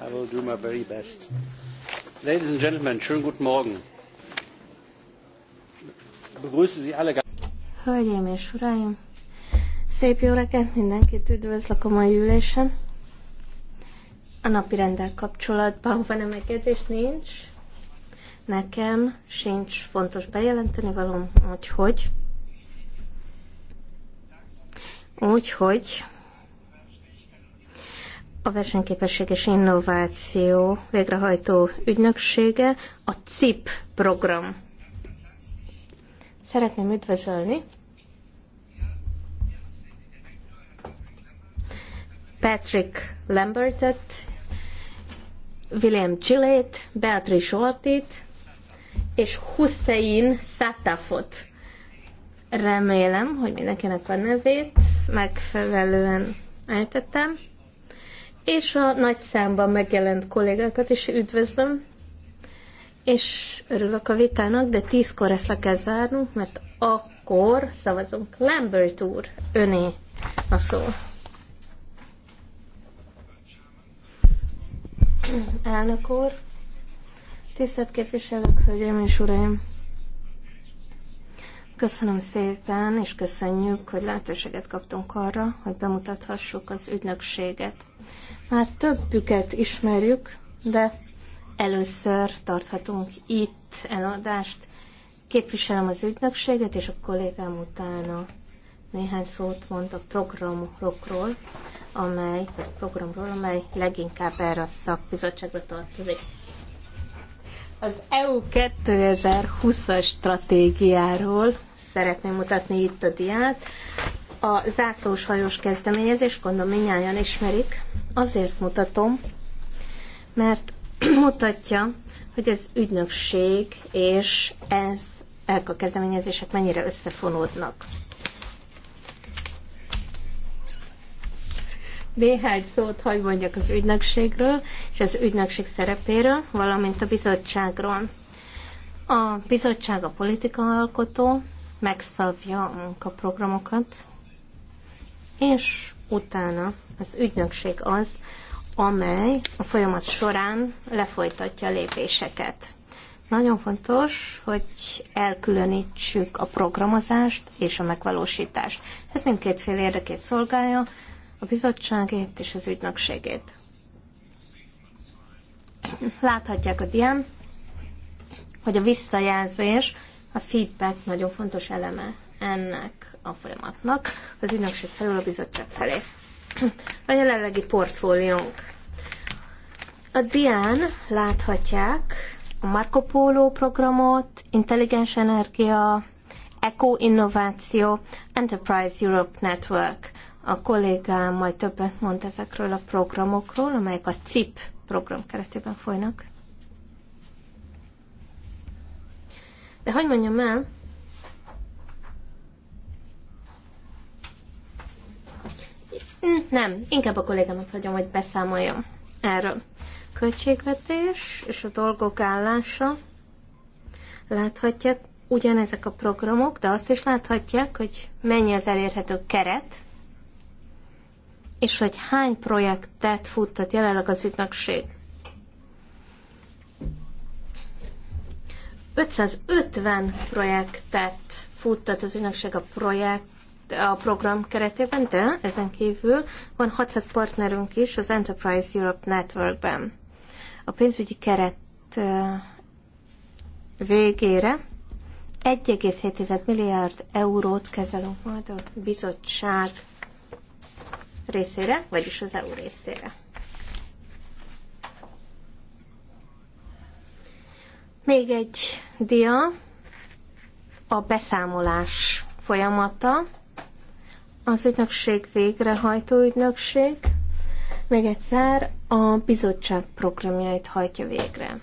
I will do my very best. Ladies and Gentlemen, schönen guten Morgen. Begrüße Sie alle. Hölgyeim és uraim, szép jó reggelt mindenkit üdvözlök a mai ülésen. A napi rendel kapcsolatban van-e megjegyzés? Nincs. Nekem sincs fontos bejelenteni valóm, úgyhogy... Úgyhogy a versenyképesség és innováció végrehajtó ügynöksége, a CIP program. Szeretném üdvözölni Patrick Lambertet, William Gillet, Beatrice Ortit és Hussein Satafot. Remélem, hogy mindenkinek a nevét megfelelően ejtettem és a nagy számban megjelent kollégákat is üdvözlöm, és örülök a vitának, de tízkor ezt le kell zárnunk, mert akkor szavazunk. Lambert úr, öné a szó. Elnök úr, tisztelt képviselők, hölgyeim és uraim! Köszönöm szépen, és köszönjük, hogy lehetőséget kaptunk arra, hogy bemutathassuk az ügynökséget. Már többüket ismerjük, de először tarthatunk itt eladást. Képviselem az ügynökséget, és a kollégám utána néhány szót mond a programokról, amely, vagy programról, amely leginkább erre a szakbizottságra tartozik. Az EU 2020-as stratégiáról szeretném mutatni itt a diát. A zászlós hajós kezdeményezés, gondolom minnyáján ismerik. Azért mutatom, mert mutatja, hogy az ügynökség és ez ezek a kezdeményezések mennyire összefonódnak. Néhány szót hagy mondjak az ügynökségről és az ügynökség szerepéről, valamint a bizottságról. A bizottság a alkotó megszabja a munkaprogramokat, és utána az ügynökség az, amely a folyamat során lefolytatja a lépéseket. Nagyon fontos, hogy elkülönítsük a programozást és a megvalósítást. Ez mindkét fél érdekét szolgálja, a bizottságét és az ügynökségét. Láthatják a dián, hogy a visszajelzés a feedback nagyon fontos eleme ennek a folyamatnak, az ügynökség felül a bizottság felé. A jelenlegi portfóliónk. A dián láthatják a Marco Polo programot, intelligens energia, Eco Innováció, Enterprise Europe Network. A kollégám majd többet mond ezekről a programokról, amelyek a CIP program keretében folynak. De hogy mondjam el, hm, Nem, inkább a kollégámat hagyom, hogy beszámoljam erről. Költségvetés és a dolgok állása. Láthatják ugyanezek a programok, de azt is láthatják, hogy mennyi az elérhető keret, és hogy hány projektet futtat jelenleg az ügynökség. 550 projektet futtat az ügynökség a projekt a program keretében, de ezen kívül van 600 partnerünk is az Enterprise Europe Networkben. A pénzügyi keret végére 1,7 milliárd eurót kezelünk majd a bizottság részére, vagyis az EU részére. Még egy dia, a beszámolás folyamata, az ügynökség végrehajtó ügynökség, még egyszer a bizottság programjait hajtja végre.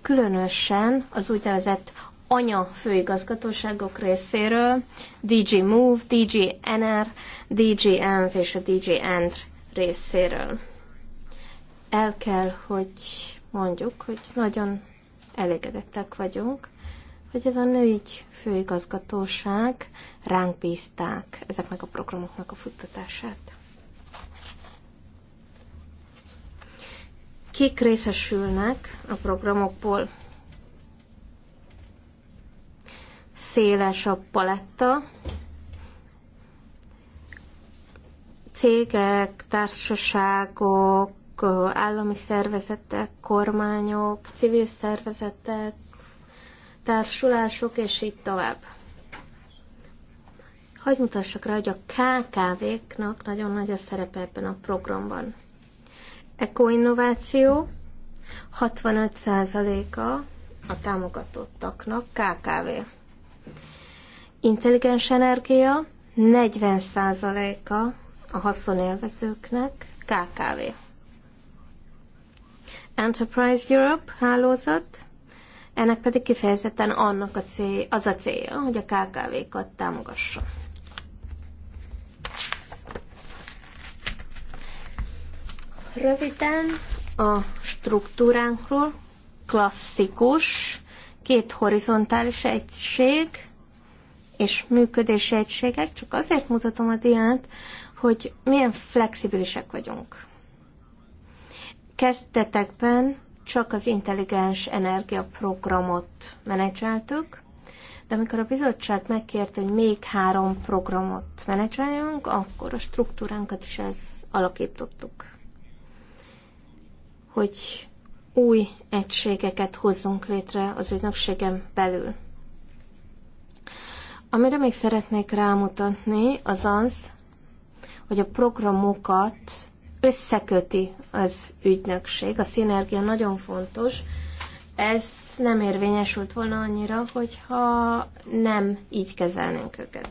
Különösen az úgynevezett anya főigazgatóságok részéről, DG Move, DG NR, DG Env és a DG End részéről. El kell, hogy mondjuk, hogy nagyon elégedettek vagyunk, hogy ez a nőügy főigazgatóság ránk bízták ezeknek a programoknak a futtatását. Kik részesülnek a programokból? Széles a paletta, cégek, társaságok, állami szervezetek, kormányok, civil szervezetek, társulások, és így tovább. Hagy mutassak rá, hogy a KKV-knak nagyon nagy a szerepe ebben a programban. Ekoinnováció 65%-a a támogatottaknak KKV. Intelligens energia 40%-a a haszonélvezőknek KKV. Enterprise Europe hálózat, ennek pedig kifejezetten annak a cél, az a célja, hogy a KKV-kat támogassa. Röviden a struktúránkról klasszikus, két horizontális egység és működési egységek, csak azért mutatom a diát, hogy milyen flexibilisek vagyunk. Kezdetekben csak az intelligens energiaprogramot menedzseltük, de amikor a bizottság megkérte, hogy még három programot menedzseljünk, akkor a struktúránkat is ez alakítottuk. Hogy új egységeket hozzunk létre az ügynökségem belül. Amire még szeretnék rámutatni, az az, hogy a programokat összeköti az ügynökség. A szinergia nagyon fontos. Ez nem érvényesült volna annyira, hogyha nem így kezelnénk őket.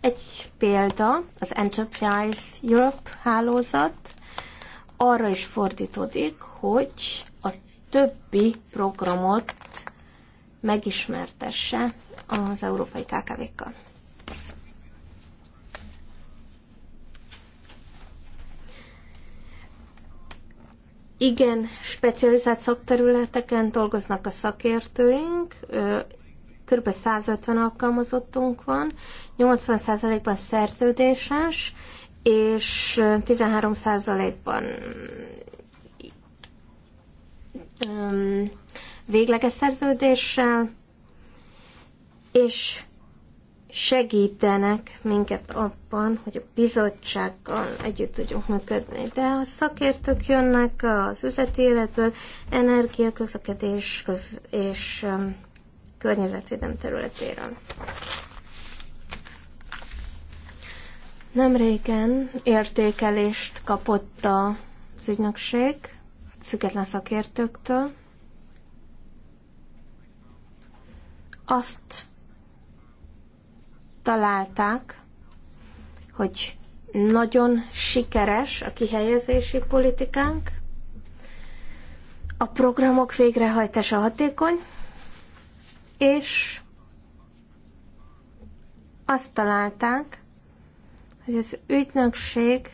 Egy példa, az Enterprise Europe hálózat arra is fordítódik, hogy a többi programot megismertesse az európai KKV-kkal. igen specializált szakterületeken dolgoznak a szakértőink, kb. 150 alkalmazottunk van, 80%-ban szerződéses, és 13%-ban végleges szerződéssel, és segítenek minket abban, hogy a bizottsággal együtt tudjunk működni. De a szakértők jönnek az üzleti életből, energia, közlekedés köz- és um, környezetvédelem területéről. Nem régen értékelést kapott az ügynökség független szakértőktől. Azt találták, hogy nagyon sikeres a kihelyezési politikánk, a programok végrehajtása hatékony, és azt találták, hogy az ügynökség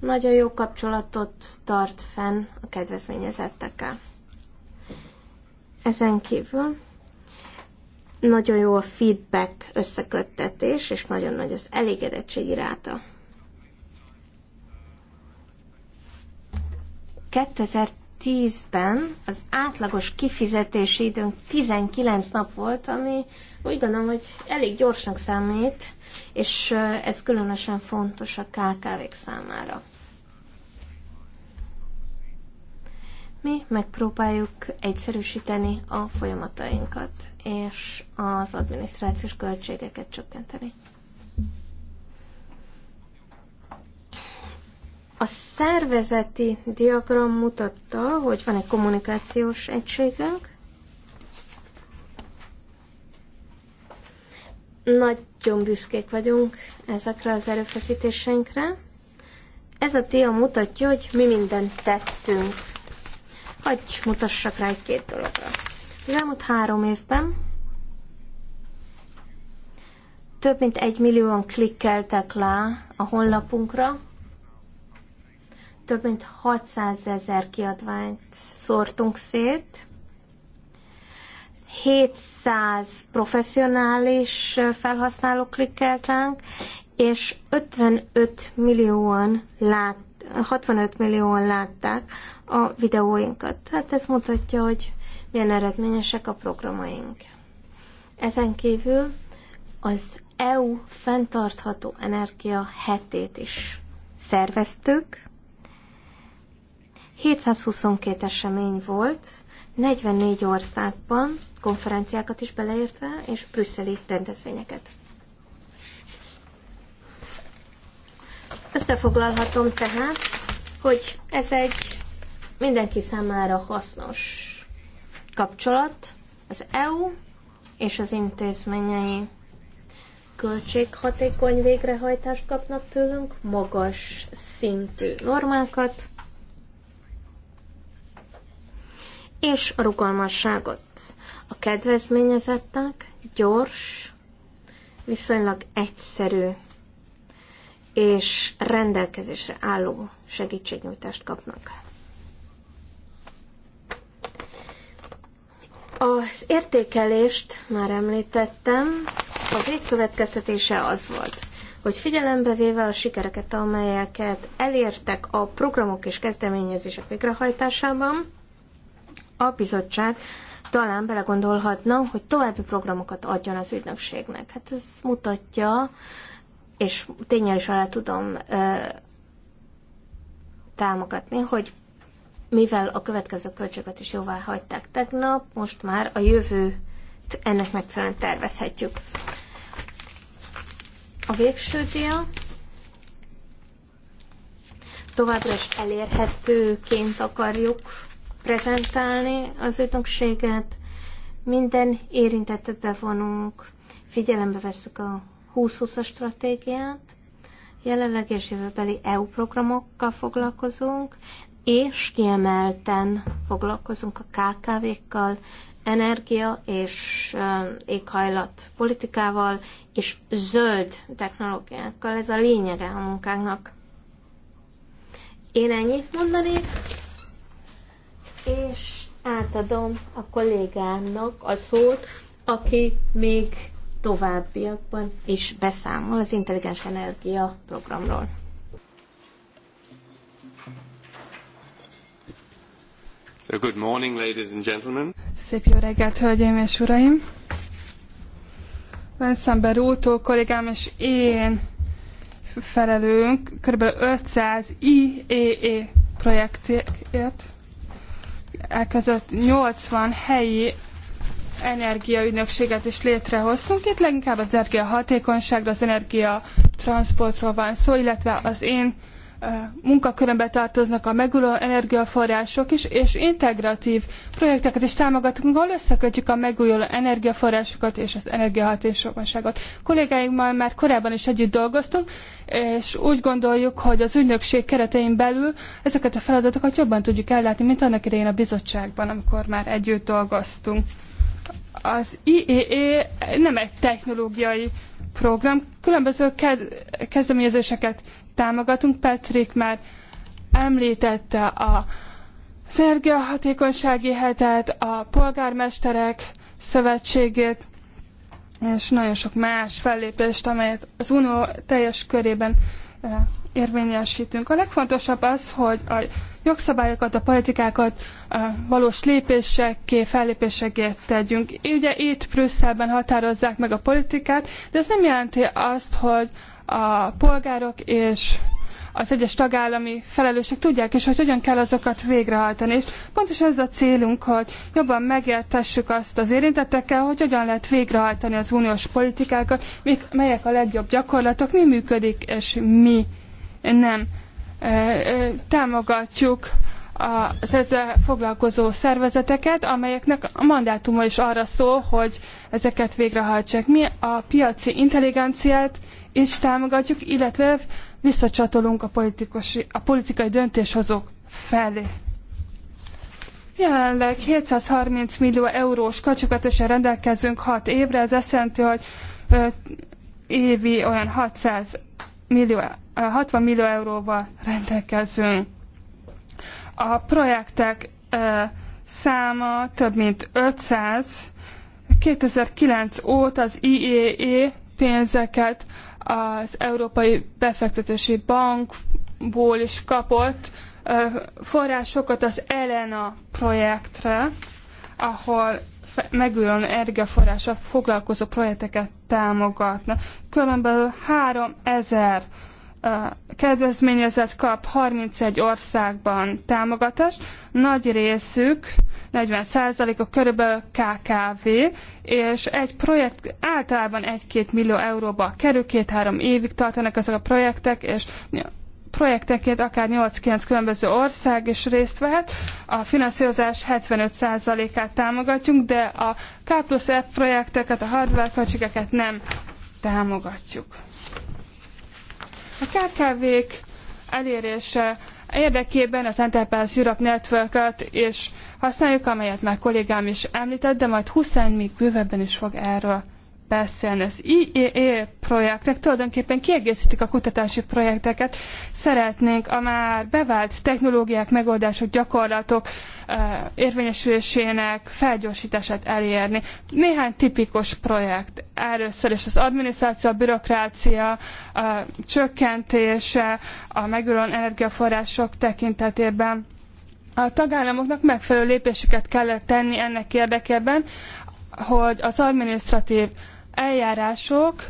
nagyon jó kapcsolatot tart fenn a kedvezményezettekkel. Ezen kívül nagyon jó a feedback összeköttetés, és nagyon nagy az elégedettségi ráta. 2010-ben az átlagos kifizetési időnk 19 nap volt, ami úgy gondolom, hogy elég gyorsnak számít, és ez különösen fontos a KKV-k számára. Mi megpróbáljuk egyszerűsíteni a folyamatainkat, és az adminisztrációs költségeket csökkenteni. A szervezeti diagram mutatta, hogy van egy kommunikációs egységünk. Nagyon büszkék vagyunk ezekre az erőfeszítéseinkre. Ez a téma mutatja, hogy mi mindent tettünk Hagy mutassak rá egy két dologra. Az elmúlt három évben több mint egy millióan klikkeltek le a honlapunkra, több mint 600 ezer kiadványt szórtunk szét, 700 professzionális felhasználó klikkelt ránk, és 55 millióan lát, 65 millióan látták a videóinkat. Hát ez mutatja, hogy milyen eredményesek a programaink. Ezen kívül az EU fenntartható energia hetét is szerveztük. 722 esemény volt, 44 országban, konferenciákat is beleértve, és brüsszeli rendezvényeket. Összefoglalhatom tehát, hogy ez egy mindenki számára hasznos kapcsolat az EU és az intézményei költséghatékony végrehajtást kapnak tőlünk, magas szintű normákat, és a rugalmasságot. A kedvezményezettek gyors, viszonylag egyszerű és rendelkezésre álló segítségnyújtást kapnak. Az értékelést már említettem, a következtetése az volt, hogy figyelembe véve a sikereket, amelyeket elértek a programok és kezdeményezések végrehajtásában, a bizottság talán belegondolhatna, hogy további programokat adjon az ügynökségnek. Hát ez mutatja, és tényleg is alá tudom ö, támogatni, hogy mivel a következő költséget is jóvá hagyták tegnap, most már a jövőt ennek megfelelően tervezhetjük. A végső díja továbbra is elérhetőként akarjuk prezentálni az ügynökséget, minden érintettet bevonunk, figyelembe veszük a 2020-as stratégiát, jelenleg és jövőbeli EU programokkal foglalkozunk, és kiemelten foglalkozunk a KKV-kkal, energia és éghajlat politikával, és zöld technológiákkal. Ez a lényege a munkánknak. Én ennyit mondanék, és átadom a kollégának a szót, aki még továbbiakban is beszámol az Intelligens Energia programról. So good morning, ladies and gentlemen. Szép jó reggelt, hölgyeim és uraim! Veszember útó kollégám és én felelünk kb. 500 IEE e projektért, Elközött 80 helyi energiaügynökséget is létrehoztunk. Itt leginkább az energia hatékonyságra, az energia transportról van szó, illetve az én munkakörömbe tartoznak a megújuló energiaforrások is, és integratív projekteket is támogatunk, ahol összekötjük a megújuló energiaforrásokat és az energiahatékonyságot. Kollégáimmal már korábban is együtt dolgoztunk, és úgy gondoljuk, hogy az ügynökség keretein belül ezeket a feladatokat jobban tudjuk ellátni, mint annak idején a bizottságban, amikor már együtt dolgoztunk. Az IEE e nem egy technológiai program, különböző kezdeményezéseket támogatunk. Patrick már említette a az energiahatékonysági hetet, a polgármesterek szövetségét, és nagyon sok más fellépést, amelyet az Unió teljes körében eh, érvényesítünk. A legfontosabb az, hogy a jogszabályokat, a politikákat a valós lépésekké, fellépésekké tegyünk. Ugye itt Brüsszelben határozzák meg a politikát, de ez nem jelenti azt, hogy a polgárok és az egyes tagállami felelősek tudják, és hogy hogyan kell azokat végrehajtani. És pontosan ez a célunk, hogy jobban megértessük azt az érintettekkel, hogy hogyan lehet végrehajtani az uniós politikákat, melyek a legjobb gyakorlatok, mi működik és mi nem támogatjuk az ezzel foglalkozó szervezeteket, amelyeknek a mandátuma is arra szól, hogy ezeket végrehajtsák. Mi a piaci intelligenciát is támogatjuk, illetve visszacsatolunk a, a politikai döntéshozók felé. Jelenleg 730 millió eurós kacsakötéssel rendelkezünk 6 évre, ez azt jelenti, hogy évi olyan 600 millió, 60 eh, millió euróval rendelkezünk. A projektek eh, száma több mint 500. 2009 óta az IEE e pénzeket az Európai Befektetési Bankból is kapott eh, forrásokat az Elena projektre, ahol megújuló energiaforrása foglalkozó projekteket támogatna. Körülbelül 3000 kedvezményezett kap 31 országban támogatást, nagy részük 40%-a körülbelül KKV, és egy projekt általában 1-2 millió euróba kerül, 2-3 évig tartanak ezek a projektek, és projektekért akár 8-9 különböző ország is részt vehet. A finanszírozás 75%-át támogatjuk, de a K plusz F projekteket, a hardware költségeket nem támogatjuk. A KKV-k elérése érdekében az Enterprise Europe network és használjuk, amelyet már kollégám is említett, de majd Hussein még bővebben is fog erről beszélni. Az IEE e projektek tulajdonképpen kiegészítik a kutatási projekteket. Szeretnénk a már bevált technológiák, megoldások, gyakorlatok érvényesülésének felgyorsítását elérni. Néhány tipikus projekt. Először is az adminisztráció, a bürokrácia a csökkentése, a megülön energiaforrások tekintetében. A tagállamoknak megfelelő lépéseket kellett tenni ennek érdekében, hogy az adminisztratív eljárások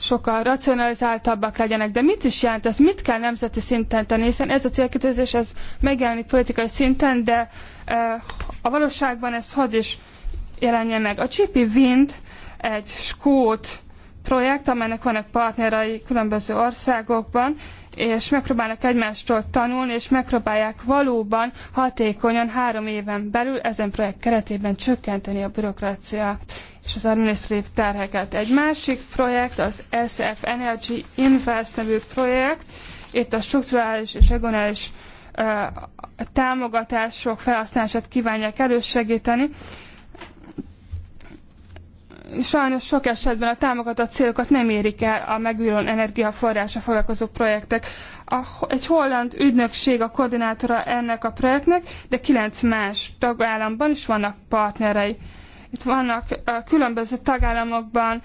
sokkal racionalizáltabbak legyenek. De mit is jelent ez? Mit kell nemzeti szinten tenni? Hiszen ez a célkitűzés, ez megjelenik politikai szinten, de a valóságban ez hadd is jelenjen meg. A Csipi Wind egy skót projekt, amelynek vannak partnerei különböző országokban, és megpróbálnak egymástól tanulni, és megpróbálják valóban hatékonyan három éven belül ezen projekt keretében csökkenteni a bürokráciát és az administratív terheket. Egy másik projekt az SF Energy Invest nevű projekt, itt a strukturális és regionális uh, támogatások felhasználását kívánják elősegíteni. Sajnos sok esetben a támogatott célokat nem érik el a megújuló energiaforrása foglalkozó projektek. A, egy holland ügynökség a koordinátora ennek a projektnek, de kilenc más tagállamban is vannak partnerei. Itt vannak különböző tagállamokban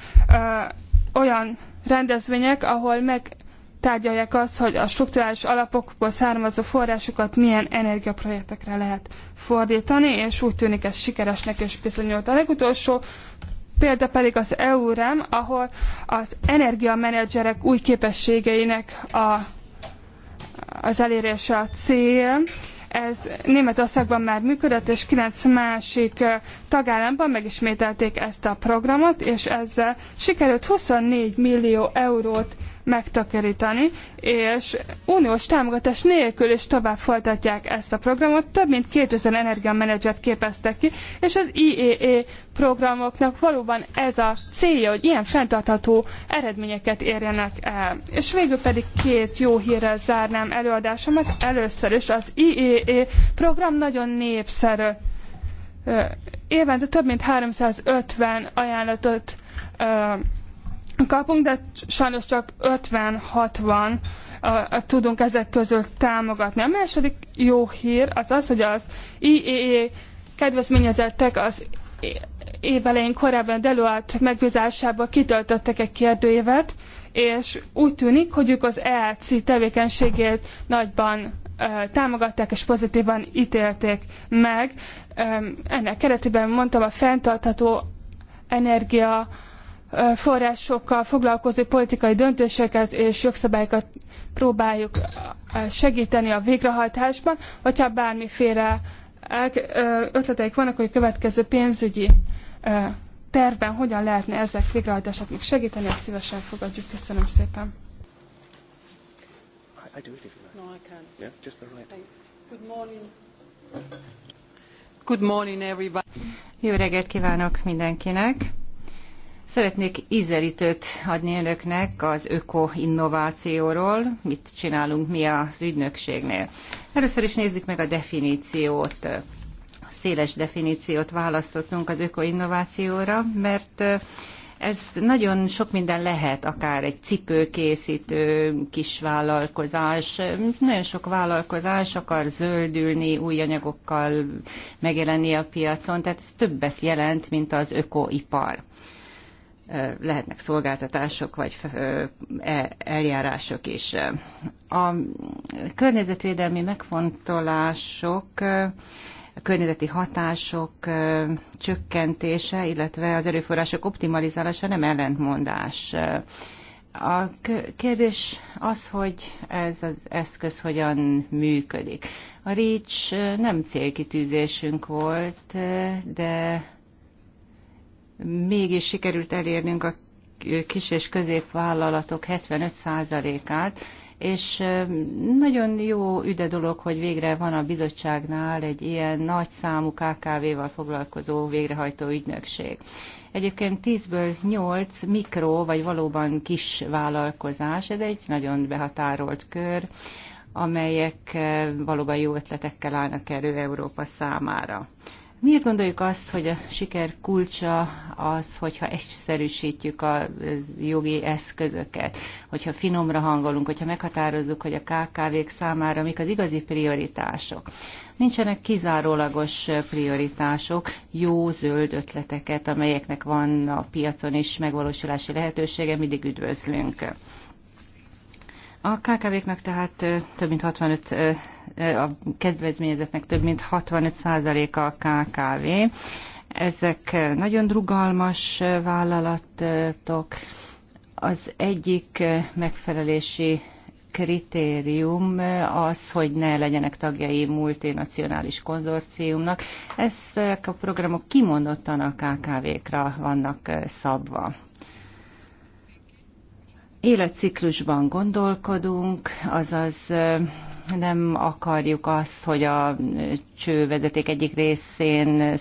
olyan rendezvények, ahol megtárgyalják azt, hogy a strukturális alapokból származó forrásokat milyen energiaprojektekre lehet fordítani, és úgy tűnik ez sikeresnek és bizonyult. A legutolsó példa pedig az EUREM, ahol az energiamenedzserek új képességeinek a, az elérése a cél, ez Németországban már működött, és kilenc másik tagállamban megismételték ezt a programot, és ezzel sikerült 24 millió eurót megtakarítani, és uniós támogatás nélkül is tovább folytatják ezt a programot. Több mint 2000 energiamenedzsert képeztek ki, és az IEE e programoknak valóban ez a célja, hogy ilyen fenntartható eredményeket érjenek el. És végül pedig két jó hírrel zárnám előadásomat. Először is az IEE e program nagyon népszerű. Évente több mint 350 ajánlatot kapunk, de sajnos csak 50-60 tudunk ezek közül támogatni. A második jó hír az az, hogy az IEE e kedvezményezettek az évelején korábban Deloitte megbízásából kitöltöttek egy kérdőévet, és úgy tűnik, hogy ők az EAC tevékenységét nagyban támogatták és pozitívan ítélték meg. Ennek keretében mondtam a fenntartható energia forrásokkal foglalkozó politikai döntéseket és jogszabályokat próbáljuk segíteni a végrehajtásban, hogyha bármiféle ötleteik vannak, hogy a következő pénzügyi tervben hogyan lehetne ezek végrehajtását még segíteni, azt szívesen fogadjuk. Köszönöm szépen. Jó reggelt kívánok mindenkinek! Szeretnék ízelítőt adni önöknek az ökoinnovációról, mit csinálunk mi az ügynökségnél. Először is nézzük meg a definíciót. Széles definíciót választottunk az ökoinnovációra, mert ez nagyon sok minden lehet, akár egy cipőkészítő kisvállalkozás. Nagyon sok vállalkozás akar zöldülni, új anyagokkal megjelenni a piacon, tehát ez többet jelent, mint az ökoipar lehetnek szolgáltatások vagy e, eljárások is. A környezetvédelmi megfontolások a környezeti hatások csökkentése, illetve az erőforrások optimalizálása nem ellentmondás. A kérdés az, hogy ez az eszköz hogyan működik. A REACH nem célkitűzésünk volt, de mégis sikerült elérnünk a kis és középvállalatok 75%-át, és nagyon jó üde dolog, hogy végre van a bizottságnál egy ilyen nagy számú KKV-val foglalkozó végrehajtó ügynökség. Egyébként 10-ből 8 mikro, vagy valóban kis vállalkozás, ez egy nagyon behatárolt kör, amelyek valóban jó ötletekkel állnak elő Európa számára. Miért gondoljuk azt, hogy a siker kulcsa az, hogyha egyszerűsítjük a eh, jogi eszközöket, hogyha finomra hangolunk, hogyha meghatározzuk, hogy a KKV-k számára mik az igazi prioritások. Nincsenek kizárólagos prioritások, jó zöld ötleteket, amelyeknek van a piacon is megvalósulási lehetősége, mindig üdvözlünk. A KKV-knak tehát több mint 65, a kedvezményezetnek több mint 65 a KKV. Ezek nagyon rugalmas vállalatok. Az egyik megfelelési kritérium az, hogy ne legyenek tagjai multinacionális konzorciumnak. Ezek a programok kimondottan a KKV-kra vannak szabva életciklusban gondolkodunk, azaz nem akarjuk azt, hogy a csővezeték egyik részén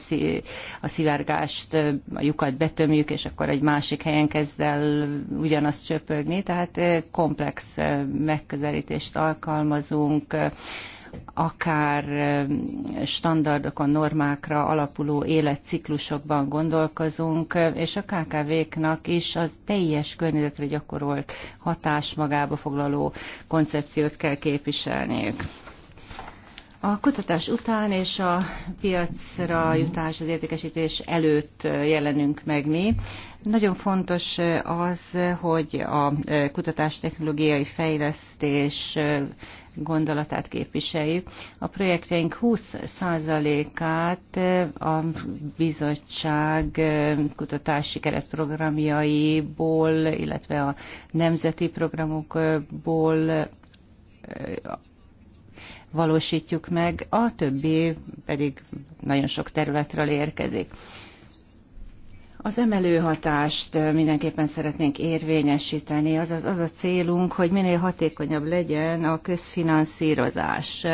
a szivárgást, a lyukat betömjük, és akkor egy másik helyen kezd el ugyanazt csöpögni. Tehát komplex megközelítést alkalmazunk, akár standardokon, normákra alapuló életciklusokban gondolkozunk, és a KKV-knak is a teljes környezetre gyakorolt hatás magába foglaló koncepciót kell képviselniük. A kutatás után és a piacra jutás, az értékesítés előtt jelenünk meg mi. Nagyon fontos az, hogy a kutatás technológiai fejlesztés gondolatát képviseljük. A projektjeink 20%-át a bizottság kutatási keretprogramjaiból, illetve a nemzeti programokból valósítjuk meg, a többi pedig nagyon sok területről érkezik. Az emelő hatást mindenképpen szeretnénk érvényesíteni, azaz az a célunk, hogy minél hatékonyabb legyen a közfinanszírozás.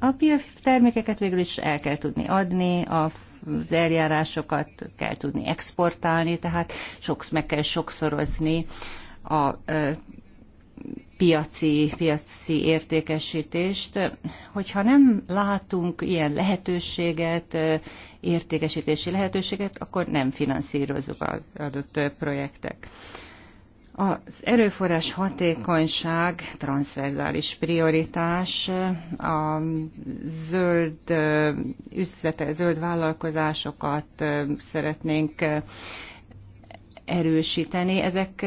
A termékeket végül is el kell tudni adni, a az eljárásokat kell tudni exportálni, tehát soksz, meg kell sokszorozni a piaci, piaci értékesítést. Hogyha nem látunk ilyen lehetőséget, értékesítési lehetőséget, akkor nem finanszírozunk az adott projektek. Az erőforrás hatékonyság transzverzális prioritás, a zöld üzlete, zöld vállalkozásokat szeretnénk erősíteni. Ezek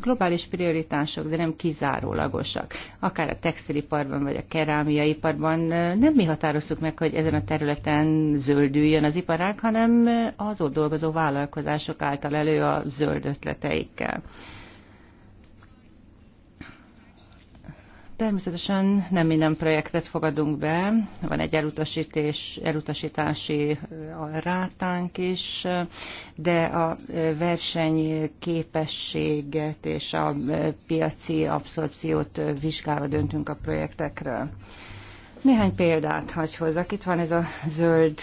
globális prioritások, de nem kizárólagosak. Akár a textiliparban, vagy a kerámiaiparban nem mi határoztuk meg, hogy ezen a területen zöldüljön az iparág, hanem az ott dolgozó vállalkozások által elő a zöld ötleteikkel. Természetesen nem minden projektet fogadunk be, van egy elutasítés, elutasítási rátánk is, de a verseny képességet és a piaci abszorpciót vizsgálva döntünk a projektekről. Néhány példát hagy hozzak. Itt van ez a zöld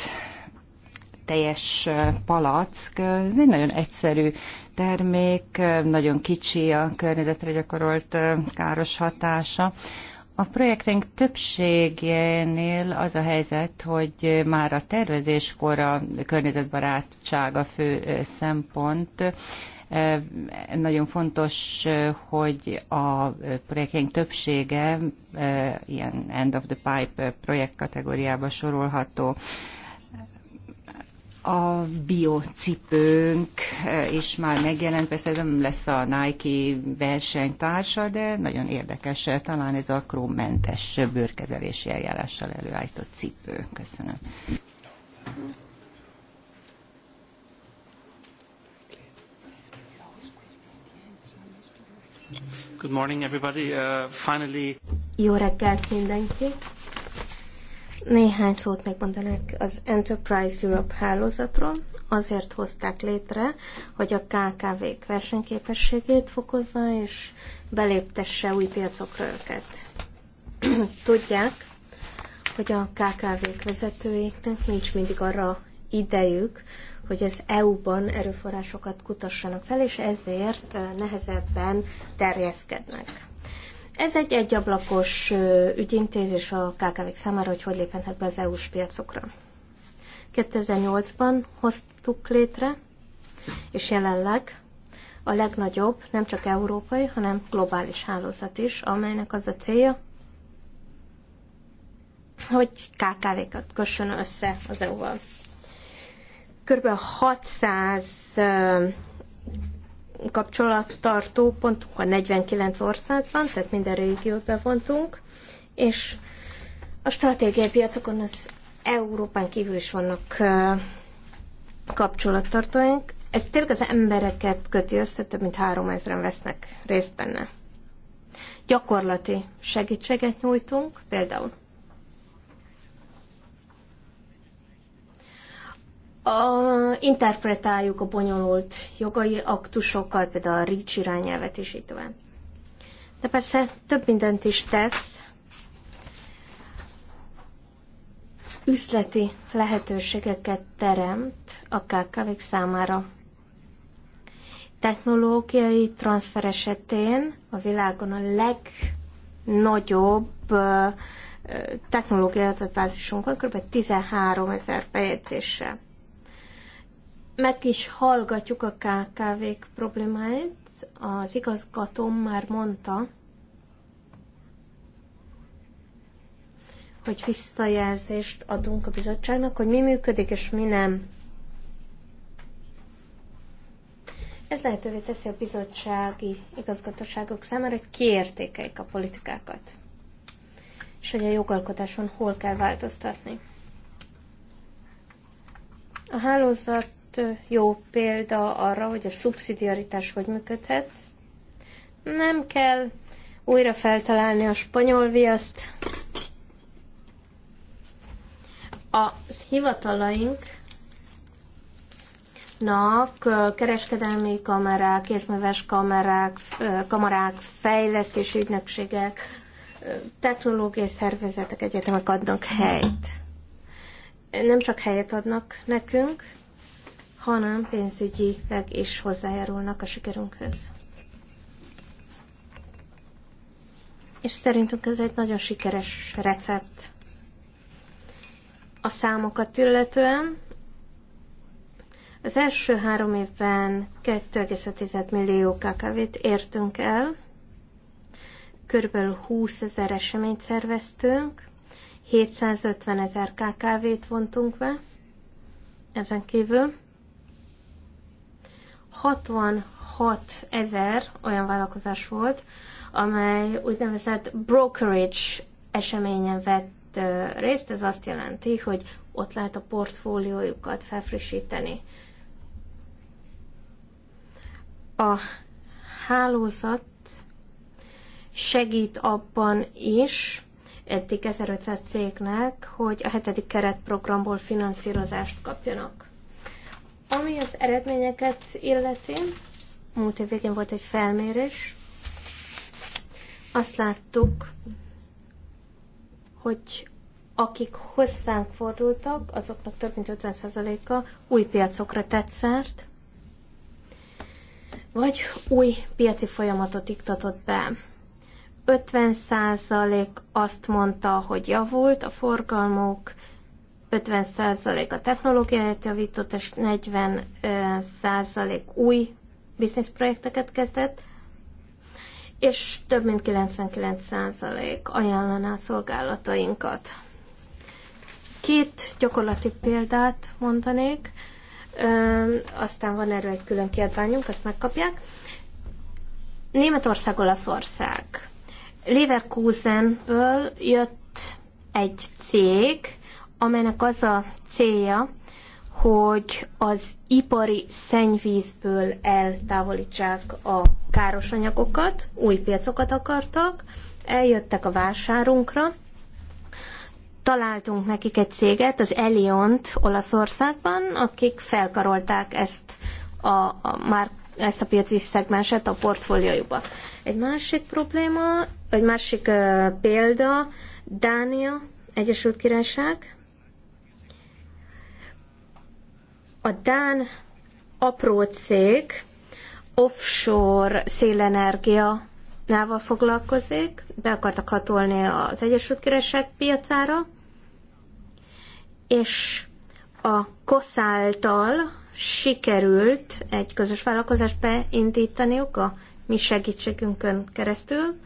teljes palack. Ez egy nagyon egyszerű termék, nagyon kicsi a környezetre gyakorolt káros hatása. A projektünk többségénél az a helyzet, hogy már a tervezéskor a környezetbarátság a fő szempont. Nagyon fontos, hogy a projektünk többsége ilyen end of the pipe projekt kategóriába sorolható a biocipőnk e, is már megjelent, persze ez nem lesz a Nike versenytársa, de nagyon érdekes e, talán ez a krómmentes bőrkezelési eljárással előállított cipő. Köszönöm. Good morning everybody. Uh, finally... Jó reggelt mindenki! Néhány szót megmondanak az Enterprise Europe hálózatról. Azért hozták létre, hogy a KKV-k versenyképességét fokozza, és beléptesse új piacokra őket. Tudják, hogy a KKV-k vezetőiknek nincs mindig arra idejük, hogy az EU-ban erőforrásokat kutassanak fel, és ezért eh, nehezebben terjeszkednek. Ez egy egyablakos ügyintézés a KKV-k számára, hogy hogy léphetnek be az EU-s piacokra. 2008-ban hoztuk létre, és jelenleg a legnagyobb, nem csak európai, hanem globális hálózat is, amelynek az a célja, hogy KKV-kat kössön össze az EU-val. Körülbelül 600 kapcsolattartó pontunk a 49 országban, tehát minden régiót bevontunk, és a stratégiai piacokon az Európán kívül is vannak kapcsolattartóink. Ez tényleg az embereket köti össze, több mint 3000-en vesznek részt benne. Gyakorlati segítséget nyújtunk, például a, interpretáljuk a bonyolult jogai aktusokat, például a RICS irányelvet és így tovább. De persze több mindent is tesz, üzleti lehetőségeket teremt a kkv számára. Technológiai transfer esetén a világon a legnagyobb technológiai adatbázisunk van, kb. 13 ezer bejegyzéssel meg is hallgatjuk a KKV-k problémáit. Az igazgatóm már mondta, hogy visszajelzést adunk a bizottságnak, hogy mi működik és mi nem. Ez lehetővé teszi a bizottsági igazgatóságok számára, hogy kiértékeljék a politikákat, és hogy a jogalkotáson hol kell változtatni. A hálózat jó példa arra, hogy a szubszidiaritás hogy működhet. Nem kell újra feltalálni a spanyol viaszt. A hivatalaink kereskedelmi kamerák, kézműves kamerák, kamarák, fejlesztési ügynökségek, technológiai szervezetek, egyetemek adnak helyt. Nem csak helyet adnak nekünk, hanem pénzügyileg is hozzájárulnak a sikerünkhöz. És szerintünk ez egy nagyon sikeres recept. A számokat illetően az első három évben 2,5 millió KKV-t értünk el, körülbelül 20 ezer eseményt szerveztünk, 750 ezer KKV-t vontunk be ezen kívül, 66 ezer olyan vállalkozás volt, amely úgynevezett brokerage eseményen vett részt. Ez azt jelenti, hogy ott lehet a portfóliójukat felfrissíteni. A hálózat segít abban is, eddig 1500 cégnek, hogy a hetedik keretprogramból finanszírozást kapjanak. Ami az eredményeket illeti, múlt év végén volt egy felmérés, azt láttuk, hogy akik hozzánk fordultak, azoknak több mint 50%-a új piacokra tetszert, vagy új piaci folyamatot iktatott be. 50% azt mondta, hogy javult a forgalmuk, 50% a technológiáját javított, és 40% új bizniszprojekteket kezdett, és több mint 99% ajánlaná a szolgálatainkat. Két gyakorlati példát mondanék, aztán van erről egy külön kiadványunk, ezt megkapják. Németország, Olaszország. Leverkusenből jött egy cég, amelynek az a célja, hogy az ipari szennyvízből eltávolítsák a káros anyagokat, új piacokat akartak, eljöttek a vásárunkra, találtunk nekik egy céget, az Eliont Olaszországban, akik felkarolták ezt a, a már ezt a piaci szegmenset a portfóliójukba. Egy másik probléma, egy másik uh, példa, Dánia, Egyesült Királyság, A Dán apró cég offshore szélenergia nával foglalkozik, be akartak hatolni az Egyesült Királyság piacára, és a koszáltal sikerült egy közös vállalkozást beindítaniuk a mi segítségünkön keresztül,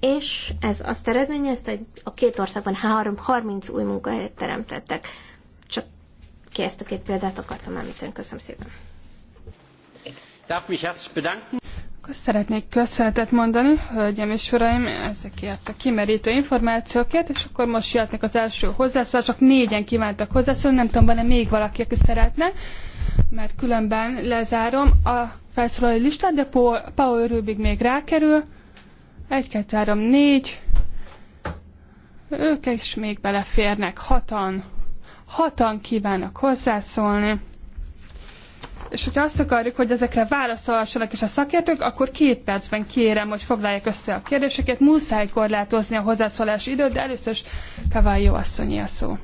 és ez azt eredményezte, hogy a két országban 30 új munkahelyet teremtettek ki. Ezt a két példát akartam említeni. Köszönöm szépen. Akkor szeretnék köszönetet mondani, hölgyem és uraim, ezekért a kimerítő információkért, és akkor most jöttek az első hozzászól, csak négyen kívántak hozzászólni, nem tudom, van-e még valaki, aki szeretne, mert különben lezárom a felszólalói listát, de Paul, Paul Rubik még rákerül. Egy, kettő, három, négy. Ők is még beleférnek, hatan hatan kívánnak hozzászólni. És hogyha azt akarjuk, hogy ezekre válaszolhassanak is a szakértők, akkor két percben kérem, hogy foglalják össze a kérdéseket. Muszáj korlátozni a hozzászólás időt, de először is Kaváljó asszonyi a szó. Uh,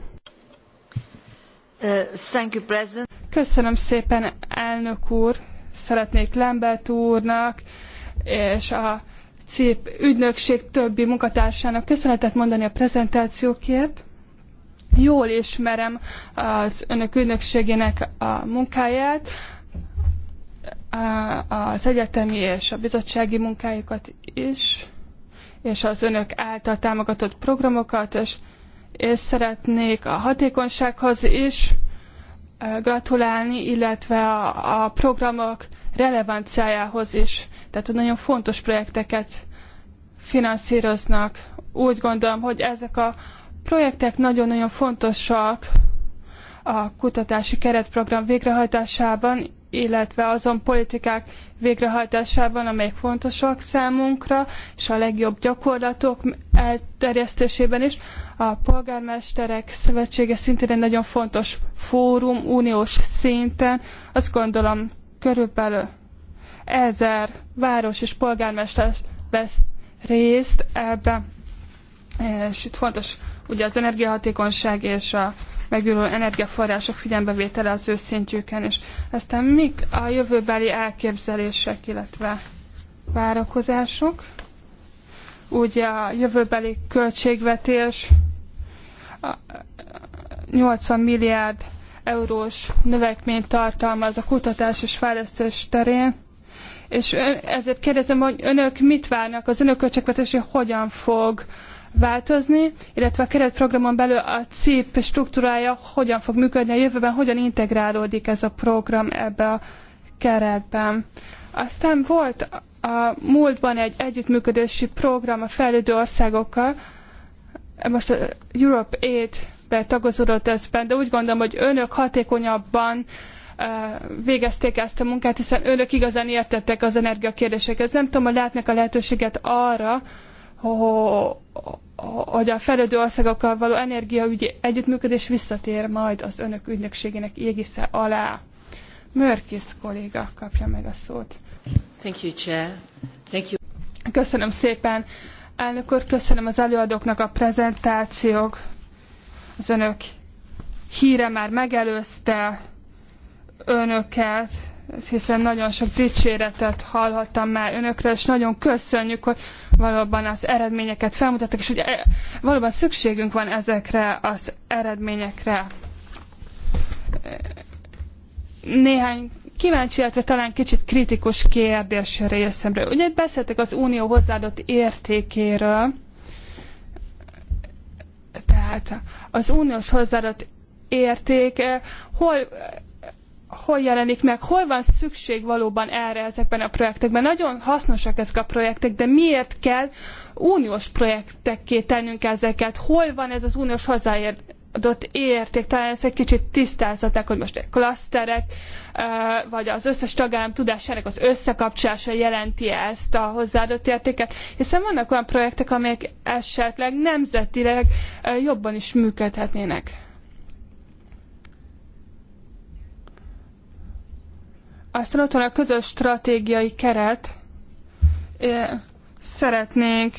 thank you, President. Köszönöm szépen, elnök úr. Szeretnék Lambert úrnak és a CIP ügynökség többi munkatársának köszönetet mondani a prezentációkért jól ismerem az önök ügynökségének a munkáját, az egyetemi és a bizottsági munkájukat is, és az önök által támogatott programokat, és, és szeretnék a hatékonysághoz is gratulálni, illetve a, a programok relevanciájához is. Tehát, hogy nagyon fontos projekteket finanszíroznak. Úgy gondolom, hogy ezek a projektek nagyon-nagyon fontosak a kutatási keretprogram végrehajtásában, illetve azon politikák végrehajtásában, amelyek fontosak számunkra, és a legjobb gyakorlatok elterjesztésében is. A Polgármesterek Szövetsége szintén egy nagyon fontos fórum uniós szinten. Azt gondolom, körülbelül ezer város és polgármester vesz részt ebben, és itt fontos Ugye az energiahatékonyság és a megújuló energiaforrások figyelembevétele az ő szintjükön, és aztán mik a jövőbeli elképzelések, illetve várakozások? Ugye a jövőbeli költségvetés 80 milliárd eurós növekményt tartalmaz a kutatás és fejlesztés terén, és ön, ezért kérdezem, hogy önök mit várnak, az önök költségvetési hogyan fog változni, illetve a keretprogramon belül a CIP struktúrája hogyan fog működni a jövőben, hogyan integrálódik ez a program ebbe a keretben. Aztán volt a múltban egy együttműködési program a fejlődő országokkal, most a Europe Aid be tagozódott ezben, de úgy gondolom, hogy önök hatékonyabban végezték ezt a munkát, hiszen önök igazán értettek az energiakérdésekhez. Nem tudom, hogy látnak a lehetőséget arra, hogy a fejlődő országokkal való energiaügyi együttműködés visszatér majd az önök ügynökségének égisze alá. Mörkis kolléga kapja meg a szót. Thank you, Chair. Thank you. Köszönöm szépen. Elnök úr, köszönöm az előadóknak a prezentációk. Az önök híre már megelőzte önöket, hiszen nagyon sok dicséretet hallhattam már önökre, és nagyon köszönjük, hogy valóban az eredményeket felmutattak, és hogy e, valóban szükségünk van ezekre az eredményekre. Néhány kíváncsi, illetve talán kicsit kritikus kérdés részemről. Ugye beszéltek az unió hozzáadott értékéről, tehát az uniós hozzáadott érték, eh, hol hol jelenik meg, hol van szükség valóban erre ezekben a projektekben. Nagyon hasznosak ezek a projektek, de miért kell uniós projektekké tennünk ezeket? Hol van ez az uniós hozzáértés? adott érték, talán ezt egy kicsit tisztázatták, hogy most egy klaszterek, vagy az összes tagállam tudásának az összekapcsolása jelenti -e ezt a hozzáadott értéket, hiszen vannak olyan projektek, amelyek esetleg nemzetileg jobban is működhetnének. Aztán ott van a közös stratégiai keret. Szeretnénk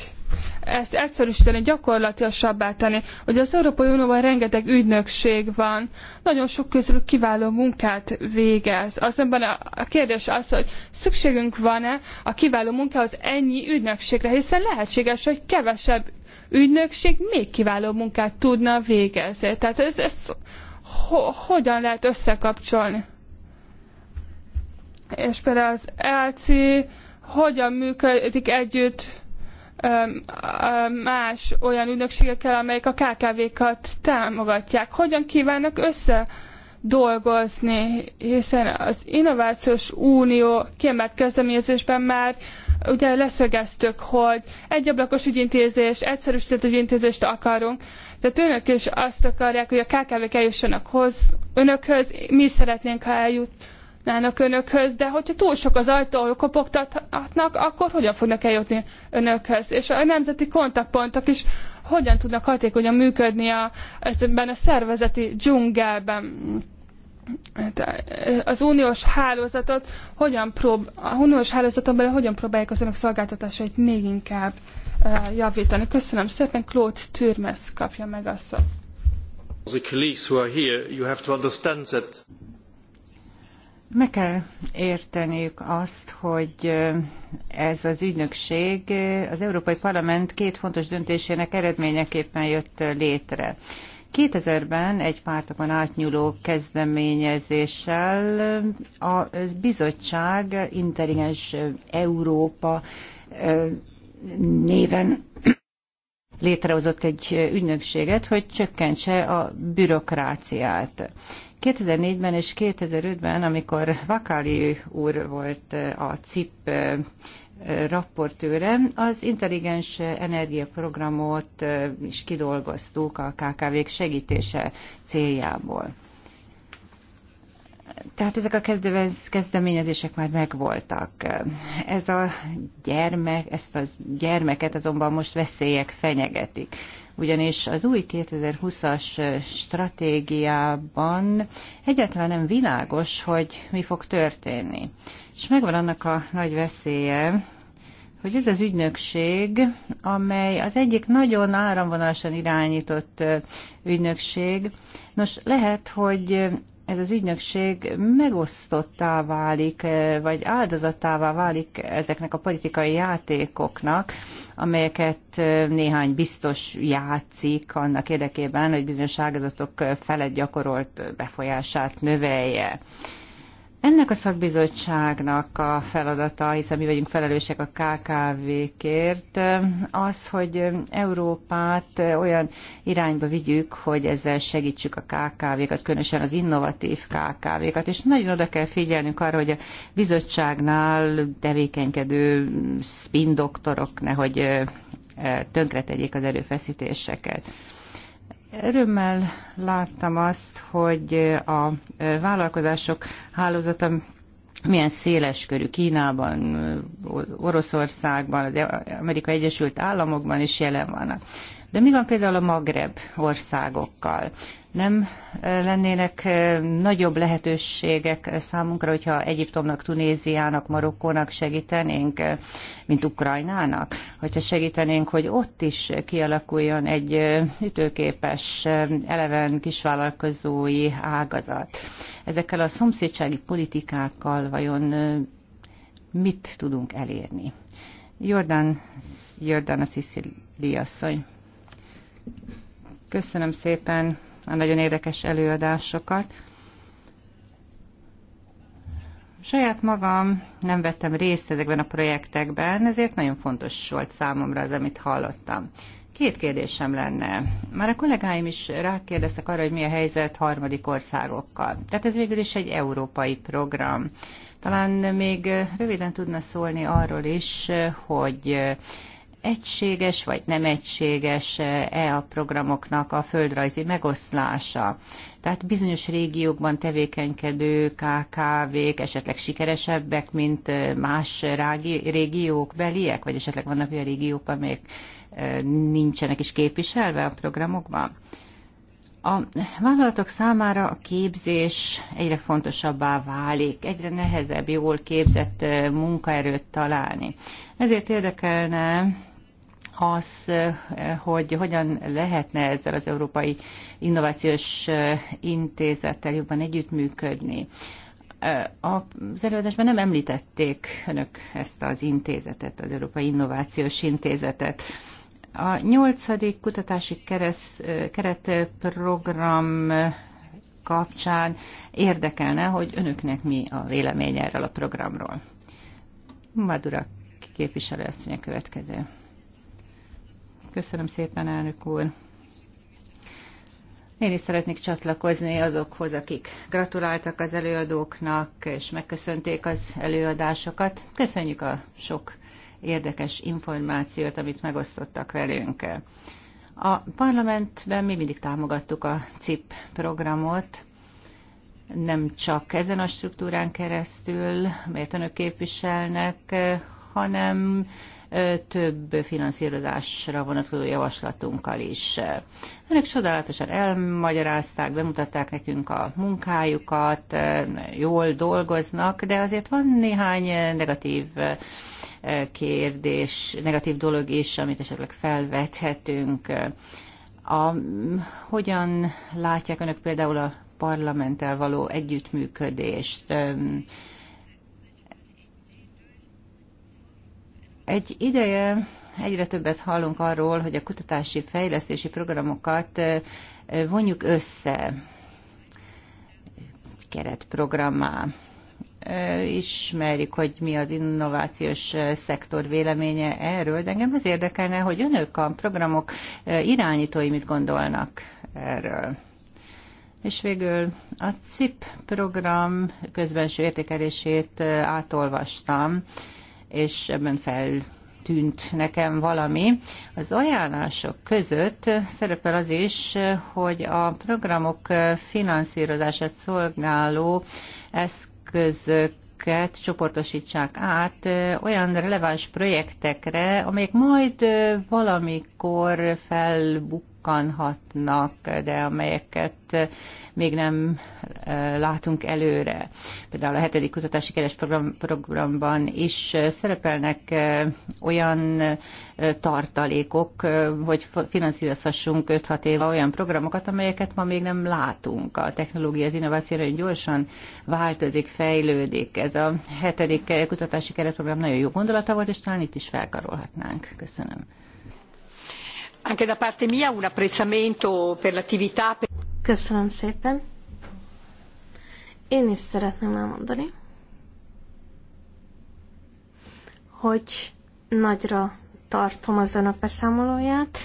ezt egyszerűsíteni, gyakorlatilasabbá tenni. Hogy az Európai Unióban rengeteg ügynökség van, nagyon sok közülük kiváló munkát végez. Azonban a kérdés az, hogy szükségünk van-e a kiváló munkához ennyi ügynökségre, hiszen lehetséges, hogy kevesebb ügynökség még kiváló munkát tudna végezni. Tehát ez, ez ho hogyan lehet összekapcsolni? és például az LC hogyan működik együtt más olyan ügynökségekkel, amelyek a KKV-kat támogatják. Hogyan kívánnak össze dolgozni, hiszen az Innovációs Unió kiemelt kezdeményezésben már ugye leszögeztük, hogy egy ablakos ügyintézést, egyszerűsített ügyintézést akarunk, de önök is azt akarják, hogy a KKV-k eljussanak hoz, önökhöz, mi szeretnénk, ha eljut, jutnának önökhöz, de hogyha túl sok az ajtó, ahol kopogtatnak, akkor hogyan fognak eljutni önökhöz? És a nemzeti kontaktpontok is hogyan tudnak hatékonyan működni a, ebben a szervezeti dzsungelben? Hát, az uniós hálózatot hogyan prób- a uniós hálózaton belül hogyan próbálják az önök szolgáltatásait még inkább uh, javítani. Köszönöm szépen, Claude Türmes kapja meg a szót. Meg kell érteniük azt, hogy ez az ügynökség az Európai Parlament két fontos döntésének eredményeképpen jött létre. 2000-ben egy pártokon átnyúló kezdeményezéssel a bizottság intelligens Európa néven létrehozott egy ügynökséget, hogy csökkentse a bürokráciát. 2004-ben és 2005-ben, amikor Vakali úr volt eh, a CIP eh, rapportőre, az intelligens energiaprogramot eh, is kidolgoztuk a KKV-k segítése céljából. Tehát ezek a kezdeményezések már megvoltak. Ez a gyermek, ezt a gyermeket azonban most veszélyek fenyegetik ugyanis az új 2020-as stratégiában egyáltalán nem világos, hogy mi fog történni. És megvan annak a nagy veszélye, hogy ez az ügynökség, amely az egyik nagyon áramvonalasan irányított ügynökség, nos lehet, hogy ez az ügynökség megosztottá válik, eh, vagy áldozatává válik ezeknek a politikai játékoknak, amelyeket eh, néhány biztos játszik annak érdekében, hogy bizonyos ágazatok felett gyakorolt befolyását növelje. Ennek a szakbizottságnak a feladata, hiszen mi vagyunk felelősek a KKV-kért, az, hogy Európát olyan irányba vigyük, hogy ezzel segítsük a KKV-kat, különösen az innovatív KKV-kat, és nagyon oda kell figyelnünk arra, hogy a bizottságnál tevékenykedő spin doktorok nehogy eh, tönkretegyék az erőfeszítéseket. Örömmel láttam azt, hogy a vállalkozások hálózata milyen széles körű Kínában, Oroszországban, az Amerika Egyesült Államokban is jelen vannak. De mi van például a Magreb országokkal? Nem lennének nagyobb lehetőségek számunkra, hogyha Egyiptomnak, Tunéziának, Marokkónak segítenénk, mint Ukrajnának? Hogyha segítenénk, hogy ott is kialakuljon egy ütőképes, eleven kisvállalkozói ágazat. Ezekkel a szomszédsági politikákkal vajon mit tudunk elérni? Jordán, Jordán a Sziszili asszony. Köszönöm szépen a nagyon érdekes előadásokat. Saját magam nem vettem részt ezekben a projektekben, ezért nagyon fontos volt számomra az, amit hallottam. Két kérdésem lenne. Már a kollégáim is rákérdeztek arra, hogy mi a helyzet harmadik országokkal. Tehát ez végül is egy európai program. Talán még röviden tudna szólni arról is, hogy egységes vagy nem egységes-e e a programoknak a földrajzi megoszlása. Tehát bizonyos régiókban tevékenykedő KKV-k esetleg sikeresebbek, mint e, más rági, régiók beliek, vagy esetleg vannak olyan régiók, amelyek e, nincsenek is képviselve a programokban. A vállalatok számára a képzés egyre fontosabbá válik, egyre nehezebb jól képzett munkaerőt találni. Ezért érdekelne az, hogy hogyan lehetne ezzel az Európai Innovációs Intézettel jobban együttműködni. Az előadásban nem említették önök ezt az intézetet, az Európai Innovációs Intézetet. A nyolcadik kutatási keretprogram kapcsán érdekelne, hogy önöknek mi a vélemény erről a programról. Madura a következő. Köszönöm szépen, elnök úr. Én is szeretnék csatlakozni azokhoz, akik gratuláltak az előadóknak, és megköszönték az előadásokat. Köszönjük a sok érdekes információt, amit megosztottak velünk. A parlamentben mi mindig támogattuk a CIP programot, nem csak ezen a struktúrán keresztül, melyet önök képviselnek, hanem több finanszírozásra vonatkozó javaslatunkkal is. Önök csodálatosan elmagyarázták, bemutatták nekünk a munkájukat, jól dolgoznak, de azért van néhány negatív kérdés, negatív dolog is, amit esetleg felvethetünk. A, hogyan látják önök például a parlamenttel való együttműködést? Egy ideje egyre többet hallunk arról, hogy a kutatási fejlesztési programokat vonjuk össze keretprogrammá. Ismerjük, hogy mi az innovációs szektor véleménye erről, de engem az érdekelne, hogy önök a programok irányítói mit gondolnak erről. És végül a CIP program közbenső értékelését átolvastam és ebben feltűnt nekem valami. Az ajánlások között szerepel az is, hogy a programok finanszírozását szolgáló eszközök csoportosítsák át olyan releváns projektekre, amelyek majd valamikor felbuk bukkanhatnak, de amelyeket még nem látunk előre. Például a hetedik kutatási program, programban is szerepelnek olyan tartalékok, hogy finanszírozhassunk 5-6 éve olyan programokat, amelyeket ma még nem látunk. A technológia, az innovációra gyorsan változik, fejlődik. Ez a hetedik kutatási keretprogram nagyon jó gondolata volt, és talán itt is felkarolhatnánk. Köszönöm anche da parte mia un apprezzamento per l'attività. Köszönöm szépen. Én is szeretném elmondani, hogy nagyra tartom az önök beszámolóját,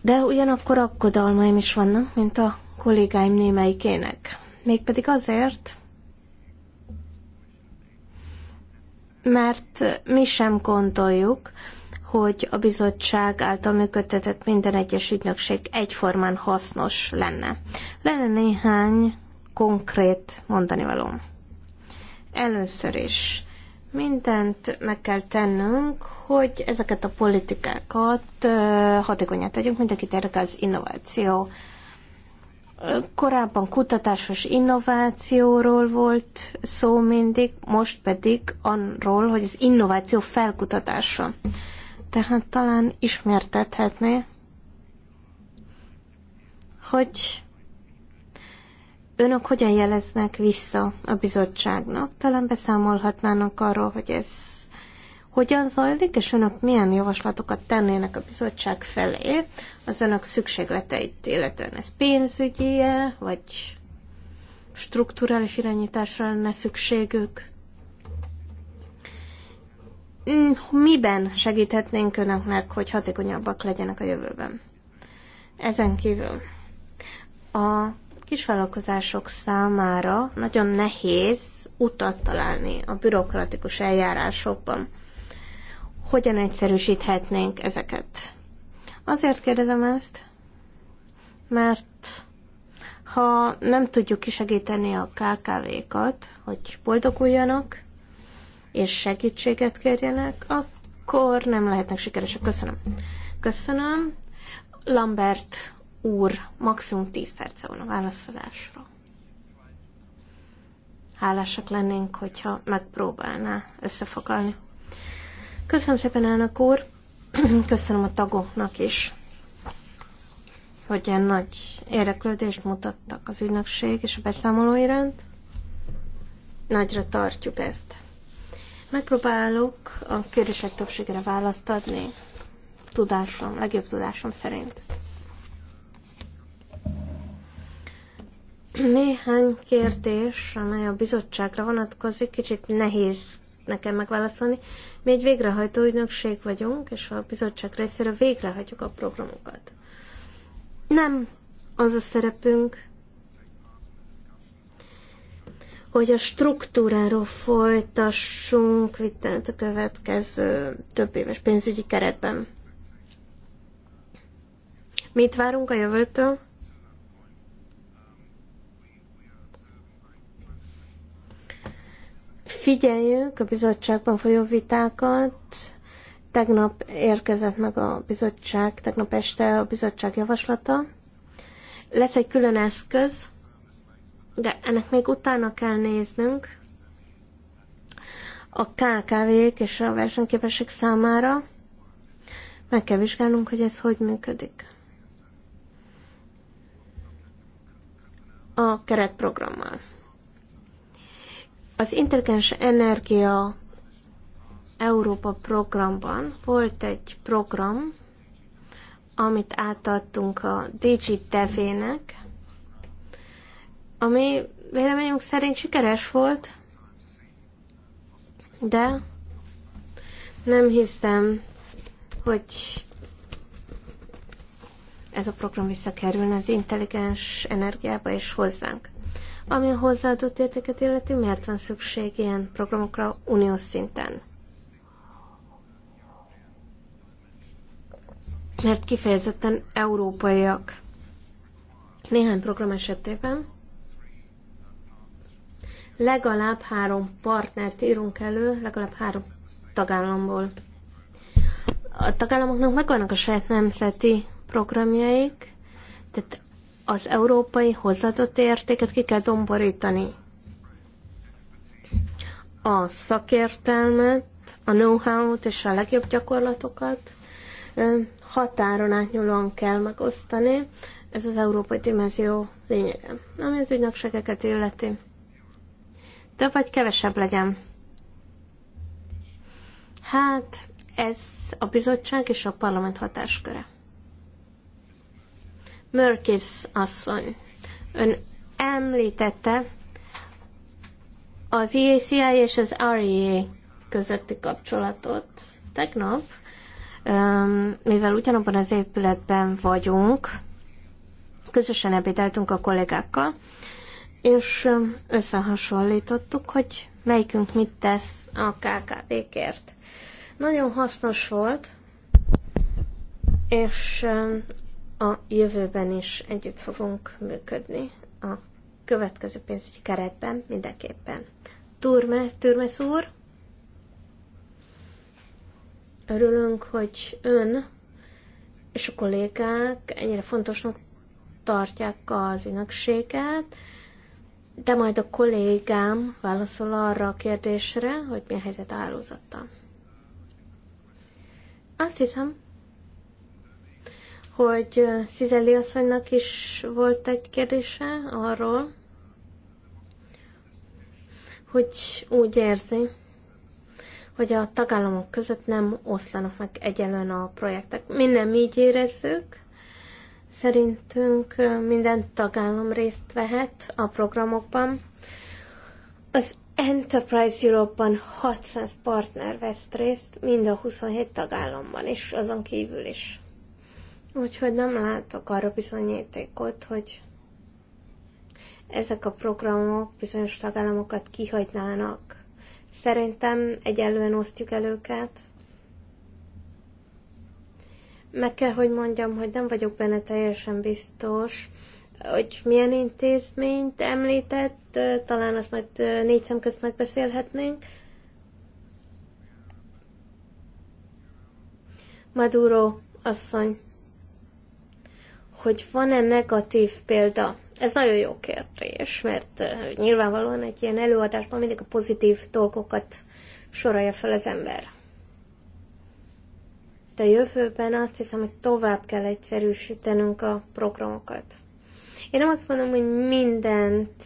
de ugyanakkor aggodalmaim is vannak, mint a kollégáim némelyikének. Mégpedig azért, mert mi sem gondoljuk, hogy a bizottság által működtetett minden egyes ügynökség egyformán hasznos lenne. Lenne néhány konkrét mondani valóm. Először is mindent meg kell tennünk, hogy ezeket a politikákat hatékonyá tegyünk, mindenkit érdekel az innováció. Korábban kutatásos innovációról volt szó mindig, most pedig arról, hogy az innováció felkutatása. Tehát talán ismertethetné, hogy önök hogyan jeleznek vissza a bizottságnak? Talán beszámolhatnának arról, hogy ez hogyan zajlik, és önök milyen javaslatokat tennének a bizottság felé az önök szükségleteit, illetően ez pénzügyi, vagy strukturális irányításra lenne szükségük? Mm, miben segíthetnénk önöknek, hogy hatékonyabbak legyenek a jövőben? Ezen kívül a kisvállalkozások számára nagyon nehéz utat találni a bürokratikus eljárásokban. Hogyan egyszerűsíthetnénk ezeket? Azért kérdezem ezt, mert ha nem tudjuk kisegíteni a KKV-kat, hogy boldoguljanak, és segítséget kérjenek, akkor nem lehetnek sikeresek. Köszönöm. Köszönöm. Lambert úr, maximum 10 perce van a válaszolásra. Hálásak lennénk, hogyha megpróbálná összefoglalni. Köszönöm szépen, elnök úr. Köszönöm a tagoknak is, hogy ilyen nagy érdeklődést mutattak az ügynökség és a beszámoló iránt. Nagyra tartjuk ezt. Megpróbálok a kérdések többségére választ adni. Tudásom, legjobb tudásom szerint. Néhány kérdés, amely a bizottságra vonatkozik, kicsit nehéz nekem megválaszolni. Mi egy végrehajtó ügynökség vagyunk, és a bizottság részéről végrehajtjuk a programokat. Nem az a szerepünk, hogy a struktúráról folytassunk vitát a következő több éves pénzügyi keretben. Mit várunk a jövőtől? Figyeljük a bizottságban folyó vitákat. Tegnap érkezett meg a bizottság, tegnap este a bizottság javaslata. Lesz egy külön eszköz, de ennek még utána kell néznünk a KKV-k és a versenyképesség számára. Meg kell vizsgálnunk, hogy ez hogy működik. A keretprogrammal. Az intelligens energia Európa programban volt egy program, amit átadtunk a DigiTV-nek, ami véleményünk szerint sikeres volt, de nem hiszem, hogy ez a program visszakerülne az intelligens energiába és hozzánk. Ami a hozzáadott értéket illeti, miért van szükség ilyen programokra uniós szinten? Mert kifejezetten európaiak. Néhány program esetében legalább három partnert írunk elő, legalább három tagállamból. A tagállamoknak megvannak a saját nemzeti programjaik, tehát az európai hozzáadott értéket ki kell domborítani. A szakértelmet, a know-how-t és a legjobb gyakorlatokat határon átnyúlóan kell megosztani. Ez az európai dimenzió lényege, ami az ügynökségeket illeti több vagy kevesebb legyen? Hát, ez a bizottság és a parlament hatásköre. Mörkis asszony, ön említette az EACI és az REA közötti kapcsolatot tegnap, mivel ugyanabban az épületben vagyunk, közösen ebédeltünk a kollégákkal, és összehasonlítottuk, hogy melyikünk mit tesz a KKD-kért. Nagyon hasznos volt, és a jövőben is együtt fogunk működni a következő pénzügyi keretben mindenképpen. Turme, Turmes úr, örülünk, hogy ön és a kollégák ennyire fontosnak tartják az ünökséget, de majd a kollégám válaszol arra a kérdésre, hogy mi a helyzet a Azt hiszem, hogy Szizeli asszonynak is volt egy kérdése arról, hogy úgy érzi, hogy a tagállamok között nem oszlanak meg egyenlően a projektek. Mi nem így érezzük, Szerintünk minden tagállam részt vehet a programokban. Az Enterprise Europe-ban 600 partner vesz részt, mind a 27 tagállamban, és azon kívül is. Úgyhogy nem látok arra bizonyítékot, hogy ezek a programok bizonyos tagállamokat kihagynának. Szerintem egyelően osztjuk el őket, meg kell, hogy mondjam, hogy nem vagyok benne teljesen biztos, hogy milyen intézményt említett, talán azt majd négy szem közt megbeszélhetnénk. Maduro asszony, hogy van-e negatív példa? Ez nagyon jó kérdés, mert nyilvánvalóan egy ilyen előadásban mindig a pozitív dolgokat sorolja fel az ember a jövőben azt hiszem, hogy tovább kell egyszerűsítenünk a programokat. Én nem azt mondom, hogy mindent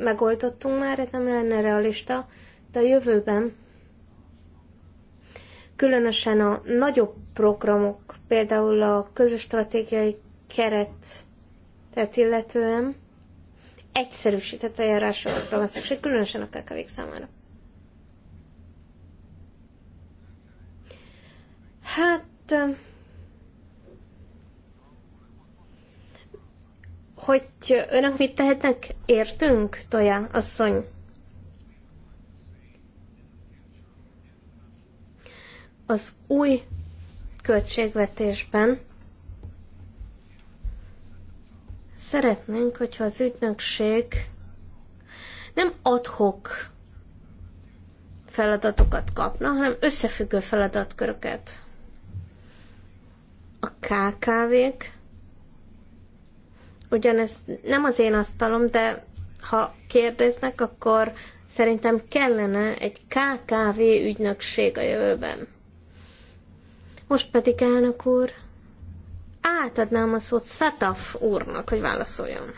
megoldottunk már, ez nem lenne realista, de a jövőben különösen a nagyobb programok, például a közös stratégiai keret, tehát illetően egyszerűsített eljárásokra van szükség, különösen a kkv számára. Hát hogy önök mit tehetnek? Értünk, Toja asszony? Az új költségvetésben szeretnénk, hogyha az ügynökség nem adhok feladatokat kapna, hanem összefüggő feladatköröket a KKV-k, ugyanez nem az én asztalom, de ha kérdeznek, akkor szerintem kellene egy KKV ügynökség a jövőben. Most pedig, elnök úr, átadnám a szót Szataf úrnak, hogy válaszoljon.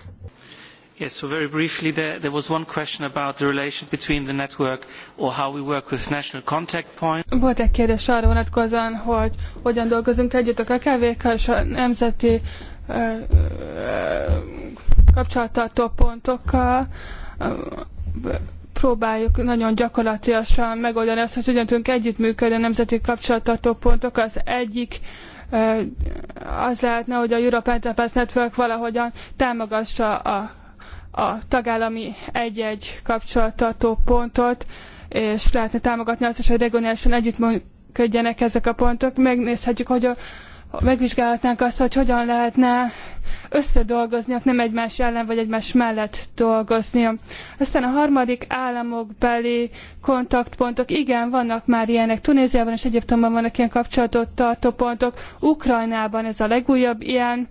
Yes, so very briefly, there, there was one question about the relation between the network or how we work with national contact points. Volt egy kérdés arra vonatkozóan, hogy hogyan dolgozunk együtt a KKV-kkal és a nemzeti kapcsolattartó pontokkal. próbáljuk nagyon gyakorlatilag megoldani azt, hogy hogyan tudunk együttműködni a nemzeti kapcsolattartó pontok. Az egyik az lehetne, hogy a Europe Enterprise Network valahogyan támogassa a a tagállami egy-egy kapcsolattartó pontot, és lehetne támogatni azt is, hogy regionálisan együttműködjenek ezek a pontok. Megnézhetjük, hogy a, megvizsgálhatnánk azt, hogy hogyan lehetne összedolgozni, nem egymás ellen vagy egymás mellett dolgozni. Aztán a harmadik államokbeli kontaktpontok, igen, vannak már ilyenek. Tunéziában és Egyiptomban vannak ilyen kapcsolatot tartó pontok. Ukrajnában ez a legújabb ilyen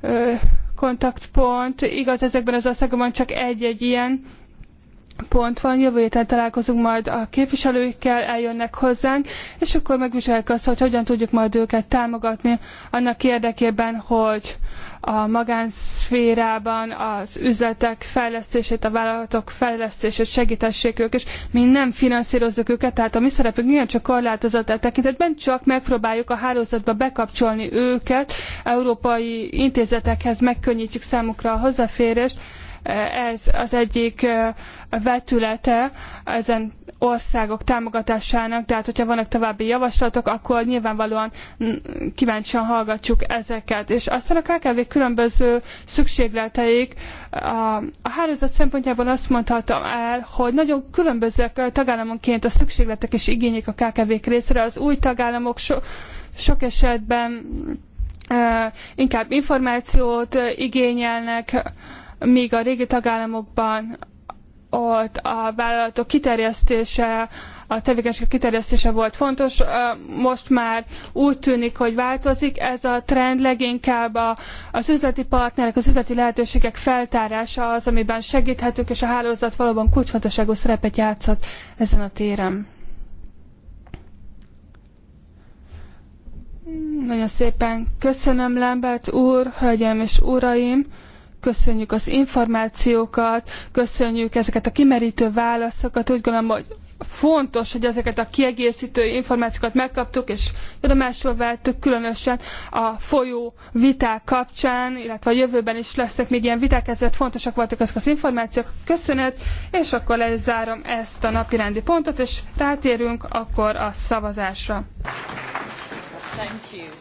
ö, kontaktpont. Igaz, ezekben az országokban csak egy-egy ilyen pont van, jövő héten találkozunk majd a képviselőikkel, eljönnek hozzánk, és akkor megvizsgáljuk azt, hogy hogyan tudjuk majd őket támogatni annak érdekében, hogy a magánszférában az üzletek fejlesztését, a vállalatok fejlesztését segítessék ők, és mi nem finanszírozzuk őket, tehát a mi szerepünk ilyen csak korlátozott a e tekintetben, csak megpróbáljuk a hálózatba bekapcsolni őket, európai intézetekhez megkönnyítjük számukra a hozzáférést, ez az egyik vetülete ezen országok támogatásának, tehát hogyha vannak további javaslatok, akkor nyilvánvalóan kíváncsian hallgatjuk ezeket. És aztán a KKV különböző szükségleteik, a, a hálózat szempontjából azt mondhatom el, hogy nagyon különbözőek tagállamonként a szükségletek és igények a KKV-k részre. Az új tagállamok so, sok esetben inkább információt igényelnek, míg a régi tagállamokban ott a vállalatok kiterjesztése, a tevékenység kiterjesztése volt fontos. Most már úgy tűnik, hogy változik ez a trend, leginkább az üzleti partnerek, az üzleti lehetőségek feltárása az, amiben segíthetünk, és a hálózat valóban kulcsfontosságú szerepet játszott ezen a téren. Nagyon szépen köszönöm Lambert úr, hölgyeim és uraim! köszönjük az információkat, köszönjük ezeket a kimerítő válaszokat. Úgy gondolom, hogy fontos, hogy ezeket a kiegészítő információkat megkaptuk, és tudomásul vettük, különösen a folyó viták kapcsán, illetve a jövőben is lesznek még ilyen viták, ezért fontosak voltak ezek az információk. Köszönet, és akkor lezárom ezt a napirendi pontot, és rátérünk akkor a szavazásra. Thank you.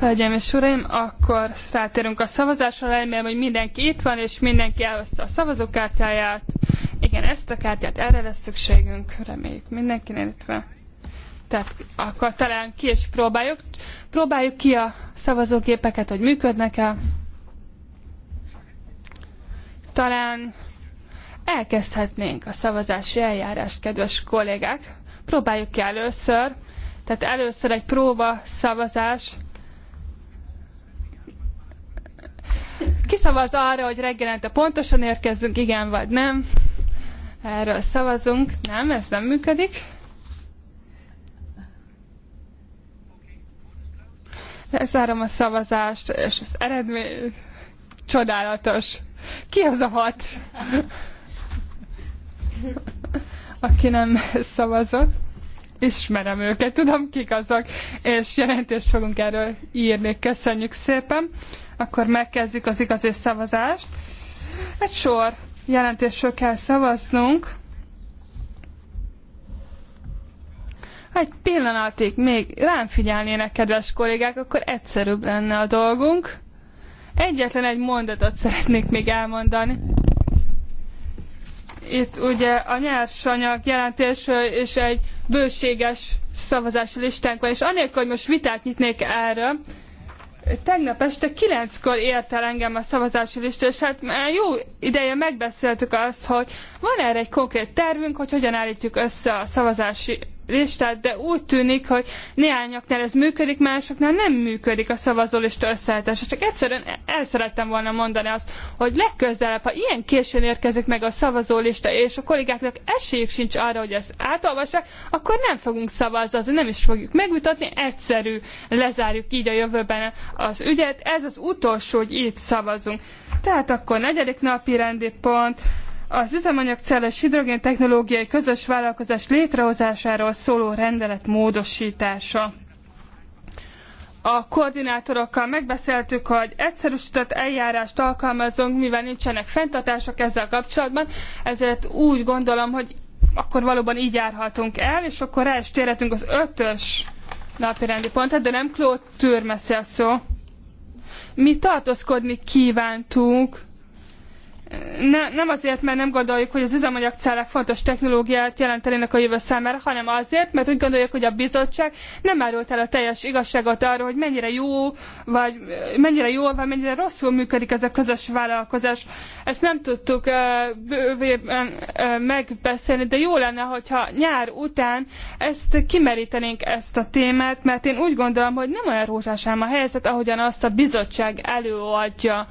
Hölgyeim és Uraim, akkor rátérünk a szavazásra. Remélem, hogy mindenki itt van, és mindenki elhozta a szavazókártyáját. Igen, ezt a kártyát erre lesz szükségünk. Reméljük mindenkinél itt van tehát akkor talán ki is próbáljuk. Próbáljuk ki a szavazógépeket, hogy működnek-e. Talán elkezdhetnénk a szavazási eljárást, kedves kollégák. Próbáljuk ki először. Tehát először egy próba szavazás. szavaz arra, hogy reggelente pontosan érkezzünk, igen vagy nem. Erről szavazunk. Nem, ez nem működik. Lezárom a szavazást, és az eredmény csodálatos. Ki az a hat? Aki nem szavazott. Ismerem őket, tudom kik azok, és jelentést fogunk erről írni. Köszönjük szépen. Akkor megkezdjük az igazi szavazást. Egy sor jelentésről kell szavaznunk. Ha egy pillanatig még rám figyelnének, kedves kollégák, akkor egyszerűbb lenne a dolgunk. Egyetlen egy mondatot szeretnék még elmondani. Itt ugye a nyersanyag jelentés és egy bőséges szavazási listánk van, és anélkül, hogy most vitát nyitnék erről, tegnap este kilenckor ért el engem a szavazási lista, és hát már jó ideje megbeszéltük azt, hogy van erre egy konkrét tervünk, hogy hogyan állítjuk össze a szavazási listát, de úgy tűnik, hogy néhányaknál ez működik, másoknál nem működik a szavazólista összeállítása. Csak egyszerűen el szerettem volna mondani azt, hogy legközelebb, ha ilyen későn érkezik meg a szavazólista, és a kollégáknak esélyük sincs arra, hogy ezt átolvassák, akkor nem fogunk szavazni, nem is fogjuk megmutatni, egyszerű, lezárjuk így a jövőben az ügyet. Ez az utolsó, hogy itt szavazunk. Tehát akkor negyedik napi rendi pont, az üzemanyagcelles hidrogén technológiai közös vállalkozás létrehozásáról szóló rendelet módosítása. A koordinátorokkal megbeszéltük, hogy egyszerűsített eljárást alkalmazunk, mivel nincsenek fenntartások ezzel kapcsolatban, ezért úgy gondolom, hogy akkor valóban így járhatunk el, és akkor rá is térhetünk az ötös napirendi pontra, de nem Claude Türmesz szó. Mi tartózkodni kívántunk, ne, nem azért, mert nem gondoljuk, hogy az üzemanyagcellák fontos technológiát jelentenének a jövő számára, hanem azért, mert úgy gondoljuk, hogy a bizottság nem árult el a teljes igazságot arról, hogy mennyire jó, vagy mennyire jól, vagy mennyire rosszul működik ez a közös vállalkozás. Ezt nem tudtuk uh, bővében megbeszélni, de jó lenne, hogyha nyár után ezt kimerítenénk ezt a témát, mert én úgy gondolom, hogy nem olyan rózsás ám a helyzet, ahogyan azt a bizottság előadja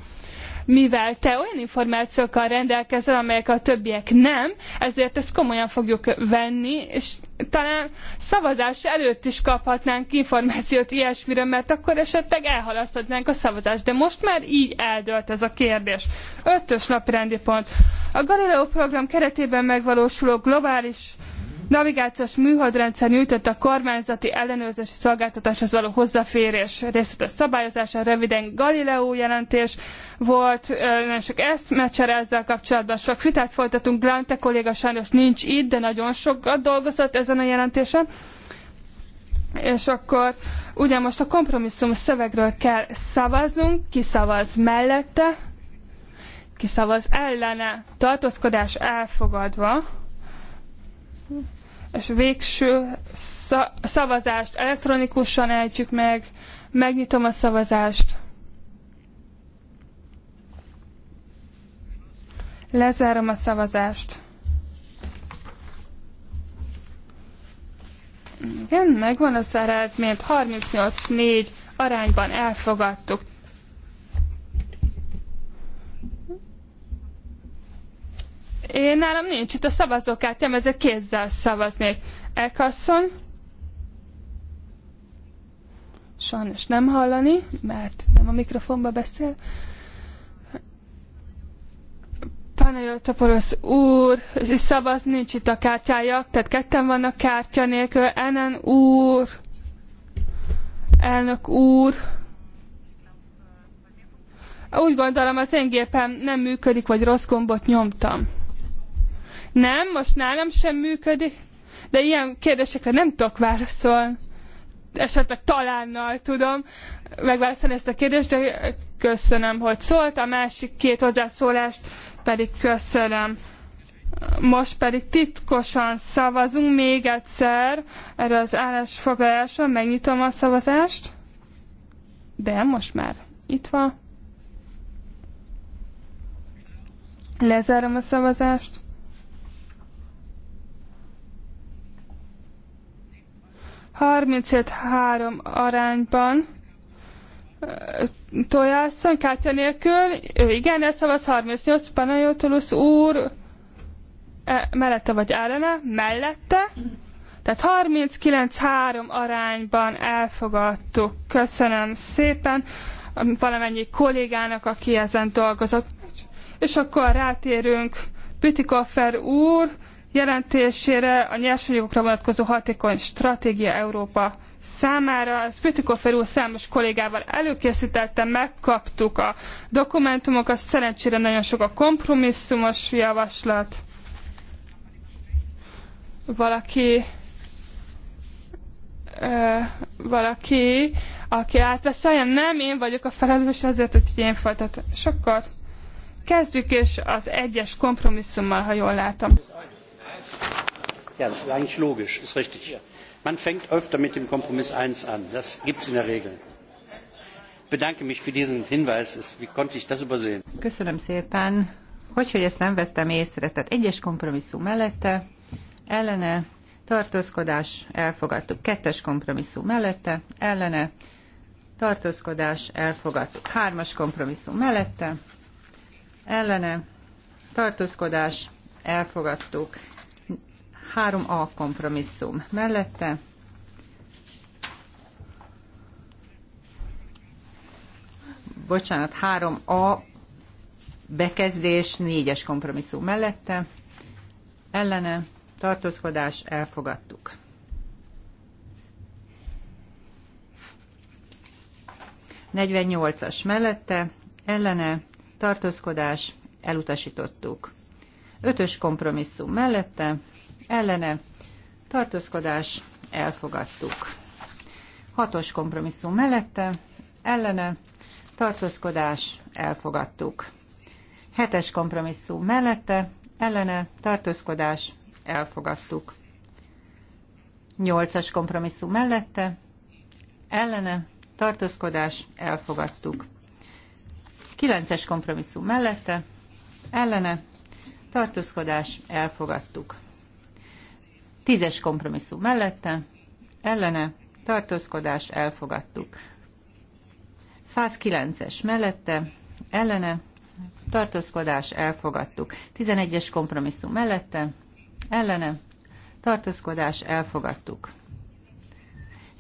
mivel te olyan információkkal rendelkezel, amelyek a többiek nem, ezért ezt komolyan fogjuk venni, és talán szavazás előtt is kaphatnánk információt ilyesmiről, mert akkor esetleg elhalaszthatnánk a szavazást. De most már így eldőlt ez a kérdés. Ötös napi rendi pont. A Galileo program keretében megvalósuló globális navigációs műholdrendszer nyújtott a kormányzati ellenőrzési szolgáltatáshoz való hozzáférés részletes szabályozása, röviden Galileo jelentés volt, nagyon sok eszmecsere ezzel kapcsolatban, sok vitát folytatunk, Glante kolléga sajnos nincs itt, de nagyon sokat dolgozott ezen a jelentésen. És akkor ugye most a kompromisszum szövegről kell szavaznunk, ki szavaz mellette, ki szavaz ellene, tartózkodás elfogadva és végső szavazást elektronikusan ejtjük meg. Megnyitom a szavazást. Lezárom a szavazást. Igen, megvan a eredményt. 38-4 arányban elfogadtuk. Én nálam nincs itt a szavazókártyám, ezzel kézzel szavaznék. Elkasszony. Sajnos nem hallani, mert nem a mikrofonba beszél. Panajotoporosz úr, szavaz nincs itt a kártyája, tehát ketten vannak kártya nélkül. Enen úr, elnök úr. Úgy gondolom, az én gépem nem működik, vagy rossz gombot nyomtam. Nem, most nálam sem működik. De ilyen kérdésekre nem tudok válaszolni. Esetleg talánnal tudom megválaszolni ezt a kérdést, de köszönöm, hogy szólt. A másik két hozzászólást pedig köszönöm. Most pedig titkosan szavazunk még egyszer erre az állásfoglalásra. Megnyitom a szavazást. De most már itt van. Lezárom a szavazást. 37-3 arányban Tojászon, kártya nélkül, ő igen, szavaz 38, Panajotulusz úr, e, mellette vagy ellene, mellette. Tehát 39-3 arányban elfogadtuk. Köszönöm szépen valamennyi kollégának, aki ezen dolgozott. És akkor rátérünk Pütikoffer úr jelentésére, a nyersanyagokra vonatkozó hatékony stratégia Európa számára. Ezt Bütikofer úr számos kollégával előkészítettem, megkaptuk a dokumentumokat, szerencsére nagyon sok a kompromisszumos javaslat. Valaki ö, valaki, aki átvesz, olyan nem én vagyok a felelős azért, hogy én folytatom. sokkal kezdjük, és az egyes kompromisszummal, ha jól látom. Ja, das ist eigentlich logisch, ist richtig. Man fängt öfter mit dem Kompromiss 1 an. Das gibt es in der Regel. Bedanke mich für diesen Hinweis. Wie konnte ich das übersehen? Köszönöm szépen. Hogy, hogy ezt nem vettem észre, tehát egyes kompromisszum mellette, ellene, tartózkodás, elfogadtuk. Kettes kompromisszum mellette, ellene, tartózkodás, elfogadtuk. Hármas kompromisszum mellette, ellene, tartózkodás, elfogadtuk. 3A kompromisszum mellette. Bocsánat, 3A bekezdés, 4-es kompromisszum mellette. Ellene tartózkodás elfogadtuk. as mellette, ellene tartózkodás elutasítottuk. Ötös kompromisszum mellette, ellene tartózkodás elfogadtuk. Hatos kompromisszum mellette ellene tartózkodás elfogadtuk. Hetes kompromisszum mellette ellene tartózkodás elfogadtuk. Nyolcas kompromisszum mellette ellene tartózkodás elfogadtuk. Kilences kompromisszum mellette ellene tartózkodás elfogadtuk. Tízes kompromisszum mellette, ellene, tartózkodás, elfogadtuk. 109-es mellette, ellene, tartózkodás, elfogadtuk. 11-es kompromisszum mellette, ellene, tartózkodás, elfogadtuk.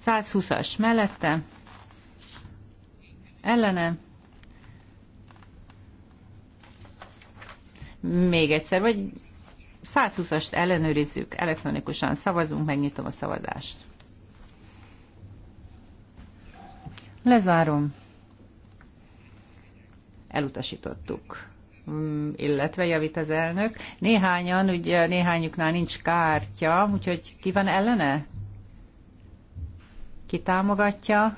120-as mellette, ellene, még egyszer, vagy 120-ast ellenőrizzük, elektronikusan szavazunk, megnyitom a szavazást. Lezárom. Elutasítottuk mm, illetve javít az elnök. Néhányan, ugye néhányuknál nincs kártya, úgyhogy ki van ellene? Ki támogatja?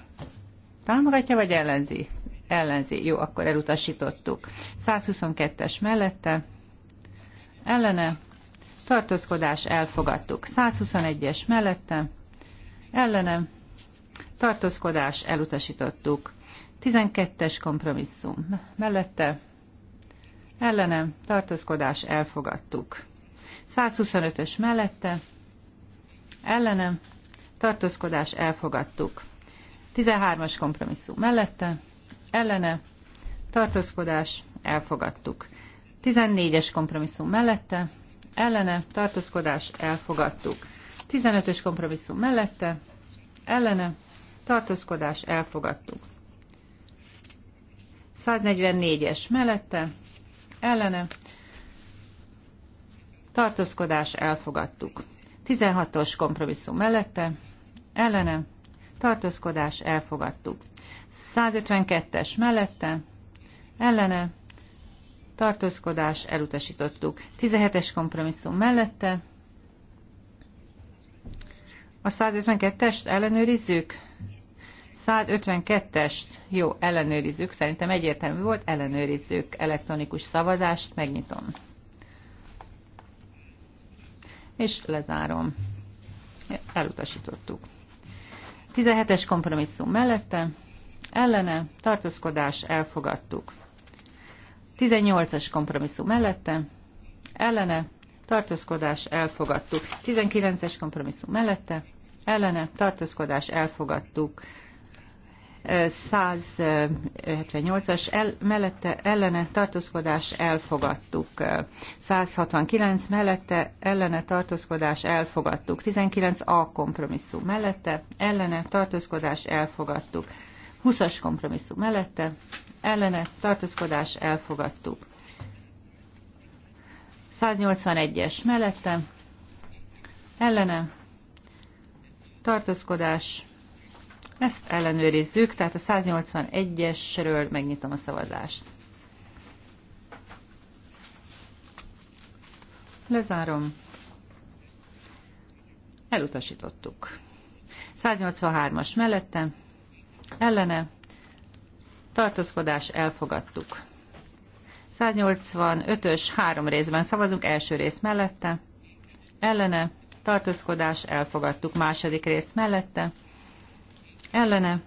Támogatja vagy ellenzi? Ellenzi. Jó, akkor elutasítottuk. 122-es mellette. Ellene tartózkodás elfogadtuk. 121-es mellette, Ellenem. tartózkodás elutasítottuk. 12-es kompromisszum mellette, Ellenem. tartózkodás elfogadtuk. 125-ös mellette, Ellenem. tartózkodás elfogadtuk. 13-as kompromisszum mellette, ellene, tartózkodás elfogadtuk. 14-es kompromisszum mellette, ellene, tartózkodás elfogadtuk. 15-ös kompromisszum mellette, ellene, tartózkodás elfogadtuk. 144-es mellette, ellene, tartózkodás elfogadtuk. 16-os kompromisszum mellette, ellene, tartózkodás elfogadtuk. 152-es mellette, ellene, tartózkodás, elutasítottuk. 17-es kompromisszum mellette. A 152-est ellenőrizzük. 152-est, jó, ellenőrizzük, szerintem egyértelmű volt, ellenőrizzük elektronikus szavazást, megnyitom. És lezárom. Elutasítottuk. 17-es kompromisszum mellette, ellene, tartózkodás, elfogadtuk. 18-as kompromisszum mellette, ellene, tartózkodás elfogadtuk. 19-es kompromisszum mellette, ellene, tartózkodás elfogadtuk. 178-as el, mellette ellene tartózkodás elfogadtuk. 169 mellette ellene tartózkodás elfogadtuk. 19A kompromisszum mellette ellene tartózkodás elfogadtuk. 20-as kompromisszum mellette ellene tartózkodás elfogadtuk. 181-es mellette ellene tartózkodás ezt ellenőrizzük, tehát a 181-esről megnyitom a szavazást. Lezárom. Elutasítottuk. 183-as mellette, ellene, tartózkodás elfogadtuk. 185-ös három részben szavazunk, első rész mellette, ellene, tartózkodás elfogadtuk, második rész mellette, ellene,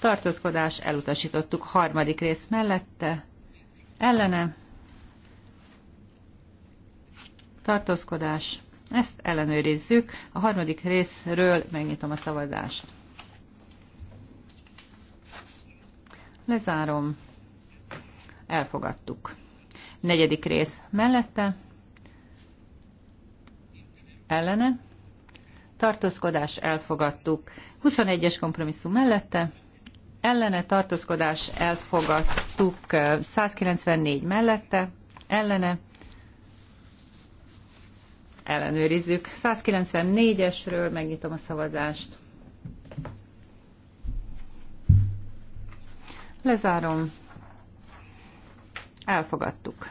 tartózkodás elutasítottuk, harmadik rész mellette, ellene, tartózkodás, ezt ellenőrizzük, a harmadik részről megnyitom a szavazást. Lezárom. Elfogadtuk. Negyedik rész mellette. Ellene. Tartózkodás elfogadtuk. 21-es kompromisszum mellette. Ellene tartózkodás elfogadtuk. 194 mellette. Ellene. Ellenőrizzük. 194-esről megnyitom a szavazást. Lezárom. Elfogadtuk.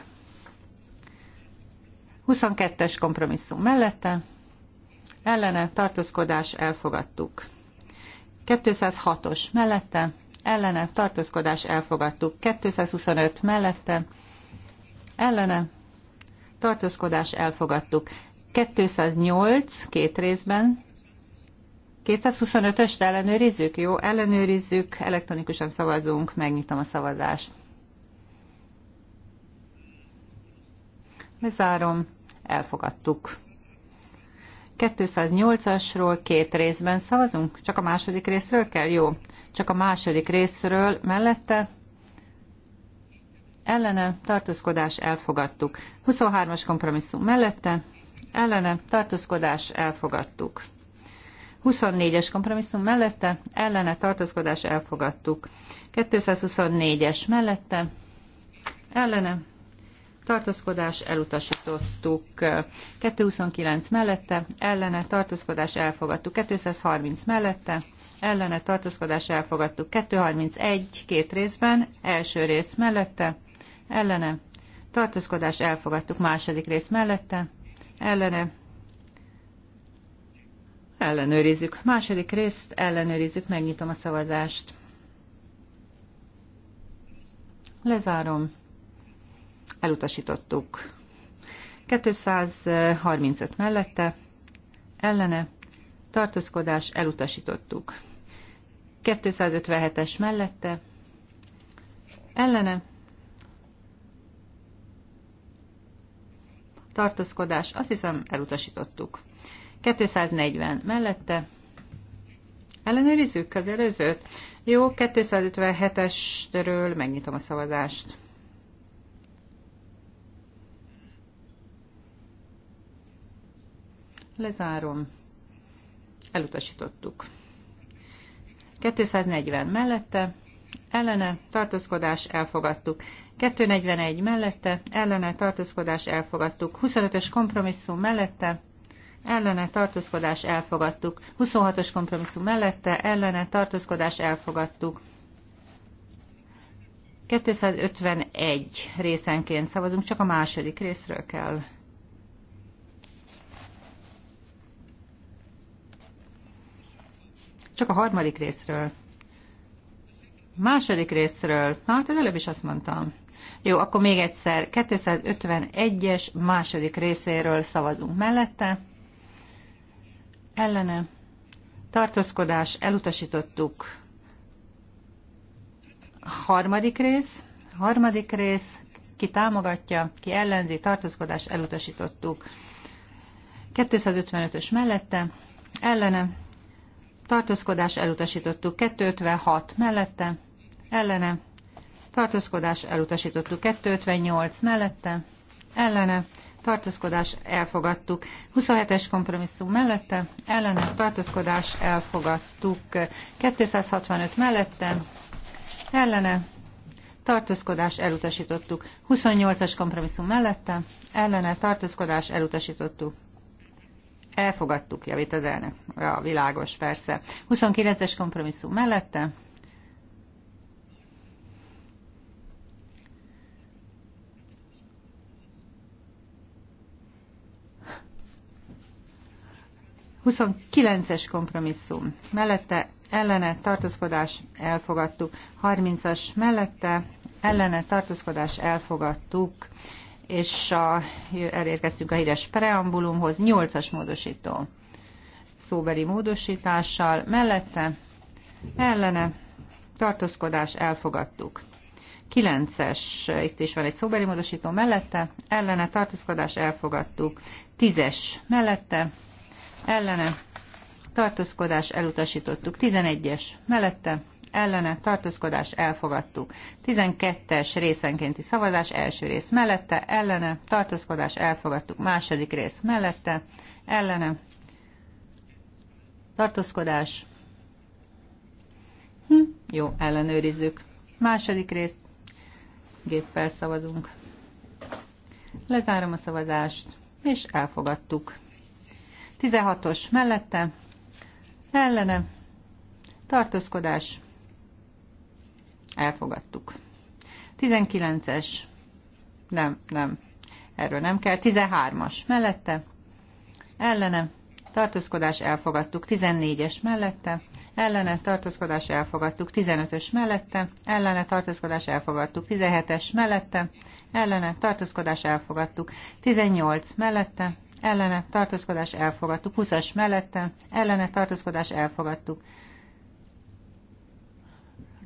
22-es kompromisszum mellette, ellene tartózkodás elfogadtuk. 206-os mellette, ellene tartózkodás elfogadtuk. 225 mellette, ellene tartózkodás elfogadtuk. 208 két részben, 225-öst ellenőrizzük? Jó, ellenőrizzük, elektronikusan szavazunk, megnyitom a szavazást. Lezárom, elfogadtuk. 208-asról két részben szavazunk? Csak a második részről kell? Jó. Csak a második részről mellette? Ellene, tartózkodás, elfogadtuk. 23-as kompromisszum mellette? Ellene, tartózkodás, elfogadtuk. 24-es kompromisszum mellette, ellene tartózkodás elfogadtuk. 224-es mellette, ellene tartózkodás elutasítottuk. 229 mellette, ellene tartózkodás elfogadtuk. 230 mellette, ellene tartózkodás elfogadtuk. 231 két részben, első rész mellette, ellene tartózkodás elfogadtuk. Második rész mellette, ellene Ellenőrizzük. Második részt ellenőrizzük, megnyitom a szavazást. Lezárom. Elutasítottuk. 235 mellette, ellene, tartózkodás, elutasítottuk. 257-es mellette, ellene, tartózkodás, azt hiszem elutasítottuk. 240 mellette. Ellenőrizzük az előzőt. Jó, 257-esről megnyitom a szavazást. Lezárom. Elutasítottuk. 240 mellette, ellene, tartózkodás, elfogadtuk. 241 mellette, ellene, tartózkodás, elfogadtuk. 25-ös kompromisszum mellette, ellene tartózkodás elfogadtuk. 26-os kompromisszum mellette ellene tartózkodás elfogadtuk. 251 részenként szavazunk, csak a második részről kell. Csak a harmadik részről. Második részről. Hát, az előbb is azt mondtam. Jó, akkor még egyszer. 251-es második részéről szavazunk mellette ellene tartózkodás elutasítottuk. Harmadik rész, harmadik rész, ki támogatja, ki ellenzi, tartózkodás elutasítottuk. 255-ös mellette, ellene, tartózkodás elutasítottuk. 256 mellette, ellene, tartózkodás elutasítottuk. 258 mellette, ellene, tartózkodás elfogadtuk. 27-es kompromisszum mellette, ellene tartózkodás elfogadtuk. 265 mellette, ellene tartózkodás elutasítottuk. 28-as kompromisszum mellette, ellene tartózkodás elutasítottuk. Elfogadtuk, javít az elnök. Ja, világos, persze. 29-es kompromisszum mellette, 29-es kompromisszum mellette ellene tartózkodás elfogadtuk. 30-as mellette ellene tartózkodás elfogadtuk, és a, elérkeztünk a híres preambulumhoz, 8-as módosító szóbeli módosítással, mellette ellene tartózkodás elfogadtuk. 9-es, itt is van egy szóbeli módosító mellette, ellene tartózkodás elfogadtuk. 10-es mellette, ellene tartózkodás elutasítottuk. 11-es mellette ellene tartózkodás elfogadtuk. 12-es részenkénti szavazás első rész mellette ellene tartózkodás elfogadtuk. Második rész mellette ellene tartózkodás. Hm, jó, ellenőrizzük. Második rész géppel szavazunk. Lezárom a szavazást, és elfogadtuk. 16-os mellette, ellene, tartózkodás, elfogadtuk. 19-es, nem, nem, erről nem kell, 13-as mellette, ellene, tartózkodás, elfogadtuk. 14-es mellette, ellene tartózkodás elfogadtuk, 15-ös mellette, ellene tartózkodás elfogadtuk, 17-es mellette, ellene tartózkodás elfogadtuk, 18 mellette, ellene tartózkodás elfogadtuk. 20-as mellette ellene tartózkodás elfogadtuk.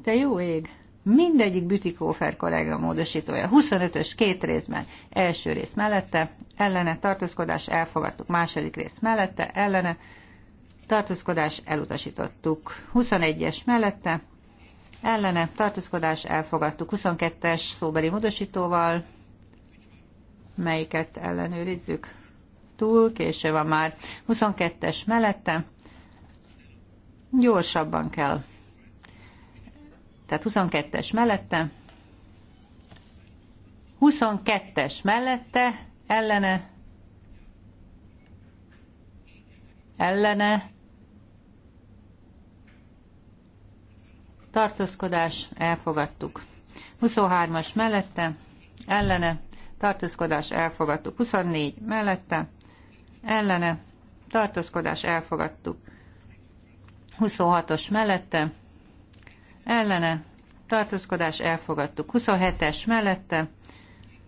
Te jó ég! Mindegyik Bütikófer kollega módosítója. 25-ös két részben. Első rész mellette, ellene tartózkodás elfogadtuk. Második rész mellette, ellene tartózkodás elutasítottuk. 21-es mellette, ellene tartózkodás elfogadtuk. 22-es szóbeli módosítóval, melyiket ellenőrizzük túl késő van már. 22-es mellette gyorsabban kell. Tehát 22-es mellette 22-es mellette ellene ellene tartózkodás, elfogadtuk. 23-as mellette, ellene, tartózkodás, elfogadtuk. 24 mellette, ellene, tartózkodás elfogadtuk. 26-os mellette, ellene, tartózkodás elfogadtuk. 27-es mellette,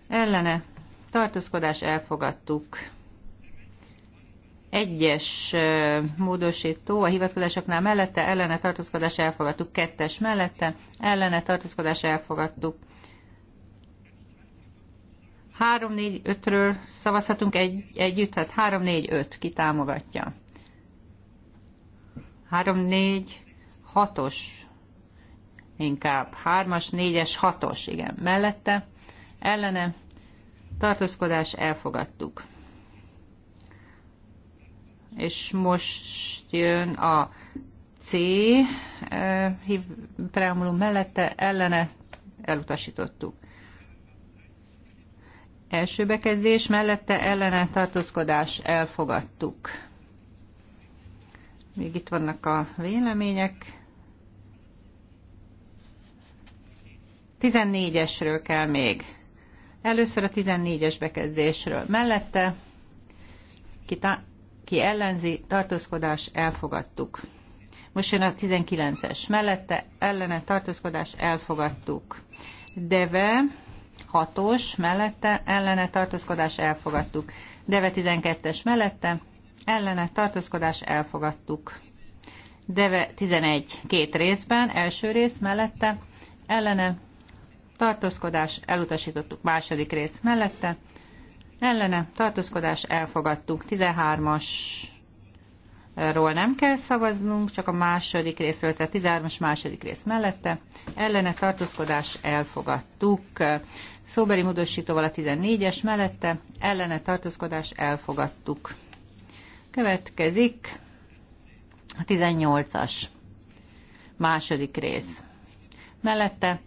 ellene, tartózkodás elfogadtuk. Egyes módosító a hivatkozásoknál mellette, ellene tartózkodás elfogadtuk. Kettes mellette, ellene tartózkodás elfogadtuk. 3, 4, 5-ről szavazhatunk egy, együtt, tehát 3, 4, 5 ki támogatja. 3, 4, 6-os inkább 3-as, 4-es, 6-os, igen, mellette, ellene, tartózkodás, elfogadtuk. És most jön a C eh, preambulum mellette, ellene, elutasítottuk. Első bekezdés mellette ellene tartózkodás elfogadtuk. Még itt vannak a vélemények. 14-esről kell még. Először a 14-es bekezdésről. Mellette ki, ta, ki ellenzi, tartózkodás elfogadtuk. Most jön a 19-es. Mellette ellene tartózkodás elfogadtuk. Deve 6-os mellette ellene tartózkodás elfogadtuk. Deve 12-es mellette ellene tartózkodás elfogadtuk. Deve 11 két részben, első rész mellette ellene tartózkodás elutasítottuk. Második rész mellette ellene tartózkodás elfogadtuk. 13-as ról nem kell szavaznunk, csak a második részről, tehát 13-as második rész mellette. Ellene tartózkodás elfogadtuk. Szóbeli módosítóval a 14-es mellette. Ellene tartózkodás elfogadtuk. Következik a 18-as második rész. Mellette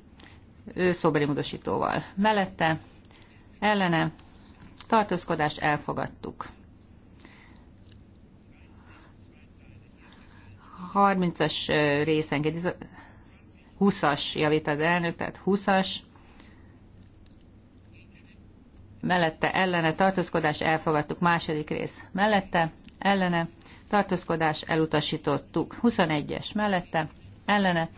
szóbeli módosítóval. Mellette ellene tartózkodás elfogadtuk. 30-as részen, 20-as javít az elnök, tehát 20-as, mellette ellene tartózkodás elfogadtuk, második rész mellette ellene tartózkodás elutasítottuk, 21-es mellette ellene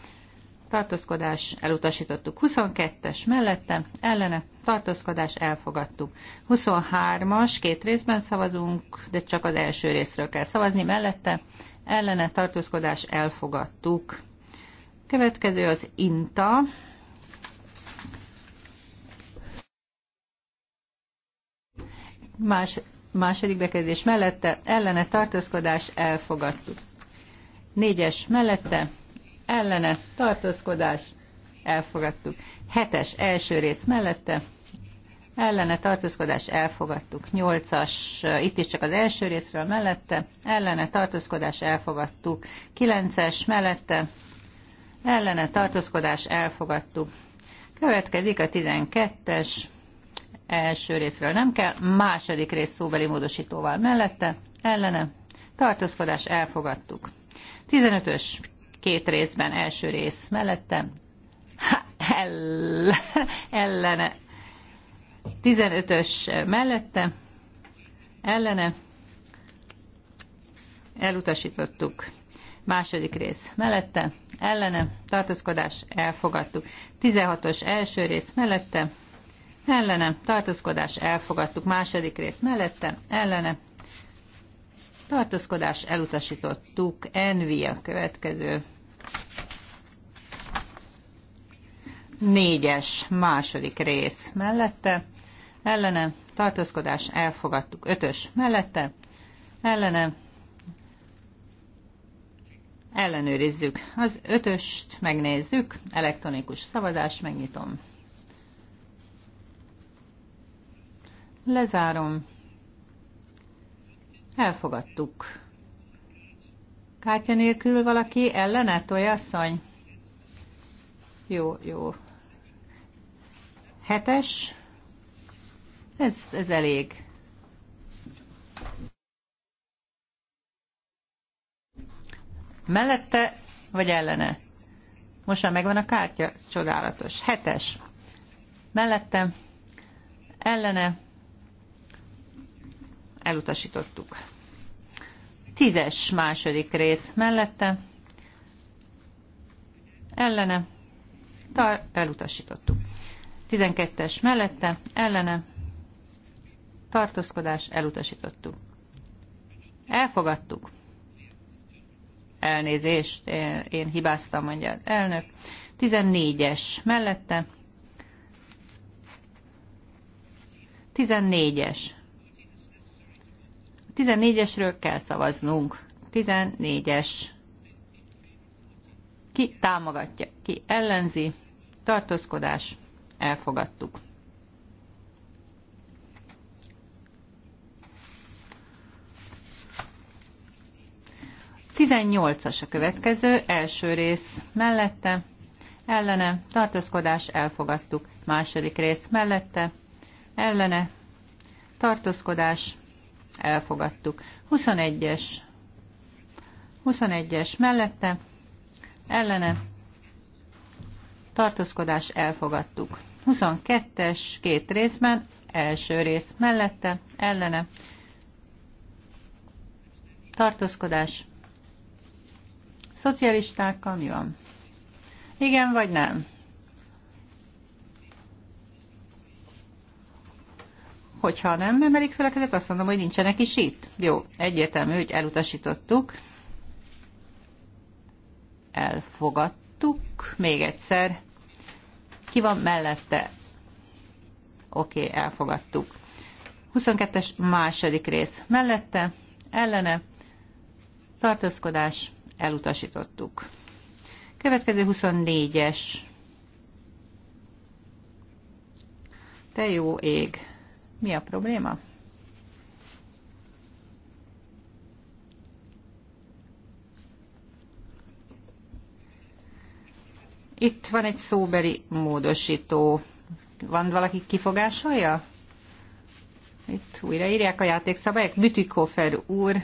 tartózkodás elutasítottuk, 22-es mellette ellene tartózkodás elfogadtuk, 23-as két részben szavazunk, de csak az első részről kell szavazni mellette ellene tartózkodás elfogadtuk. Következő az INTA. Más, második bekezdés mellette ellene tartózkodás elfogadtuk. Négyes mellette ellene tartózkodás elfogadtuk. Hetes első rész mellette ellene tartózkodás elfogadtuk. 8-as, eh, itt is csak az első részről mellette, ellene tartózkodás elfogadtuk. 9-es mellette, ellene tartózkodás elfogadtuk. Következik a 12-es, első részről nem kell, második rész szóbeli módosítóval mellette, ellene tartózkodás elfogadtuk. 15-ös két részben első rész mellette, ha, ell ellene 15-ös mellette, ellene, elutasítottuk. Második rész mellette, ellene, tartózkodás, elfogadtuk. 16-os első rész mellette, ellene, tartózkodás, elfogadtuk. Második rész mellette, ellene, tartózkodás, elutasítottuk. Envi a következő. Négyes, második rész mellette, ellene, tartózkodás, elfogadtuk. Ötös mellette, ellene, ellenőrizzük. Az ötöst megnézzük, elektronikus szavazás, megnyitom. Lezárom. Elfogadtuk. Kártya nélkül valaki ellene, tojasszony? Jó, jó, Hetes. Ez, ez elég. Mellette vagy ellene? Most már megvan a kártya, csodálatos. Hetes. Mellette, ellene, elutasítottuk. Tízes második rész mellette, ellene, tar elutasítottuk. 12-es mellette, ellene, tartózkodás, elutasítottuk. Elfogadtuk. Elnézést, én hibáztam, mondja az elnök. 14-es mellette. 14-es. 14-esről kell szavaznunk. 14-es. Ki támogatja, ki ellenzi, tartózkodás, elfogadtuk. Tizennyolcas a következő, első rész mellette, ellene, tartózkodás, elfogadtuk. Második rész mellette, ellene, tartózkodás, elfogadtuk. 21-es, 21-es mellette, ellene, tartózkodás, elfogadtuk. 22-es két részben, első rész mellette, ellene, tartózkodás, szocialistákkal mi van? Igen vagy nem? Hogyha nem emelik fel a kezet, azt mondom, hogy nincsenek is itt. Jó, egyértelmű, hogy elutasítottuk. Elfogadtuk. Még egyszer. Ki van mellette? Oké, okay, elfogadtuk. 22-es második rész. Mellette, ellene, tartózkodás, elutasítottuk. Következő 24-es. Te jó ég. Mi a probléma? Itt van egy szóbeli módosító. Van valaki kifogásolja? Itt újraírják a játékszabályok. Bütikofer úr,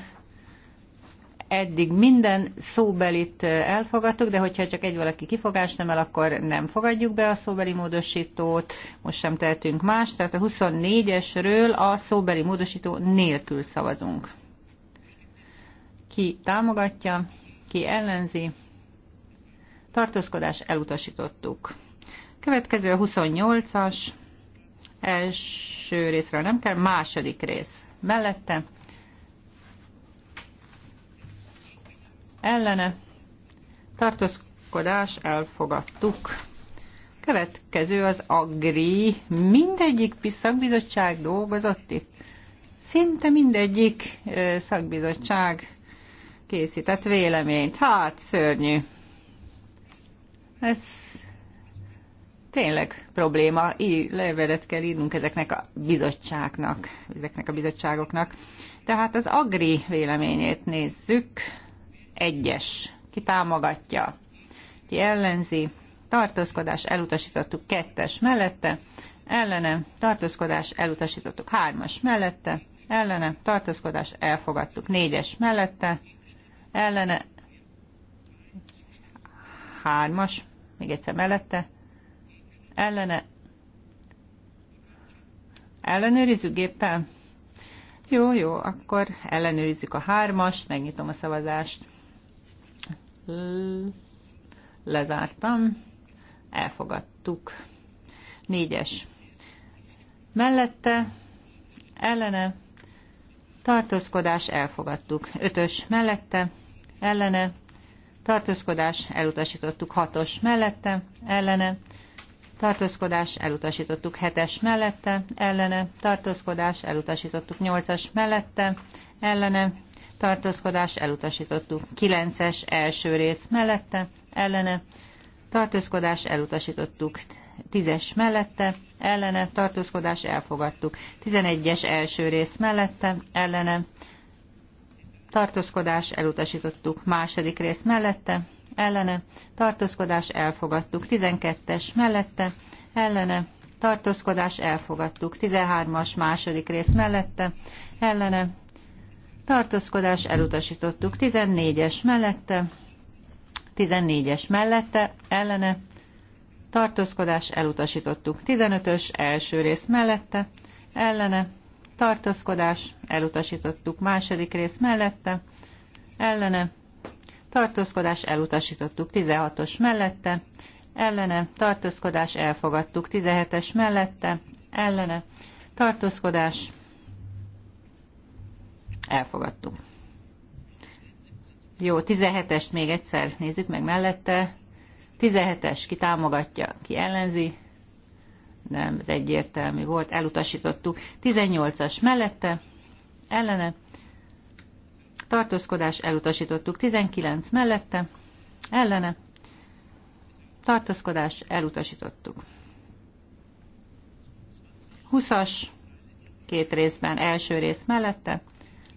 eddig minden szóbelit elfogadtuk, de hogyha csak egy valaki kifogást nem el, akkor nem fogadjuk be a szóbeli módosítót, most sem tehetünk más, tehát a 24-esről a szóbeli módosító nélkül szavazunk. Ki támogatja, ki ellenzi, tartózkodás elutasítottuk. Következő a 28-as, első részről nem kell, második rész mellette, ellene, tartózkodás elfogadtuk. Következő az Agri. Mindegyik szakbizottság dolgozott itt. Szinte mindegyik szakbizottság készített véleményt. Hát, szörnyű. Ez tényleg probléma. Így levelet kell írnunk ezeknek a bizottságnak, ezeknek a bizottságoknak. Tehát az Agri véleményét nézzük. Egyes. Ki támogatja? Ki ellenzi? Tartózkodás elutasítottuk kettes mellette. Ellene. Tartózkodás elutasítottuk hármas mellette. Ellene. Tartózkodás elfogadtuk négyes mellette. Ellene. Hármas még egyszer mellette, ellene, ellenőrizzük géppel. Jó, jó, akkor ellenőrizzük a hármas, megnyitom a szavazást. Lezártam, elfogadtuk. Négyes. Mellette, ellene, tartózkodás, elfogadtuk. Ötös mellette, ellene, tartózkodás, elutasítottuk hatos mellette, ellene, tartózkodás, elutasítottuk hetes mellette, ellene, tartózkodás, elutasítottuk nyolcas mellette, ellene, tartózkodás, elutasítottuk kilences első rész mellette, ellene, tartózkodás, elutasítottuk tízes mellette, ellene, tartózkodás, elfogadtuk. Tizenegyes első rész mellette, ellene, tartózkodás, elutasítottuk. Második rész mellette, ellene, tartózkodás, elfogadtuk. 12-es mellette, ellene, tartózkodás, elfogadtuk. 13-as második rész mellette, ellene, tartózkodás, elutasítottuk. 14-es mellette, 14-es mellette, ellene, tartózkodás, elutasítottuk. 15-ös első rész mellette, ellene, tartózkodás, elutasítottuk második rész mellette, ellene, tartózkodás, elutasítottuk 16-os mellette, ellene, tartózkodás, elfogadtuk 17-es mellette, ellene, tartózkodás, elfogadtuk. Jó, 17-est még egyszer nézzük meg mellette. 17-es, ki támogatja, ki ellenzi, nem, ez egyértelmű volt, elutasítottuk. 18-as mellette, ellene, tartózkodás elutasítottuk. 19 mellette, ellene, tartózkodás elutasítottuk. 20-as, két részben, első rész mellette,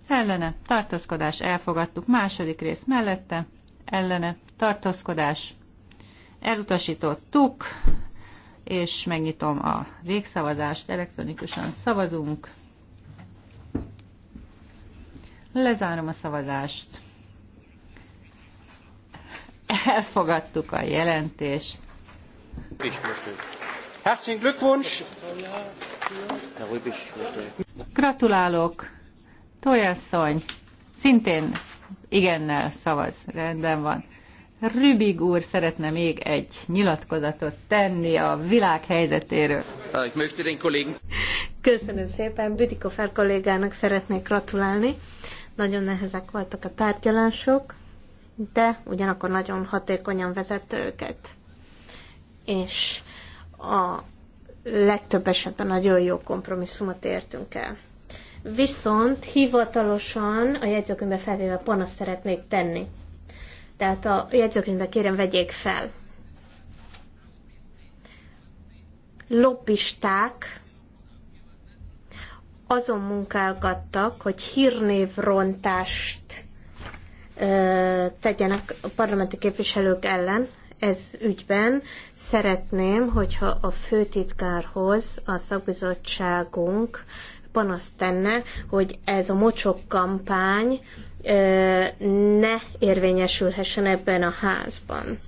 ellene, tartózkodás elfogadtuk, második rész mellette, ellene, tartózkodás elutasítottuk, és megnyitom a végszavazást, elektronikusan szavazunk. Lezárom a szavazást. Elfogadtuk a jelentést. Herzlichen Glückwunsch! Gratulálok! Tojasszony, szintén igennel szavaz, rendben van. Rübig úr szeretne még egy nyilatkozatot tenni a világ helyzetéről. Ah, Köszönöm szépen, fel kollégának szeretnék gratulálni. Nagyon nehezek voltak a tárgyalások, de ugyanakkor nagyon hatékonyan vezette őket. És a legtöbb esetben nagyon jó kompromisszumot értünk el. Viszont hivatalosan a jegyzőkönyvbe felvéve panaszt szeretnék tenni. Tehát a jegyzőkönyvbe kérem vegyék fel. Lobbisták azon munkálgattak, hogy hírnévrontást ö, tegyenek a parlamenti képviselők ellen, ez ügyben szeretném, hogyha a főtitkárhoz a szakbizottságunk panaszt tenne, hogy ez a mocsok kampány ne érvényesülhessen ebben a házban.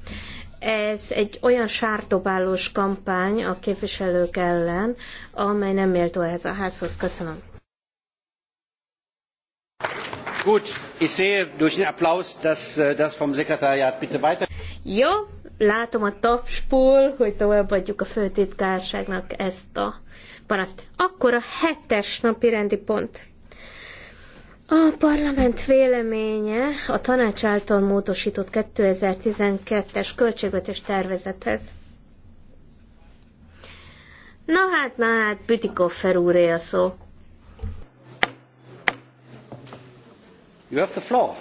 Ez egy olyan sártobálós kampány a képviselők ellen, amely nem méltó ehhez a házhoz. Köszönöm. Gut, ich sehe durch den Applaus, dass äh, das vom Sekretariat bitte weiter. Jó, látom a tapspól, hogy továbbadjuk a főtitkárságnak ezt a panaszt. Akkor a hetes napi rendi pont. A parlament véleménye a tanács által módosított 2012-es költségvetés tervezethez. Na hát, na hát, Bütikoffer úré a szó. You have the floor.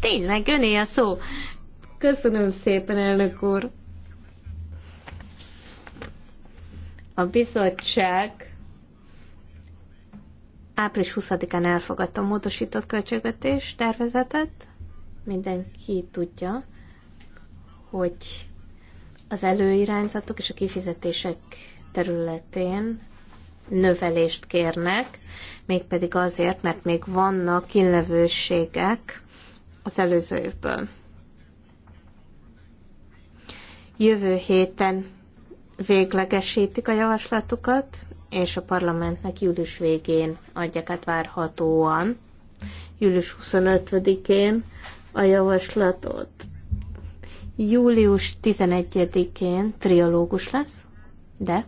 Tényleg, öné a szó. Köszönöm szépen, elnök úr. A bizottság április 20-án elfogadta a módosított költségvetés tervezetet. Mindenki tudja, hogy az előirányzatok és a kifizetések területén növelést kérnek, mégpedig azért, mert még vannak kinlevőségek az előző évből. Jövő héten véglegesítik a javaslatukat, és a parlamentnek július végén adják át várhatóan, július 25-én a javaslatot. Július 11-én triológus lesz, de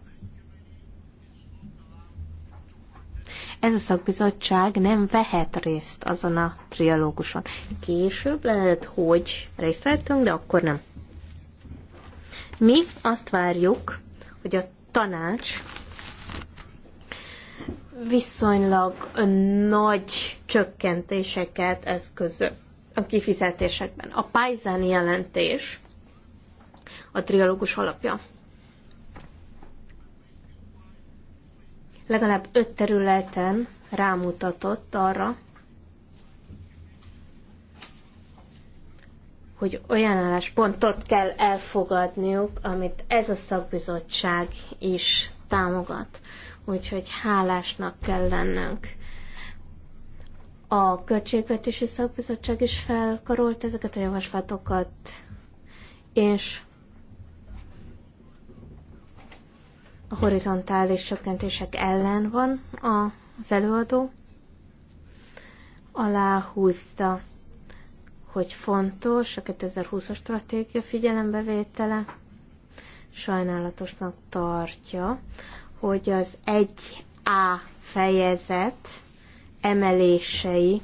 ez a szakbizottság nem vehet részt azon a triológuson. Később lehet, hogy részt vettünk, de akkor nem. Mi azt várjuk, hogy a tanács viszonylag nagy csökkentéseket eszközöl a kifizetésekben. A Pajzán jelentés a trialógus alapja. Legalább öt területen rámutatott arra, hogy olyan álláspontot kell elfogadniuk, amit ez a szakbizottság is támogat úgyhogy hálásnak kell lennünk. A Költségvetési Szakbizottság is felkarolt ezeket a javaslatokat, és a horizontális csökkentések ellen van az előadó. Aláhúzta, hogy fontos a 2020-as stratégia figyelembevétele, sajnálatosnak tartja, hogy az 1A fejezet emelései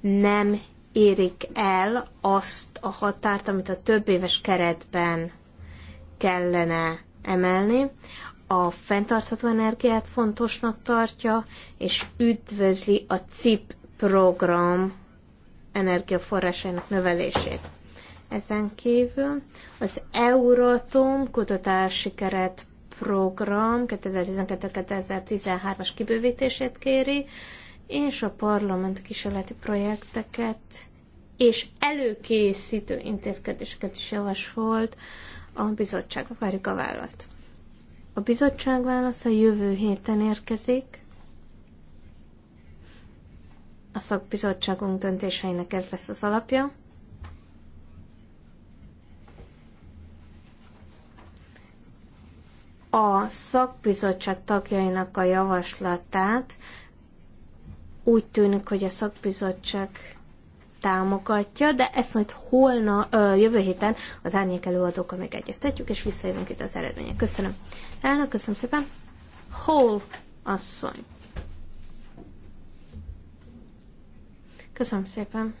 nem érik el azt a határt, amit a több éves keretben kellene emelni. A fenntartható energiát fontosnak tartja, és üdvözli a CIP program energiaforrásának növelését. Ezen kívül az Euratom kutatási keret program 2012-2013-as kibővítését kéri, és a parlament kísérleti projekteket és előkészítő intézkedéseket is javasolt a bizottság Várjuk a választ. A bizottság válasza jövő héten érkezik. A szakbizottságunk döntéseinek ez lesz az alapja. a szakbizottság tagjainak a javaslatát. Úgy tűnik, hogy a szakbizottság támogatja, de ezt majd holna, ö, jövő héten az árnyék előadókkal megegyeztetjük, és visszajövünk itt az eredmények. Köszönöm. Elnök, köszönöm szépen. Hol asszony. Köszönöm szépen.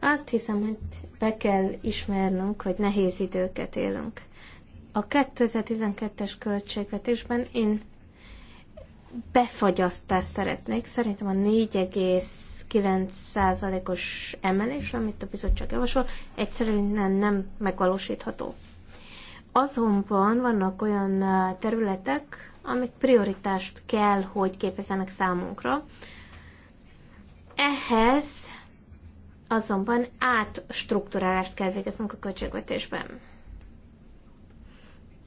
Azt hiszem, hogy be kell ismernünk, hogy nehéz időket élünk. A 2012-es költségvetésben én befagyasztást szeretnék. Szerintem a 4,9%-os emelés, amit a bizottság javasol, egyszerűen nem megvalósítható. Azonban vannak olyan területek, amik prioritást kell, hogy képezzenek számunkra. Ehhez azonban átstruktúrálást kell végeznünk a költségvetésben.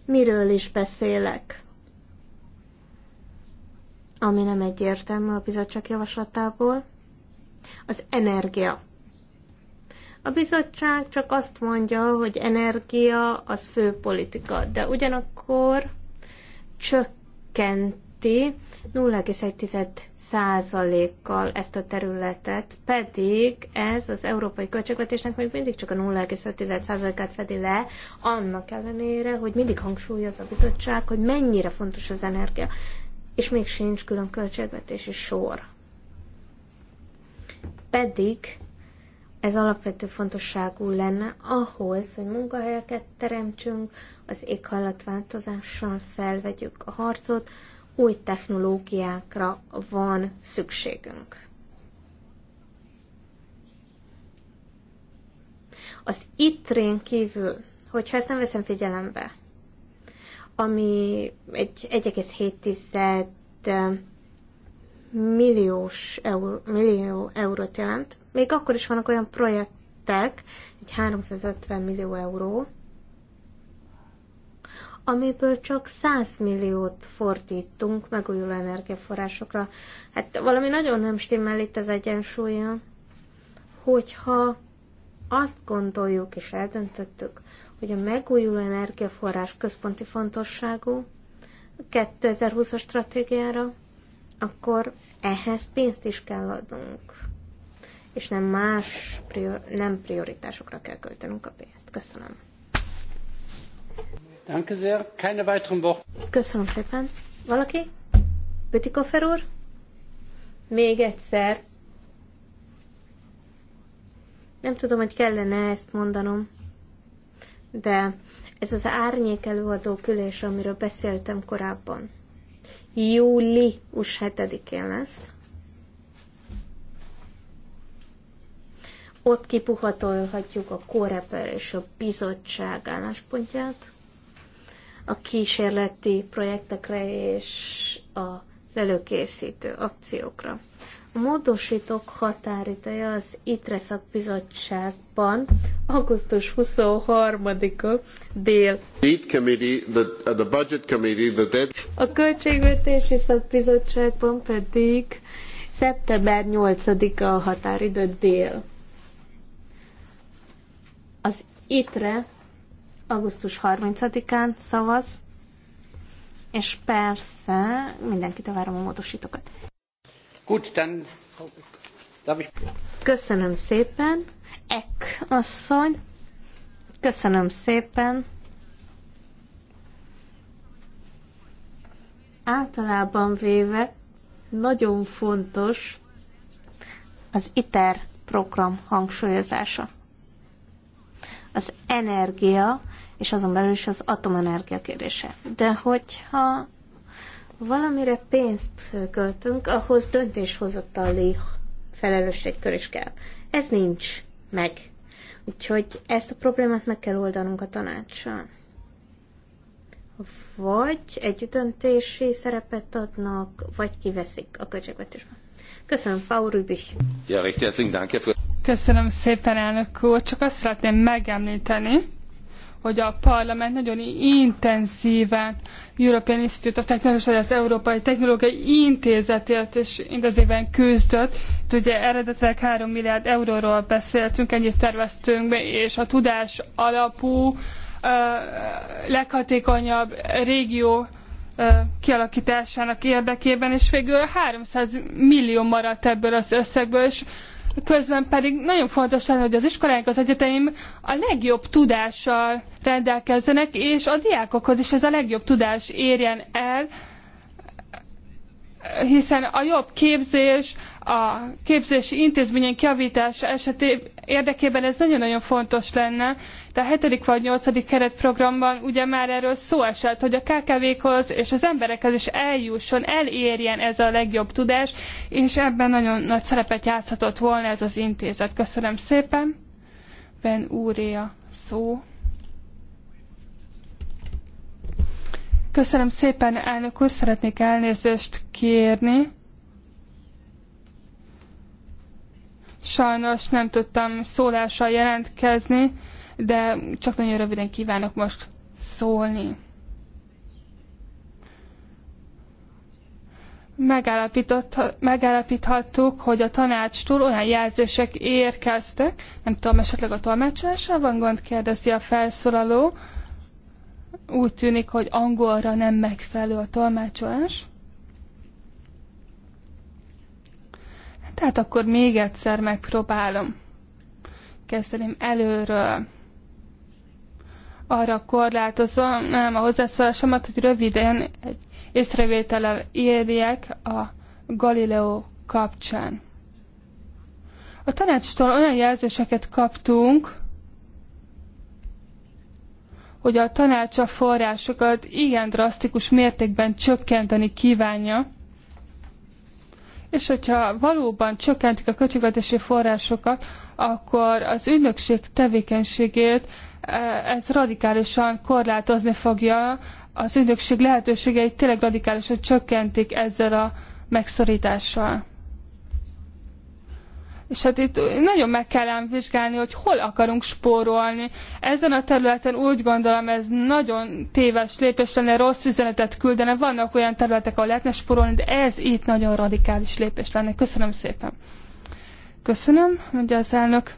Miről is beszélek? Ami nem egyértelmű a bizottság javaslatából, az energia. A bizottság csak azt mondja, hogy energia az fő politika, de ugyanakkor csökkent illeti, 0,1%-kal ezt a területet, pedig ez az európai költségvetésnek még mindig csak a 0,5%-át fedi le, annak ellenére, hogy mindig hangsúlyoz a bizottság, hogy mennyire fontos az energia, és még sincs külön költségvetési sor. Pedig ez alapvető fontosságú lenne ahhoz, hogy munkahelyeket teremtsünk, az éghajlatváltozással felvegyük a harcot, új technológiákra van szükségünk. Az itrén kívül, hogyha ezt nem veszem figyelembe, ami egy 1,7 eh, milliós euró, millió eurót jelent, még akkor is vannak olyan projektek, egy 350 millió euró, amiből csak 100 milliót fordítunk megújuló energiaforrásokra. Hát valami nagyon nem stimmel itt az egyensúlya, hogyha azt gondoljuk és eldöntöttük, hogy a megújuló energiaforrás központi fontosságú 2020-as stratégiára, akkor ehhez pénzt is kell adnunk. És nem más, prior, nem prioritásokra kell költenünk a pénzt. Köszönöm. Danke sehr. Keine weiteren Wochen. Köszönöm szépen. Valaki? Bütikofer úr? Még egyszer. Nem tudom, hogy kellene ezt mondanom, de ez az árnyék előadó külés, amiről beszéltem korábban. Július 7-én lesz. Ott kipuhatolhatjuk a koreper és a bizottság álláspontját a kísérleti projektekre és a előkészítő akciókra. A módosítók határideje az ITRESZAK bizottságban augusztus 23-a dél. Uh, a költségvetési szakbizottságban pedig szeptember 8-a a határidő dél. Az ITRE augusztus 30-án szavaz, és persze mindenkit várom a módosítókat. Köszönöm szépen. Ek asszony. Köszönöm szépen. Általában véve nagyon fontos az ITER program hangsúlyozása. Az energia és azon belül is az atomenergia kérdése. De hogyha valamire pénzt költünk, ahhoz döntéshozatali felelősségkör is kell. Ez nincs meg. Úgyhogy ezt a problémát meg kell oldanunk a tanácssal. Vagy döntési szerepet adnak, vagy kiveszik a költségvetésben. Köszönöm, Paul Rübich. Ja, richtig, Köszönöm szépen, elnök úr. Csak azt szeretném megemlíteni, hogy a parlament nagyon intenzíven European Institute of Technology, az Európai Technológiai Intézetért is intenzíven küzdött. Itt ugye eredetileg 3 milliárd euróról beszéltünk, ennyit terveztünk be, és a tudás alapú leghatékonyabb régió kialakításának érdekében, és végül 300 millió maradt ebből az összegből, és közben pedig nagyon fontos lenne, hogy az iskolák, az egyeteim a legjobb tudással rendelkezzenek, és a diákokhoz is ez a legjobb tudás érjen el, hiszen a jobb képzés, a képzési intézmények javítása esetében érdekében ez nagyon-nagyon fontos lenne, de a hetedik vagy nyolcadik keretprogramban ugye már erről szó esett, hogy a KKV-khoz és az emberekhez is eljusson, elérjen ez a legjobb tudás, és ebben nagyon nagy szerepet játszhatott volna ez az intézet. Köszönöm szépen. Ben úré a szó. Köszönöm szépen, elnök úr, szeretnék elnézést kérni. Sajnos nem tudtam szólással jelentkezni, de csak nagyon röviden kívánok most szólni. megállapíthattuk, hogy a tanácstól olyan jelzések érkeztek, nem tudom, esetleg a van gond kérdezi a felszólaló, úgy tűnik, hogy angolra nem megfelelő a tolmácsolás. Tehát akkor még egyszer megpróbálom. Kezdeném előről. Arra korlátozom, nem a hozzászólásomat, hogy röviden egy észrevételel érjek a Galileo kapcsán. A tanácstól olyan jelzéseket kaptunk, hogy a tanács a forrásokat igen drasztikus mértékben csökkenteni kívánja, és hogyha valóban csökkentik a költségvetési forrásokat, akkor az ügynökség tevékenységét eh, ez radikálisan korlátozni fogja, az ügynökség lehetőségeit tényleg radikálisan csökkentik ezzel a megszorítással. És hát itt nagyon meg kell ám vizsgálni, hogy hol akarunk spórolni. Ezen a területen úgy gondolom, ez nagyon téves lépés lenne, rossz üzenetet küldene. Vannak olyan területek, ahol lehetne spórolni, de ez itt nagyon radikális lépés lenne. Köszönöm szépen. Köszönöm, mondja az elnök.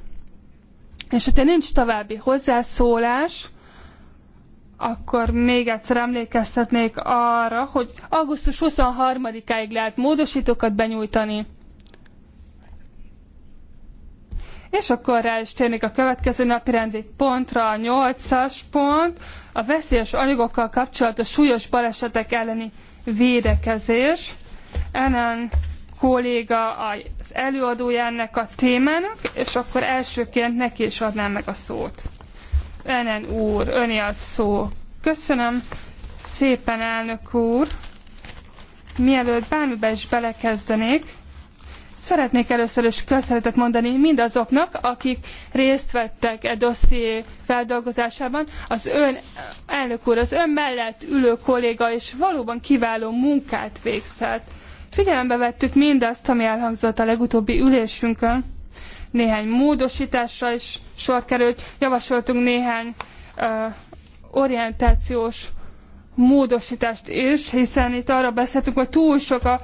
És hogyha nincs további hozzászólás, akkor még egyszer emlékeztetnék arra, hogy augusztus 23-áig lehet módosítókat benyújtani. És akkor rá is térnék a következő napirendi pontra, a nyolcas pont, a veszélyes anyagokkal kapcsolatos súlyos balesetek elleni védekezés. Ellen kolléga az előadója ennek a témának, és akkor elsőként neki is adnám meg a szót. Ellen úr, öné a szó. Köszönöm szépen, elnök úr. Mielőtt bármibe is belekezdenék, Szeretnék először is köszönetet mondani mindazoknak, akik részt vettek e dosszié feldolgozásában. Az ön, elnök úr, az ön mellett ülő kolléga és valóban kiváló munkát végzett. Figyelembe vettük mindazt, ami elhangzott a legutóbbi ülésünkön. Néhány módosításra is sor került, javasoltunk néhány uh, orientációs módosítást is, hiszen itt arra beszéltünk, hogy túl sok a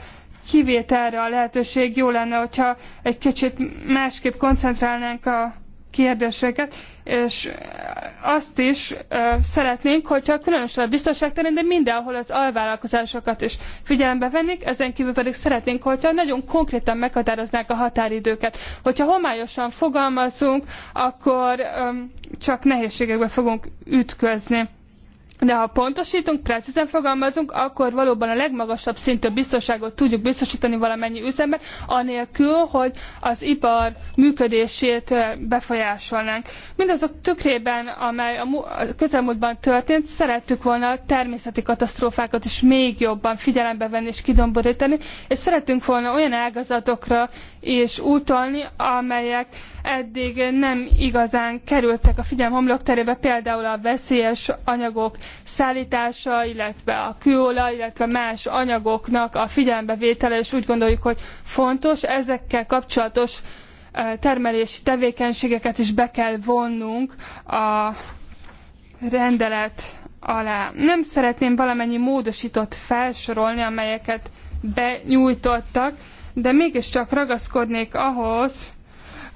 kivételre a lehetőség. Jó lenne, hogyha egy kicsit másképp koncentrálnánk a kérdéseket, és azt is ö, szeretnénk, hogyha különösen a biztonság terén, de mindenhol az alvállalkozásokat is figyelembe vennék, ezen kívül pedig szeretnénk, hogyha nagyon konkrétan meghatároznák a határidőket. Hogyha homályosan fogalmazunk, akkor ö, csak nehézségekbe fogunk ütközni. De ha pontosítunk, precízen fogalmazunk, akkor valóban a legmagasabb szintű biztonságot tudjuk biztosítani valamennyi üzemben, anélkül, hogy az ipar működését befolyásolnánk. Mindazok tükrében, amely a közelmúltban történt, szerettük volna a természeti katasztrófákat is még jobban figyelembe venni és kidomborítani, és szerettünk volna olyan ágazatokra is utalni, amelyek eddig nem igazán kerültek a figyelm homlokterébe, például a veszélyes anyagok szállítása, illetve a kőolaj, illetve más anyagoknak a figyelembevétele, és úgy gondoljuk, hogy fontos. Ezekkel kapcsolatos termelési tevékenységeket is be kell vonnunk a rendelet alá. Nem szeretném valamennyi módosított felsorolni, amelyeket benyújtottak, de mégiscsak ragaszkodnék ahhoz,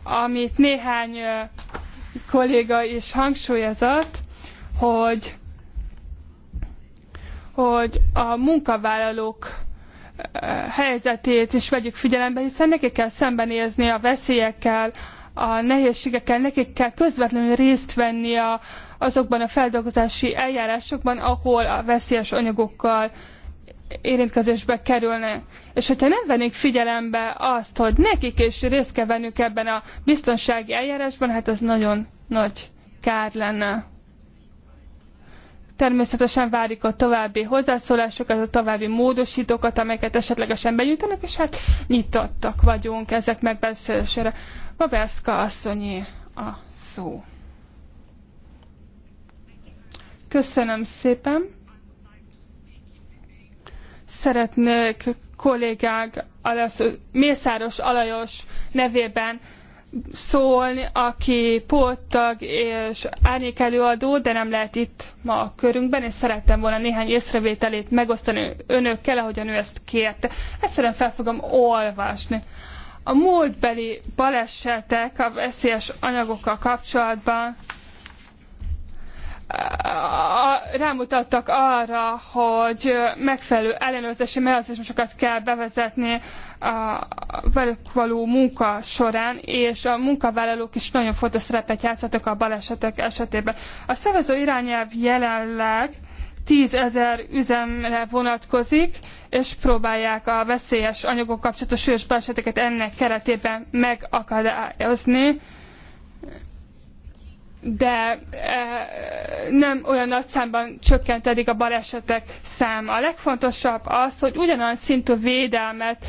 amit néhány kolléga is hangsúlyozott, hogy, hogy a munkavállalók helyzetét is vegyük figyelembe, hiszen nekik kell szembenézni a veszélyekkel, a nehézségekkel, nekik kell közvetlenül részt venni a, azokban a feldolgozási eljárásokban, ahol a veszélyes anyagokkal érintkezésbe kerülne. És hogyha nem vennék figyelembe azt, hogy nekik is részt kell vennük ebben a biztonsági eljárásban, hát az nagyon nagy kár lenne. Természetesen várjuk a további hozzászólásokat, a további módosítókat, amelyeket esetlegesen benyújtanak, és hát nyitottak vagyunk ezek megbeszélésére. Babeszka asszonyi a szó. Köszönöm szépen! szeretnék kollégák Mészáros Alajos nevében szólni, aki póttag és árnyék előadó, de nem lehet itt ma a körünkben, és szerettem volna néhány észrevételét megosztani önökkel, ahogyan ő ezt kérte. Egyszerűen fel fogom olvasni. A múltbeli balesetek a veszélyes anyagokkal kapcsolatban rámutattak arra, hogy megfelelő ellenőrzési mechanizmusokat kell bevezetni a velük való munka során, és a munkavállalók is nagyon fontos szerepet játszottak a balesetek esetében. A szavazó irányelv jelenleg 10 ezer üzemre vonatkozik, és próbálják a veszélyes anyagok kapcsolatos súlyos baleseteket ennek keretében megakadályozni de e, nem olyan nagy számban csökkentedik a balesetek száma. A legfontosabb az, hogy ugyanolyan szintű védelmet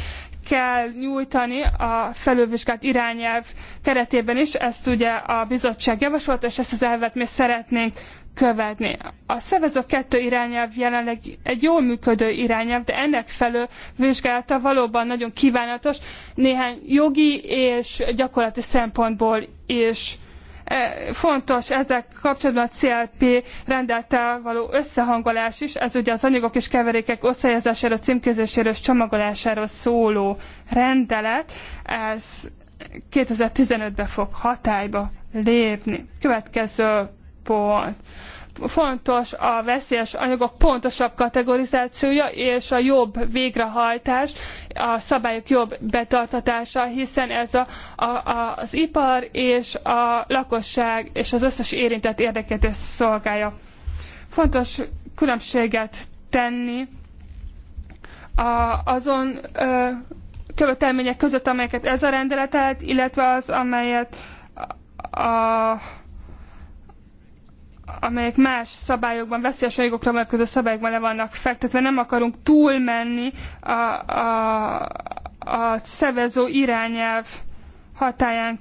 kell nyújtani a felülvizsgált irányelv keretében is, ezt ugye a bizottság javasolta, és ezt az elvet mi szeretnénk követni. A szervező kettő irányelv jelenleg egy jól működő irányelv, de ennek felől vizsgálata valóban nagyon kívánatos, néhány jogi és gyakorlati szempontból is E, fontos ezek kapcsolatban a CLP rendelte való összehangolás is, ez ugye az anyagok és keverékek osztályozásáról, címkézéséről és csomagolásáról szóló rendelet, ez 2015-ben fog hatályba lépni. Következő pont fontos a veszélyes anyagok pontosabb kategorizációja és a jobb végrehajtás, a szabályok jobb betartatása, hiszen ez a, a, a, az ipar és a lakosság és az összes érintett érdeket szolgálja. Fontos különbséget tenni a, azon ö, követelmények között, amelyeket ez a rendelet állt, illetve az, amelyet a, a amelyek más szabályokban, veszélyes anyagokra vonatkozó szabályokban le vannak fektetve. Nem akarunk túlmenni a, a, a szevező irányelv hatáján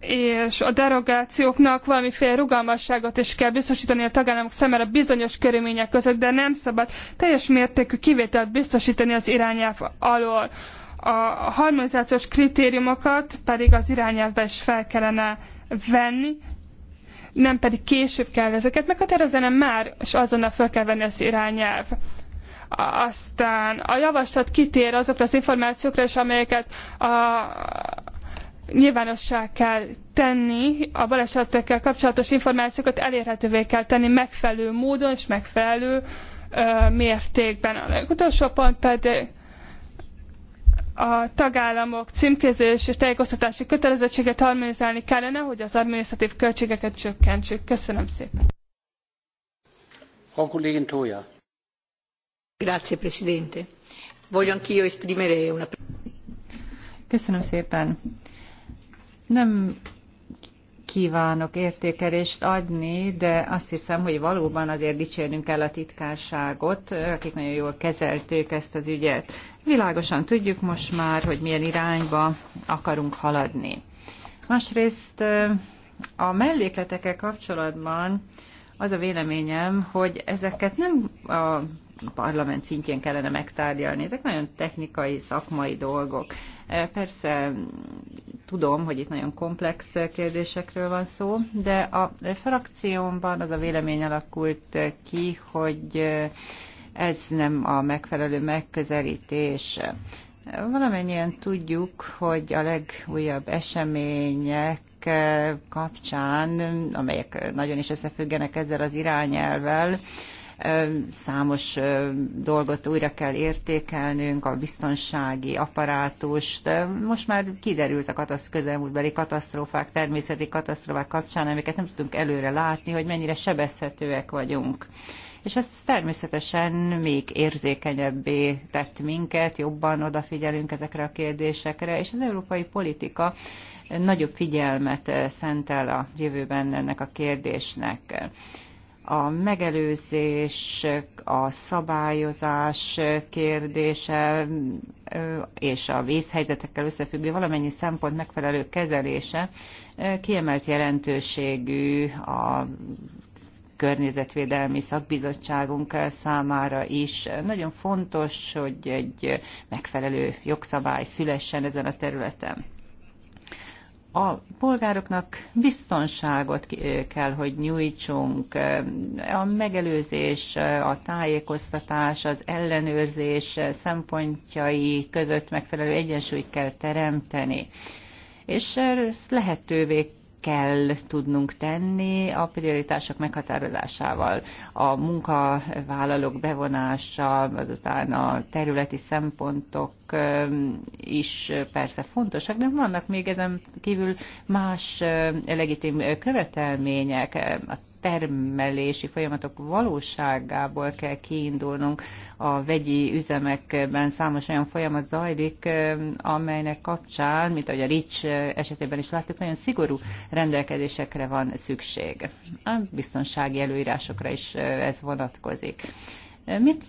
és a derogációknak valamiféle rugalmasságot is kell biztosítani a tagállamok számára bizonyos körülmények között, de nem szabad teljes mértékű kivételt biztosítani az irányelv alól. A harmonizációs kritériumokat pedig az irányelvbe is fel kellene venni, nem pedig később kell ezeket meghatározni, hanem már és azonnal fel kell venni az irányelv. Aztán a javaslat kitér azokra az információkra is, amelyeket a nyilvánossá kell tenni, a balesetekkel kapcsolatos információkat elérhetővé kell tenni megfelelő módon és megfelelő ö, mértékben. A utolsó pont pedig a tagállamok címkézés és tájékoztatási kötelezettséget harmonizálni kellene, hogy az adminisztratív költségeket csökkentsük. Köszönöm szépen. Köszönöm szépen. Nem kívánok értékelést adni, de azt hiszem, hogy valóban azért dicsérnünk kell a titkárságot, akik nagyon jól kezelték ezt az ügyet. Világosan tudjuk most már, hogy milyen irányba akarunk haladni. Másrészt a mellékletekkel kapcsolatban az a véleményem, hogy ezeket nem a parlament szintjén kellene megtárgyalni. Ezek nagyon technikai, szakmai dolgok. Persze tudom, hogy itt nagyon komplex kérdésekről van szó, de a frakciómban az a vélemény alakult ki, hogy ez nem a megfelelő megközelítés. Valamennyien tudjuk, hogy a legújabb események kapcsán, amelyek nagyon is összefüggenek ezzel az irányelvel, számos dolgot újra kell értékelnünk, a biztonsági apparátust. Most már kiderültek a közelmúltbeli katasztrófák, természeti katasztrófák kapcsán, amiket nem tudunk előre látni, hogy mennyire sebezhetőek vagyunk és ez természetesen még érzékenyebbé tett minket, jobban odafigyelünk ezekre a kérdésekre, és az európai politika nagyobb figyelmet szentel a jövőben ennek a kérdésnek a megelőzés, a szabályozás kérdése és a vészhelyzetekkel összefüggő valamennyi szempont megfelelő kezelése kiemelt jelentőségű a környezetvédelmi szakbizottságunk számára is. Nagyon fontos, hogy egy megfelelő jogszabály szülessen ezen a területen a polgároknak biztonságot kell, hogy nyújtsunk. A megelőzés, a tájékoztatás, az ellenőrzés szempontjai között megfelelő egyensúlyt kell teremteni. És ezt lehetővé kell tudnunk tenni a prioritások meghatározásával, a munkavállalók bevonása, azután a területi szempontok is persze fontosak, de vannak még ezen kívül más legitim követelmények, a termelési folyamatok valóságából kell kiindulnunk. A vegyi üzemekben számos olyan folyamat zajlik, amelynek kapcsán, mint ahogy a RICS esetében is láttuk, nagyon szigorú rendelkezésekre van szükség. A biztonsági előírásokra is ez vonatkozik. Mit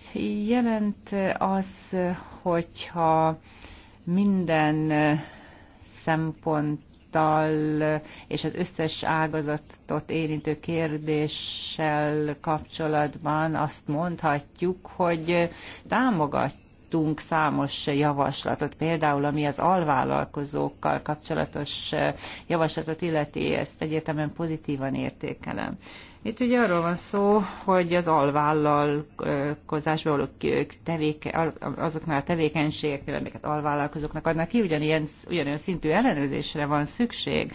jelent az, hogyha minden szempont ital és az összes ágazatot érintő kérdéssel kapcsolatban azt mondhatjuk, hogy támogat számos javaslatot, például ami az alvállalkozókkal kapcsolatos javaslatot illeti, ezt egyértelműen pozitívan értékelem. Itt ugye arról van szó, hogy az alvállalkozásban való tevéke, azoknál a tevékenységeknél, amiket alvállalkozóknak adnak ki, ugyanilyen, ugyanilyen szintű ellenőrzésre van szükség.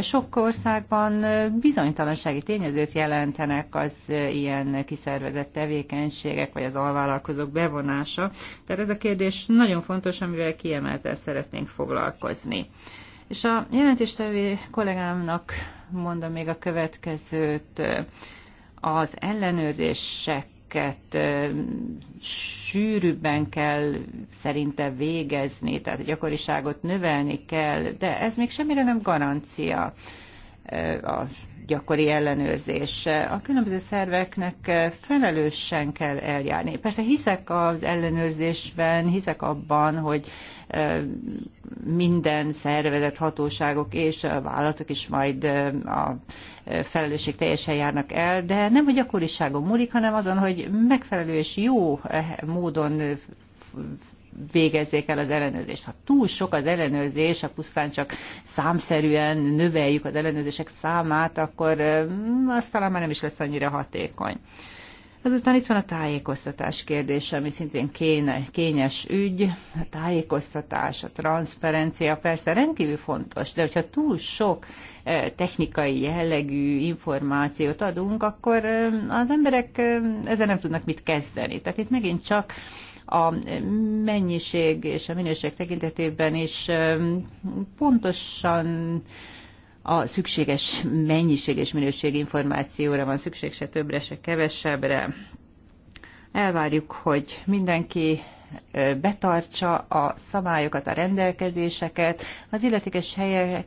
Sok országban bizonytalansági tényezőt jelentenek az ilyen kiszervezett tevékenységek, vagy az alvállalkozók bevonása. Tehát ez a kérdés nagyon fontos, amivel kiemelten szeretnénk foglalkozni. És a jelentéstevő kollégámnak mondom még a következőt. Az ellenőrzéseket sűrűbben kell szerinte végezni, tehát a gyakoriságot növelni kell, de ez még semmire nem garancia a gyakori ellenőrzés. A különböző szerveknek felelősen kell eljárni. Persze hiszek az ellenőrzésben, hiszek abban, hogy minden szervezet, hatóságok és vállalatok is majd a felelősség teljesen járnak el, de nem a gyakoriságon múlik, hanem azon, hogy megfelelő és jó eh, módon végezzék el az ellenőrzést. Ha túl sok az ellenőrzés, ha pusztán csak számszerűen növeljük az ellenőrzések számát, akkor mm, az talán már nem is lesz annyira hatékony. Azután itt van a tájékoztatás kérdése, ami szintén kéne, kényes ügy. A tájékoztatás, a transzparencia persze rendkívül fontos, de hogyha túl sok eh, technikai jellegű információt adunk, akkor eh, az emberek eh, ezzel nem tudnak mit kezdeni. Tehát itt megint csak a mennyiség és a minőség tekintetében is um, pontosan a szükséges mennyiség és minőség információra van szükség, se többre, se kevesebbre. Elvárjuk, hogy mindenki betartsa a szabályokat, a rendelkezéseket. Az illetékes helyek,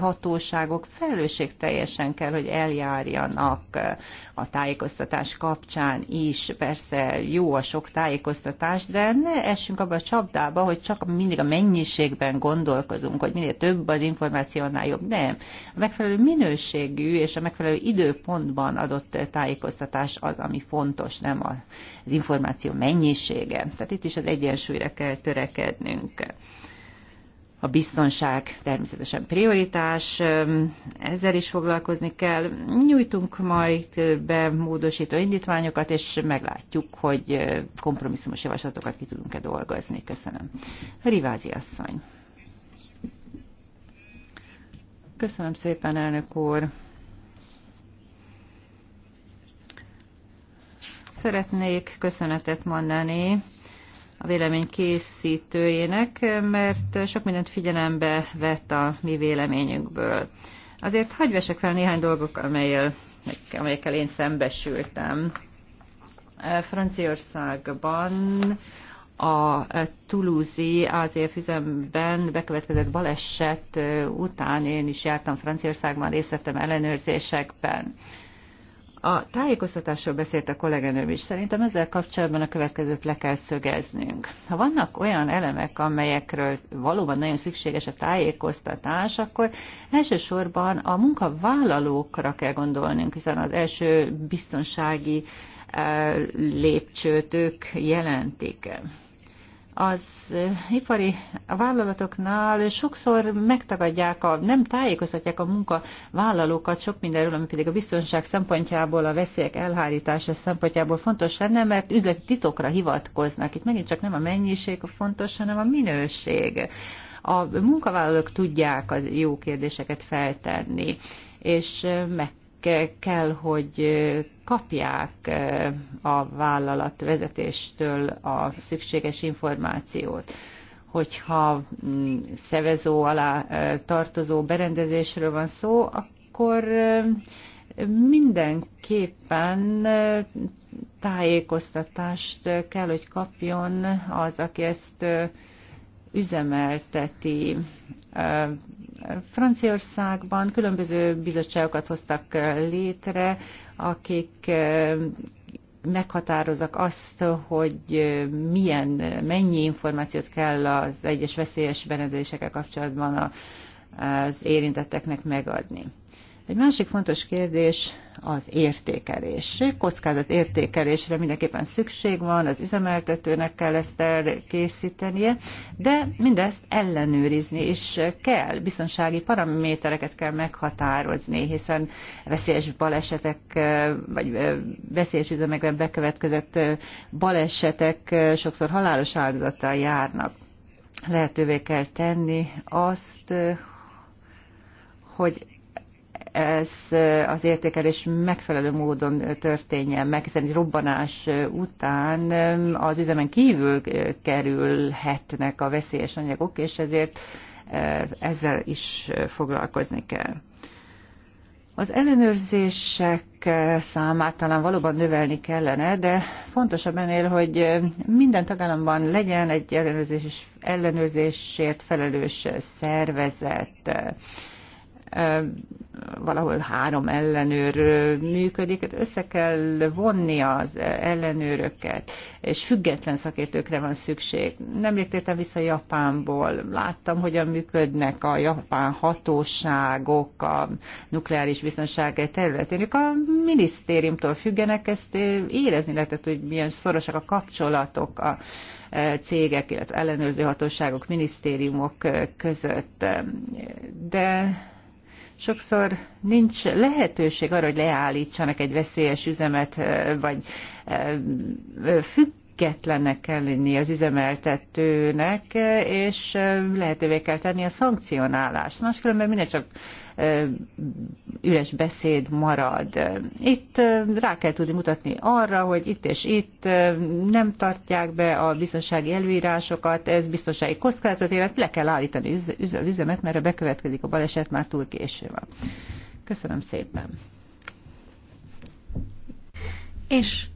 hatóságok felelősségteljesen kell, hogy eljárjanak a tájékoztatás kapcsán is. Persze jó a sok tájékoztatás, de ne essünk abba a csapdába, hogy csak mindig a mennyiségben gondolkozunk, hogy minél több az információ, annál jobb. Nem. A megfelelő minőségű és a megfelelő időpontban adott tájékoztatás az, ami fontos, nem az információ mennyisége. Tehát itt is az egyensúlyra kell törekednünk. A biztonság természetesen prioritás, ezzel is foglalkozni kell. Nyújtunk majd be módosító indítványokat, és meglátjuk, hogy kompromisszumos javaslatokat ki tudunk-e dolgozni. Köszönöm. Rivázi asszony. Köszönöm szépen, elnök úr. Szeretnék köszönetet mondani a vélemény készítőjének, mert sok mindent figyelembe vett a mi véleményünkből. Azért hagyj vesek fel néhány dolgok, amelyel, amelyekkel én szembesültem. Franciaországban a Toulouse AZF üzemben bekövetkezett baleset után én is jártam Franciaországban, részletem ellenőrzésekben. A tájékoztatásról beszélt a kolléganőm is. Szerintem ezzel kapcsolatban a következőt le kell szögeznünk. Ha vannak olyan elemek, amelyekről valóban nagyon szükséges a tájékoztatás, akkor elsősorban a munkavállalókra kell gondolnunk, hiszen az első biztonsági eh, lépcsőt ők jelentik az ipari vállalatoknál sokszor megtagadják, a, nem tájékoztatják a munkavállalókat sok mindenről, ami pedig a biztonság szempontjából, a veszélyek elhárítása szempontjából fontos lenne, mert üzleti titokra hivatkoznak. Itt megint csak nem a mennyiség a fontos, hanem a minőség. A munkavállalók tudják az jó kérdéseket feltenni, és meg kell, hogy kapják a vállalat vezetéstől a szükséges információt hogyha mm, szevezó alá tartozó berendezésről van szó, akkor mindenképpen tájékoztatást kell, hogy kapjon az, aki ezt üzemelteti. Franciaországban különböző bizottságokat hoztak létre, akik eh, meghatározak azt, hogy milyen, mennyi információt kell az egyes veszélyes berendezésekkel kapcsolatban az érintetteknek megadni. Egy másik fontos kérdés az értékelés. Kockázat értékelésre mindenképpen szükség van, az üzemeltetőnek kell ezt elkészítenie, de mindezt ellenőrizni is kell. Biztonsági paramétereket kell meghatározni, hiszen veszélyes balesetek, vagy veszélyes üzemekben bekövetkezett balesetek sokszor halálos áldozattal járnak. Lehetővé kell tenni azt, hogy ez eh, az értékelés megfelelő módon eh, történjen meg, hiszen egy robbanás eh, után az üzemen kívül kerülhetnek a veszélyes anyagok, és ezért ezzel is foglalkozni kell. Az ellenőrzések számát talán valóban növelni kellene, de fontosabb ennél, hogy minden tagállamban legyen egy ellenőrzés, ellenőrzésért felelős szervezet valahol három ellenőr működik, össze kell vonni az ellenőröket, és független szakértőkre van szükség. Nem tértem vissza Japánból, láttam, hogyan működnek a japán hatóságok a nukleáris biztonság területén. Ők a minisztériumtól függenek, ezt érezni lehetett, hogy milyen szorosak a kapcsolatok a cégek, illetve ellenőrző hatóságok, minisztériumok között. De sokszor nincs lehetőség arra, hogy leállítsanak egy veszélyes üzemet, vagy függ, függetlennek kell lenni az üzemeltetőnek, és lehetővé kell tenni a szankcionálást. Máskülönben minden csak üres beszéd marad. Itt rá kell tudni mutatni arra, hogy itt és itt nem tartják be a biztonsági előírásokat, ez biztonsági kockázat, élet le kell állítani az üzemet, mert a bekövetkezik a baleset, már túl késő van. Köszönöm szépen. És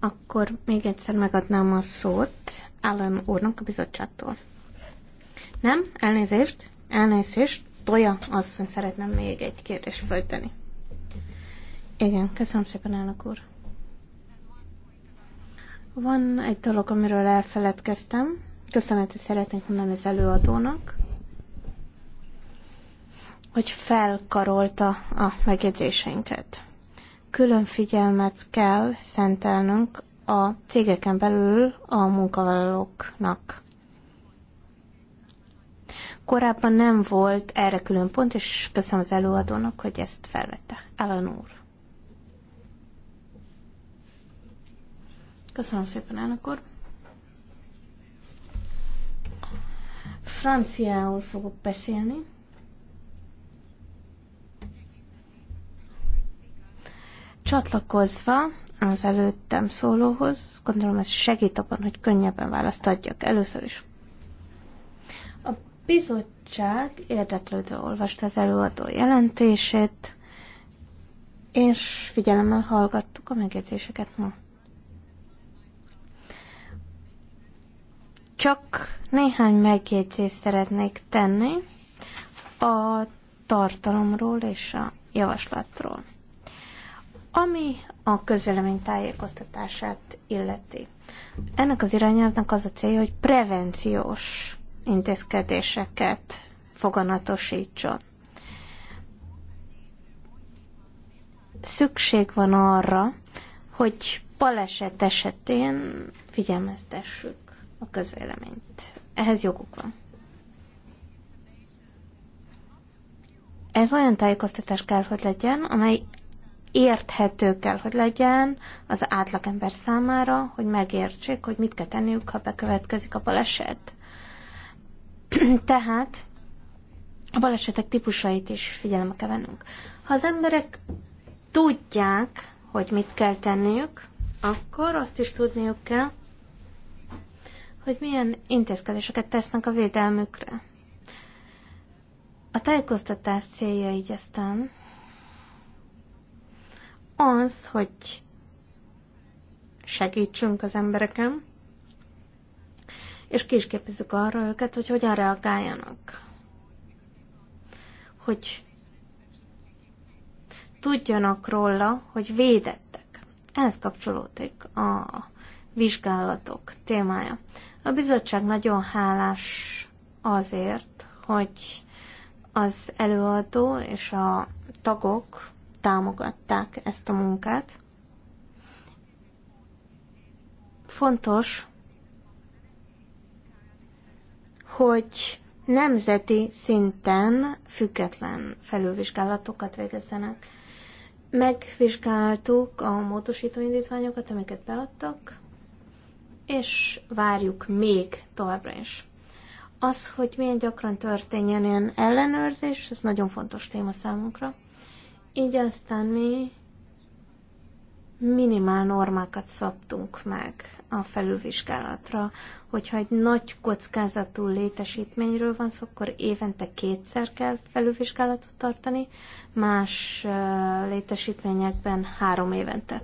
akkor még egyszer megadnám a szót Allen úrnak a bizottságtól. Nem? Elnézést? Elnézést? Toja azt szeretném még egy kérdést fölteni. Igen, köszönöm szépen, elnök úr. Van egy dolog, amiről elfeledkeztem. Köszönetet szeretnék mondani az előadónak, hogy felkarolta a megjegyzéseinket külön figyelmet kell szentelnünk a cégeken belül a munkavállalóknak. Korábban nem volt erre külön pont, és köszönöm az előadónak, hogy ezt felvette. Alan úr. Köszönöm szépen, elnök úr. Franciául fogok beszélni. Csatlakozva az előttem szólóhoz, gondolom ez segít abban, hogy könnyebben választ adjak először is. A bizottság érdeklődve olvasta az előadó jelentését, és figyelemmel hallgattuk a megjegyzéseket ma. Csak néhány megjegyzést szeretnék tenni a tartalomról és a javaslatról. Ami a közvélemény tájékoztatását illeti. Ennek az irányelvnek az a célja, hogy prevenciós intézkedéseket foganatosítson. Szükség van arra, hogy baleset esetén figyelmeztessük a közvéleményt. Ehhez joguk van. Ez olyan tájékoztatás kell, hogy legyen, amely érthető kell, hogy legyen az átlagember számára, hogy megértsék, hogy mit kell tenniük, ha bekövetkezik a baleset. Tehát a balesetek típusait is figyelembe kell vennünk. Ha az emberek tudják, hogy mit kell tenniük, akkor azt is tudniuk kell, hogy milyen intézkedéseket tesznek a védelmükre. A tájékoztatás célja így aztán az, hogy segítsünk az embereken, és ki is képezzük arra őket, hogy hogyan reagáljanak. Hogy tudjanak róla, hogy védettek. Ehhez kapcsolódik a vizsgálatok témája. A bizottság nagyon hálás azért, hogy az előadó és a tagok támogatták ezt a munkát. Fontos, hogy nemzeti szinten független felülvizsgálatokat végezzenek. Megvizsgáltuk a módosító indítványokat, amiket beadtak, és várjuk még továbbra is. Az, hogy milyen gyakran történjen ilyen ellenőrzés, ez nagyon fontos téma számunkra. Így aztán mi minimál normákat szabtunk meg a felülvizsgálatra, hogyha egy nagy kockázatú létesítményről van szó, akkor évente kétszer kell felülvizsgálatot tartani, más létesítményekben három évente.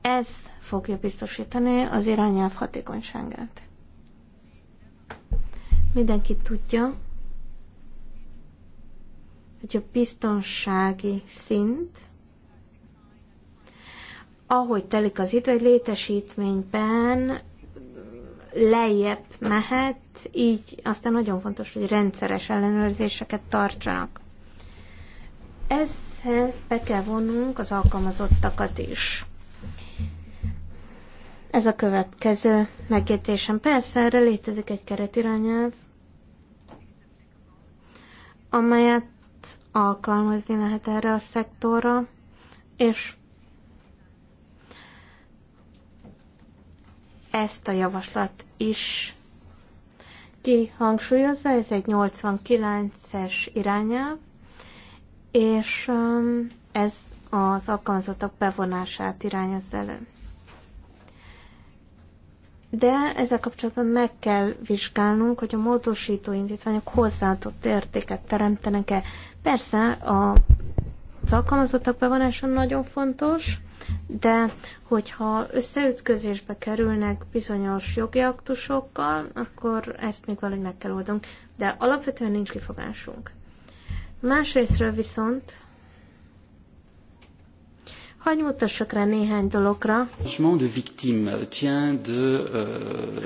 Ez fogja biztosítani az irányelv hatékonyságát. Mindenki tudja, hogy a biztonsági szint, ahogy telik az idő, egy létesítményben lejjebb mehet, így aztán nagyon fontos, hogy rendszeres ellenőrzéseket tartsanak. Ezhez be kell vonnunk az alkalmazottakat is. Ez a következő megértésem. Persze erre létezik egy keretirányelv, amelyet alkalmazni lehet erre a szektorra, és ezt a javaslat is kihangsúlyozza, ez egy 89-es irányelv, és um, ez az alkalmazottak bevonását irányoz elő de ezzel kapcsolatban meg kell vizsgálnunk, hogy a módosító indítványok hozzáadott értéket teremtenek-e. Persze a az alkalmazottak bevonása nagyon fontos, de hogyha összeütközésbe kerülnek bizonyos jogi aktusokkal, akkor ezt még valahogy meg kell oldanunk, de alapvetően nincs kifogásunk. Másrésztről viszont Hagy mutassak rá néhány dologra. De victime, tient de, euh,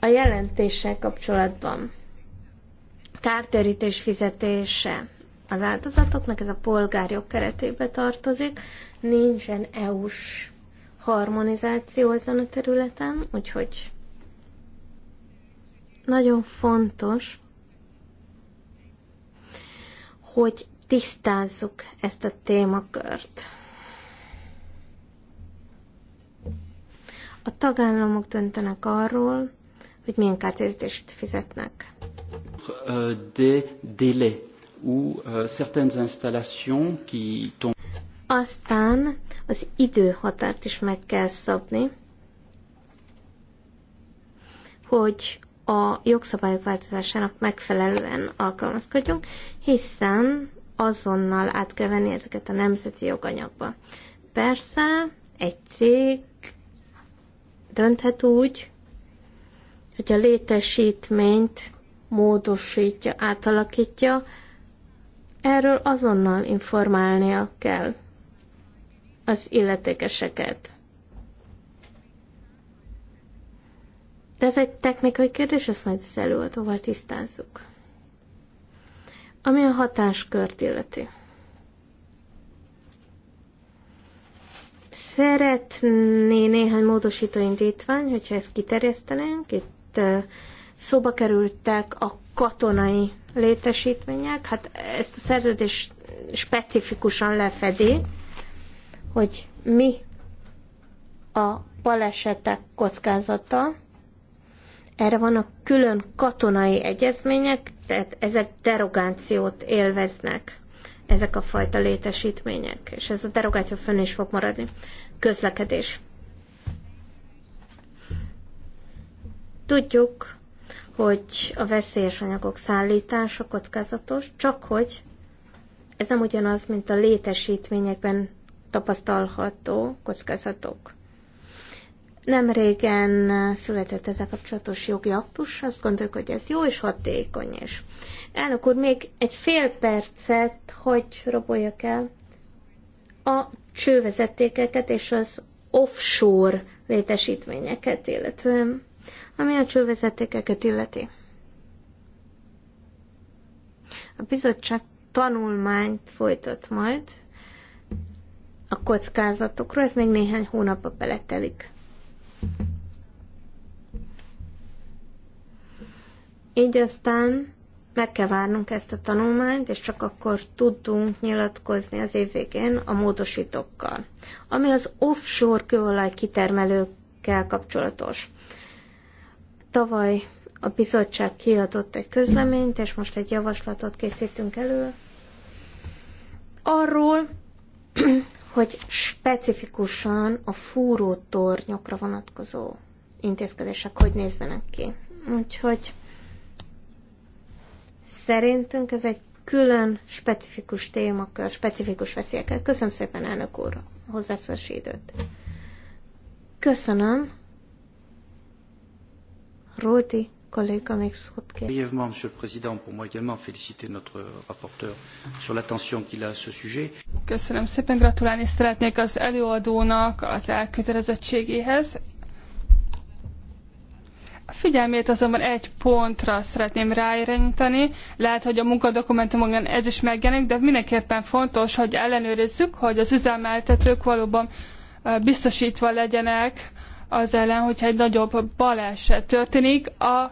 A jelentéssel kapcsolatban. kárterítés fizetése az áldozatoknak, ez a polgárjog keretébe tartozik, nincsen EU-s harmonizáció ezen a területen, úgyhogy nagyon fontos, hogy tisztázzuk ezt a témakört. A tagállamok döntenek arról, hogy milyen kártérítést fizetnek. Euh, De ou euh, certaines installations qui Aztán az időhatárt is meg kell szabni, hogy a jogszabályok változásának megfelelően alkalmazkodjunk, hiszen azonnal át kell venni ezeket a nemzeti joganyagba. Persze egy cég dönthet úgy, hogy a létesítményt módosítja, átalakítja, erről azonnal informálnia kell az illetékeseket. De ez egy technikai kérdés, ezt majd az előadóval tisztázzuk. Ami a hatáskört illeti. Szeretné néhány módosító indítvány, hogyha ezt kiterjesztenénk. Itt szóba kerültek a katonai létesítmények. Hát ezt a szerződés specifikusan lefedi, hogy mi a balesetek kockázata, erre vannak külön katonai egyezmények, tehát ezek derogációt élveznek, ezek a fajta létesítmények, és ez a derogáció fönn is fog maradni. Közlekedés. Tudjuk, hogy a veszélyes anyagok szállítása kockázatos, csak hogy ez nem ugyanaz, mint a létesítményekben tapasztalható kockázatok. Nem régen született ez a kapcsolatos jogi aktus, azt gondoljuk, hogy ez jó és hatékony is. Elnök úr, még egy fél percet, hogy roboljak el a csővezetékeket és az offshore létesítményeket, illetve ami a csővezetékeket illeti. A bizottság tanulmányt folytat majd a kockázatokról, ez még néhány hónapba beletelik. Így aztán meg kell várnunk ezt a tanulmányt, és csak akkor tudtunk nyilatkozni az év végén a módosítókkal. Ami az offshore kőolaj kitermelőkkel kapcsolatos. Tavaly a bizottság kiadott egy közleményt, és most egy javaslatot készítünk elő arról, hogy specifikusan a fúrótornyokra vonatkozó intézkedések hogy nézzenek ki. Úgyhogy szerintünk ez egy külön specifikus témakör, specifikus veszélyekkel. Köszönöm szépen, elnök úr, hozzászólási időt. Köszönöm. Róti kolléga még szót kér. Brièvement, Monsieur le Président, pour moi également féliciter notre rapporteur sur l'attention qu'il a à ce sujet. Köszönöm szépen, gratulálni szeretnék az előadónak az elkötelezettségéhez. A figyelmét azonban egy pontra szeretném ráirányítani. Lehet, hogy a munkadokumentumokon ez is megjelenik, de mindenképpen fontos, hogy ellenőrizzük, hogy az üzemeltetők valóban biztosítva legyenek az ellen, hogyha egy nagyobb baleset történik, a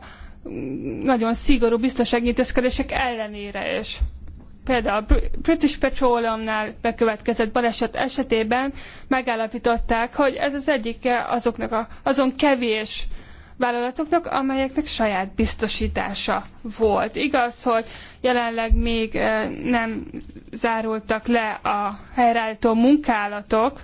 nagyon szigorú biztonsági intézkedések ellenére is. Például a British Petroleumnál bekövetkezett baleset esetében megállapították, hogy ez az egyike azoknak a, azon kevés vállalatoknak, amelyeknek saját biztosítása volt. Igaz, hogy jelenleg még eh, nem zárultak le a helyreállító munkálatok,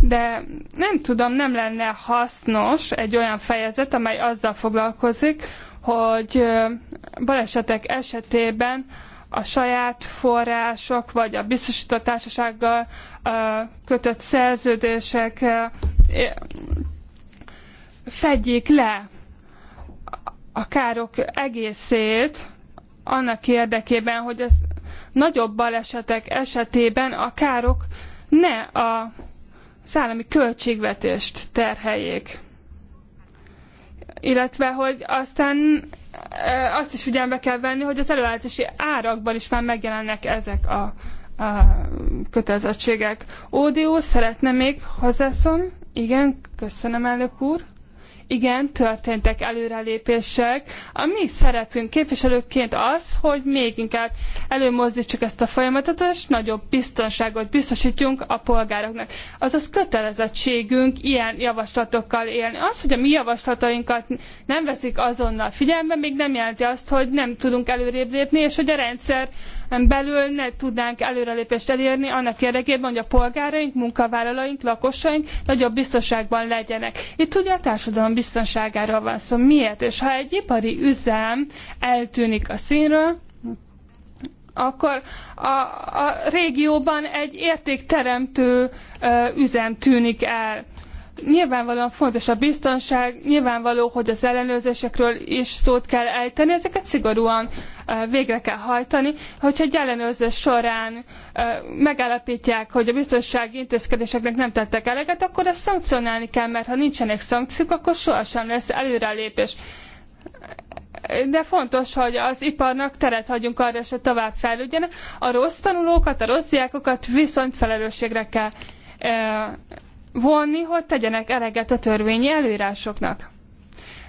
de nem tudom, nem lenne hasznos egy olyan fejezet, amely azzal foglalkozik, hogy balesetek esetében a saját források, vagy a biztosított társasággal kötött szerződések fedjék le a károk egészét annak érdekében, hogy az nagyobb balesetek esetében a károk ne a az állami költségvetést terheljék. Illetve, hogy aztán azt is ugyanbe kell venni, hogy az előállítási árakban is már megjelennek ezek a, a kötelezettségek. Ódió, szeretne még hozzászólni? Igen, köszönöm elnök úr igen, történtek előrelépések. A mi szerepünk képviselőként az, hogy még inkább előmozdítsuk ezt a folyamatot, és nagyobb biztonságot biztosítjunk a polgároknak. Azaz kötelezettségünk ilyen javaslatokkal élni. Az, hogy a mi javaslatainkat nem veszik azonnal figyelembe, még nem jelenti azt, hogy nem tudunk előrébb lépni, és hogy a rendszer belül ne tudnánk előrelépést elérni annak érdekében, hogy a polgáraink, munkavállalóink, lakosaink nagyobb biztonságban legyenek. Itt ugye a társadalom biztonságáról van szó. Miért? És ha egy ipari üzem eltűnik a színről, akkor a, a régióban egy értékteremtő ö, üzem tűnik el nyilvánvalóan fontos a biztonság, nyilvánvaló, hogy az ellenőrzésekről is szót kell ejteni, ezeket szigorúan végre kell hajtani. Hogyha egy ellenőrzés során megállapítják, hogy a biztonsági intézkedéseknek nem tettek eleget, akkor ezt szankcionálni kell, mert ha nincsenek szankciók, akkor sohasem lesz előrelépés. De fontos, hogy az iparnak teret hagyjunk arra, hogy tovább fejlődjenek. A rossz tanulókat, a rossz diákokat viszont felelősségre kell vonni, hogy tegyenek eleget a törvényi előírásoknak.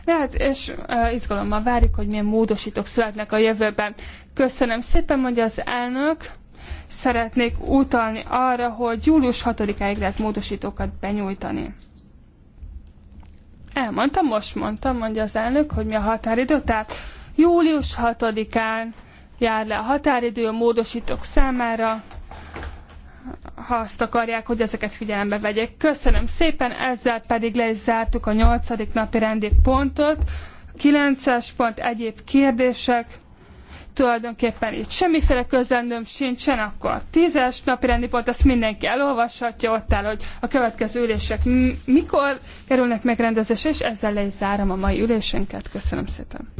Lehet, és izgalommal várjuk, hogy milyen módosítók születnek a jövőben. Köszönöm szépen, mondja az elnök. Szeretnék utalni arra, hogy július 6-áig lehet módosítókat benyújtani. Elmondtam, most mondtam, mondja az elnök, hogy mi a határidő. Tehát július 6-án jár le a határidő a módosítók számára ha azt akarják, hogy ezeket figyelembe vegyék. Köszönöm szépen, ezzel pedig le is zártuk a nyolcadik napi rendi pontot. Kilences pont, egyéb kérdések. Tulajdonképpen itt semmiféle közlendőm sincsen, akkor tízes napi rendi pont, ezt mindenki elolvashatja ott áll, hogy a következő ülések mikor kerülnek megrendezésre, és ezzel le is zárom a mai ülésünket. Köszönöm szépen.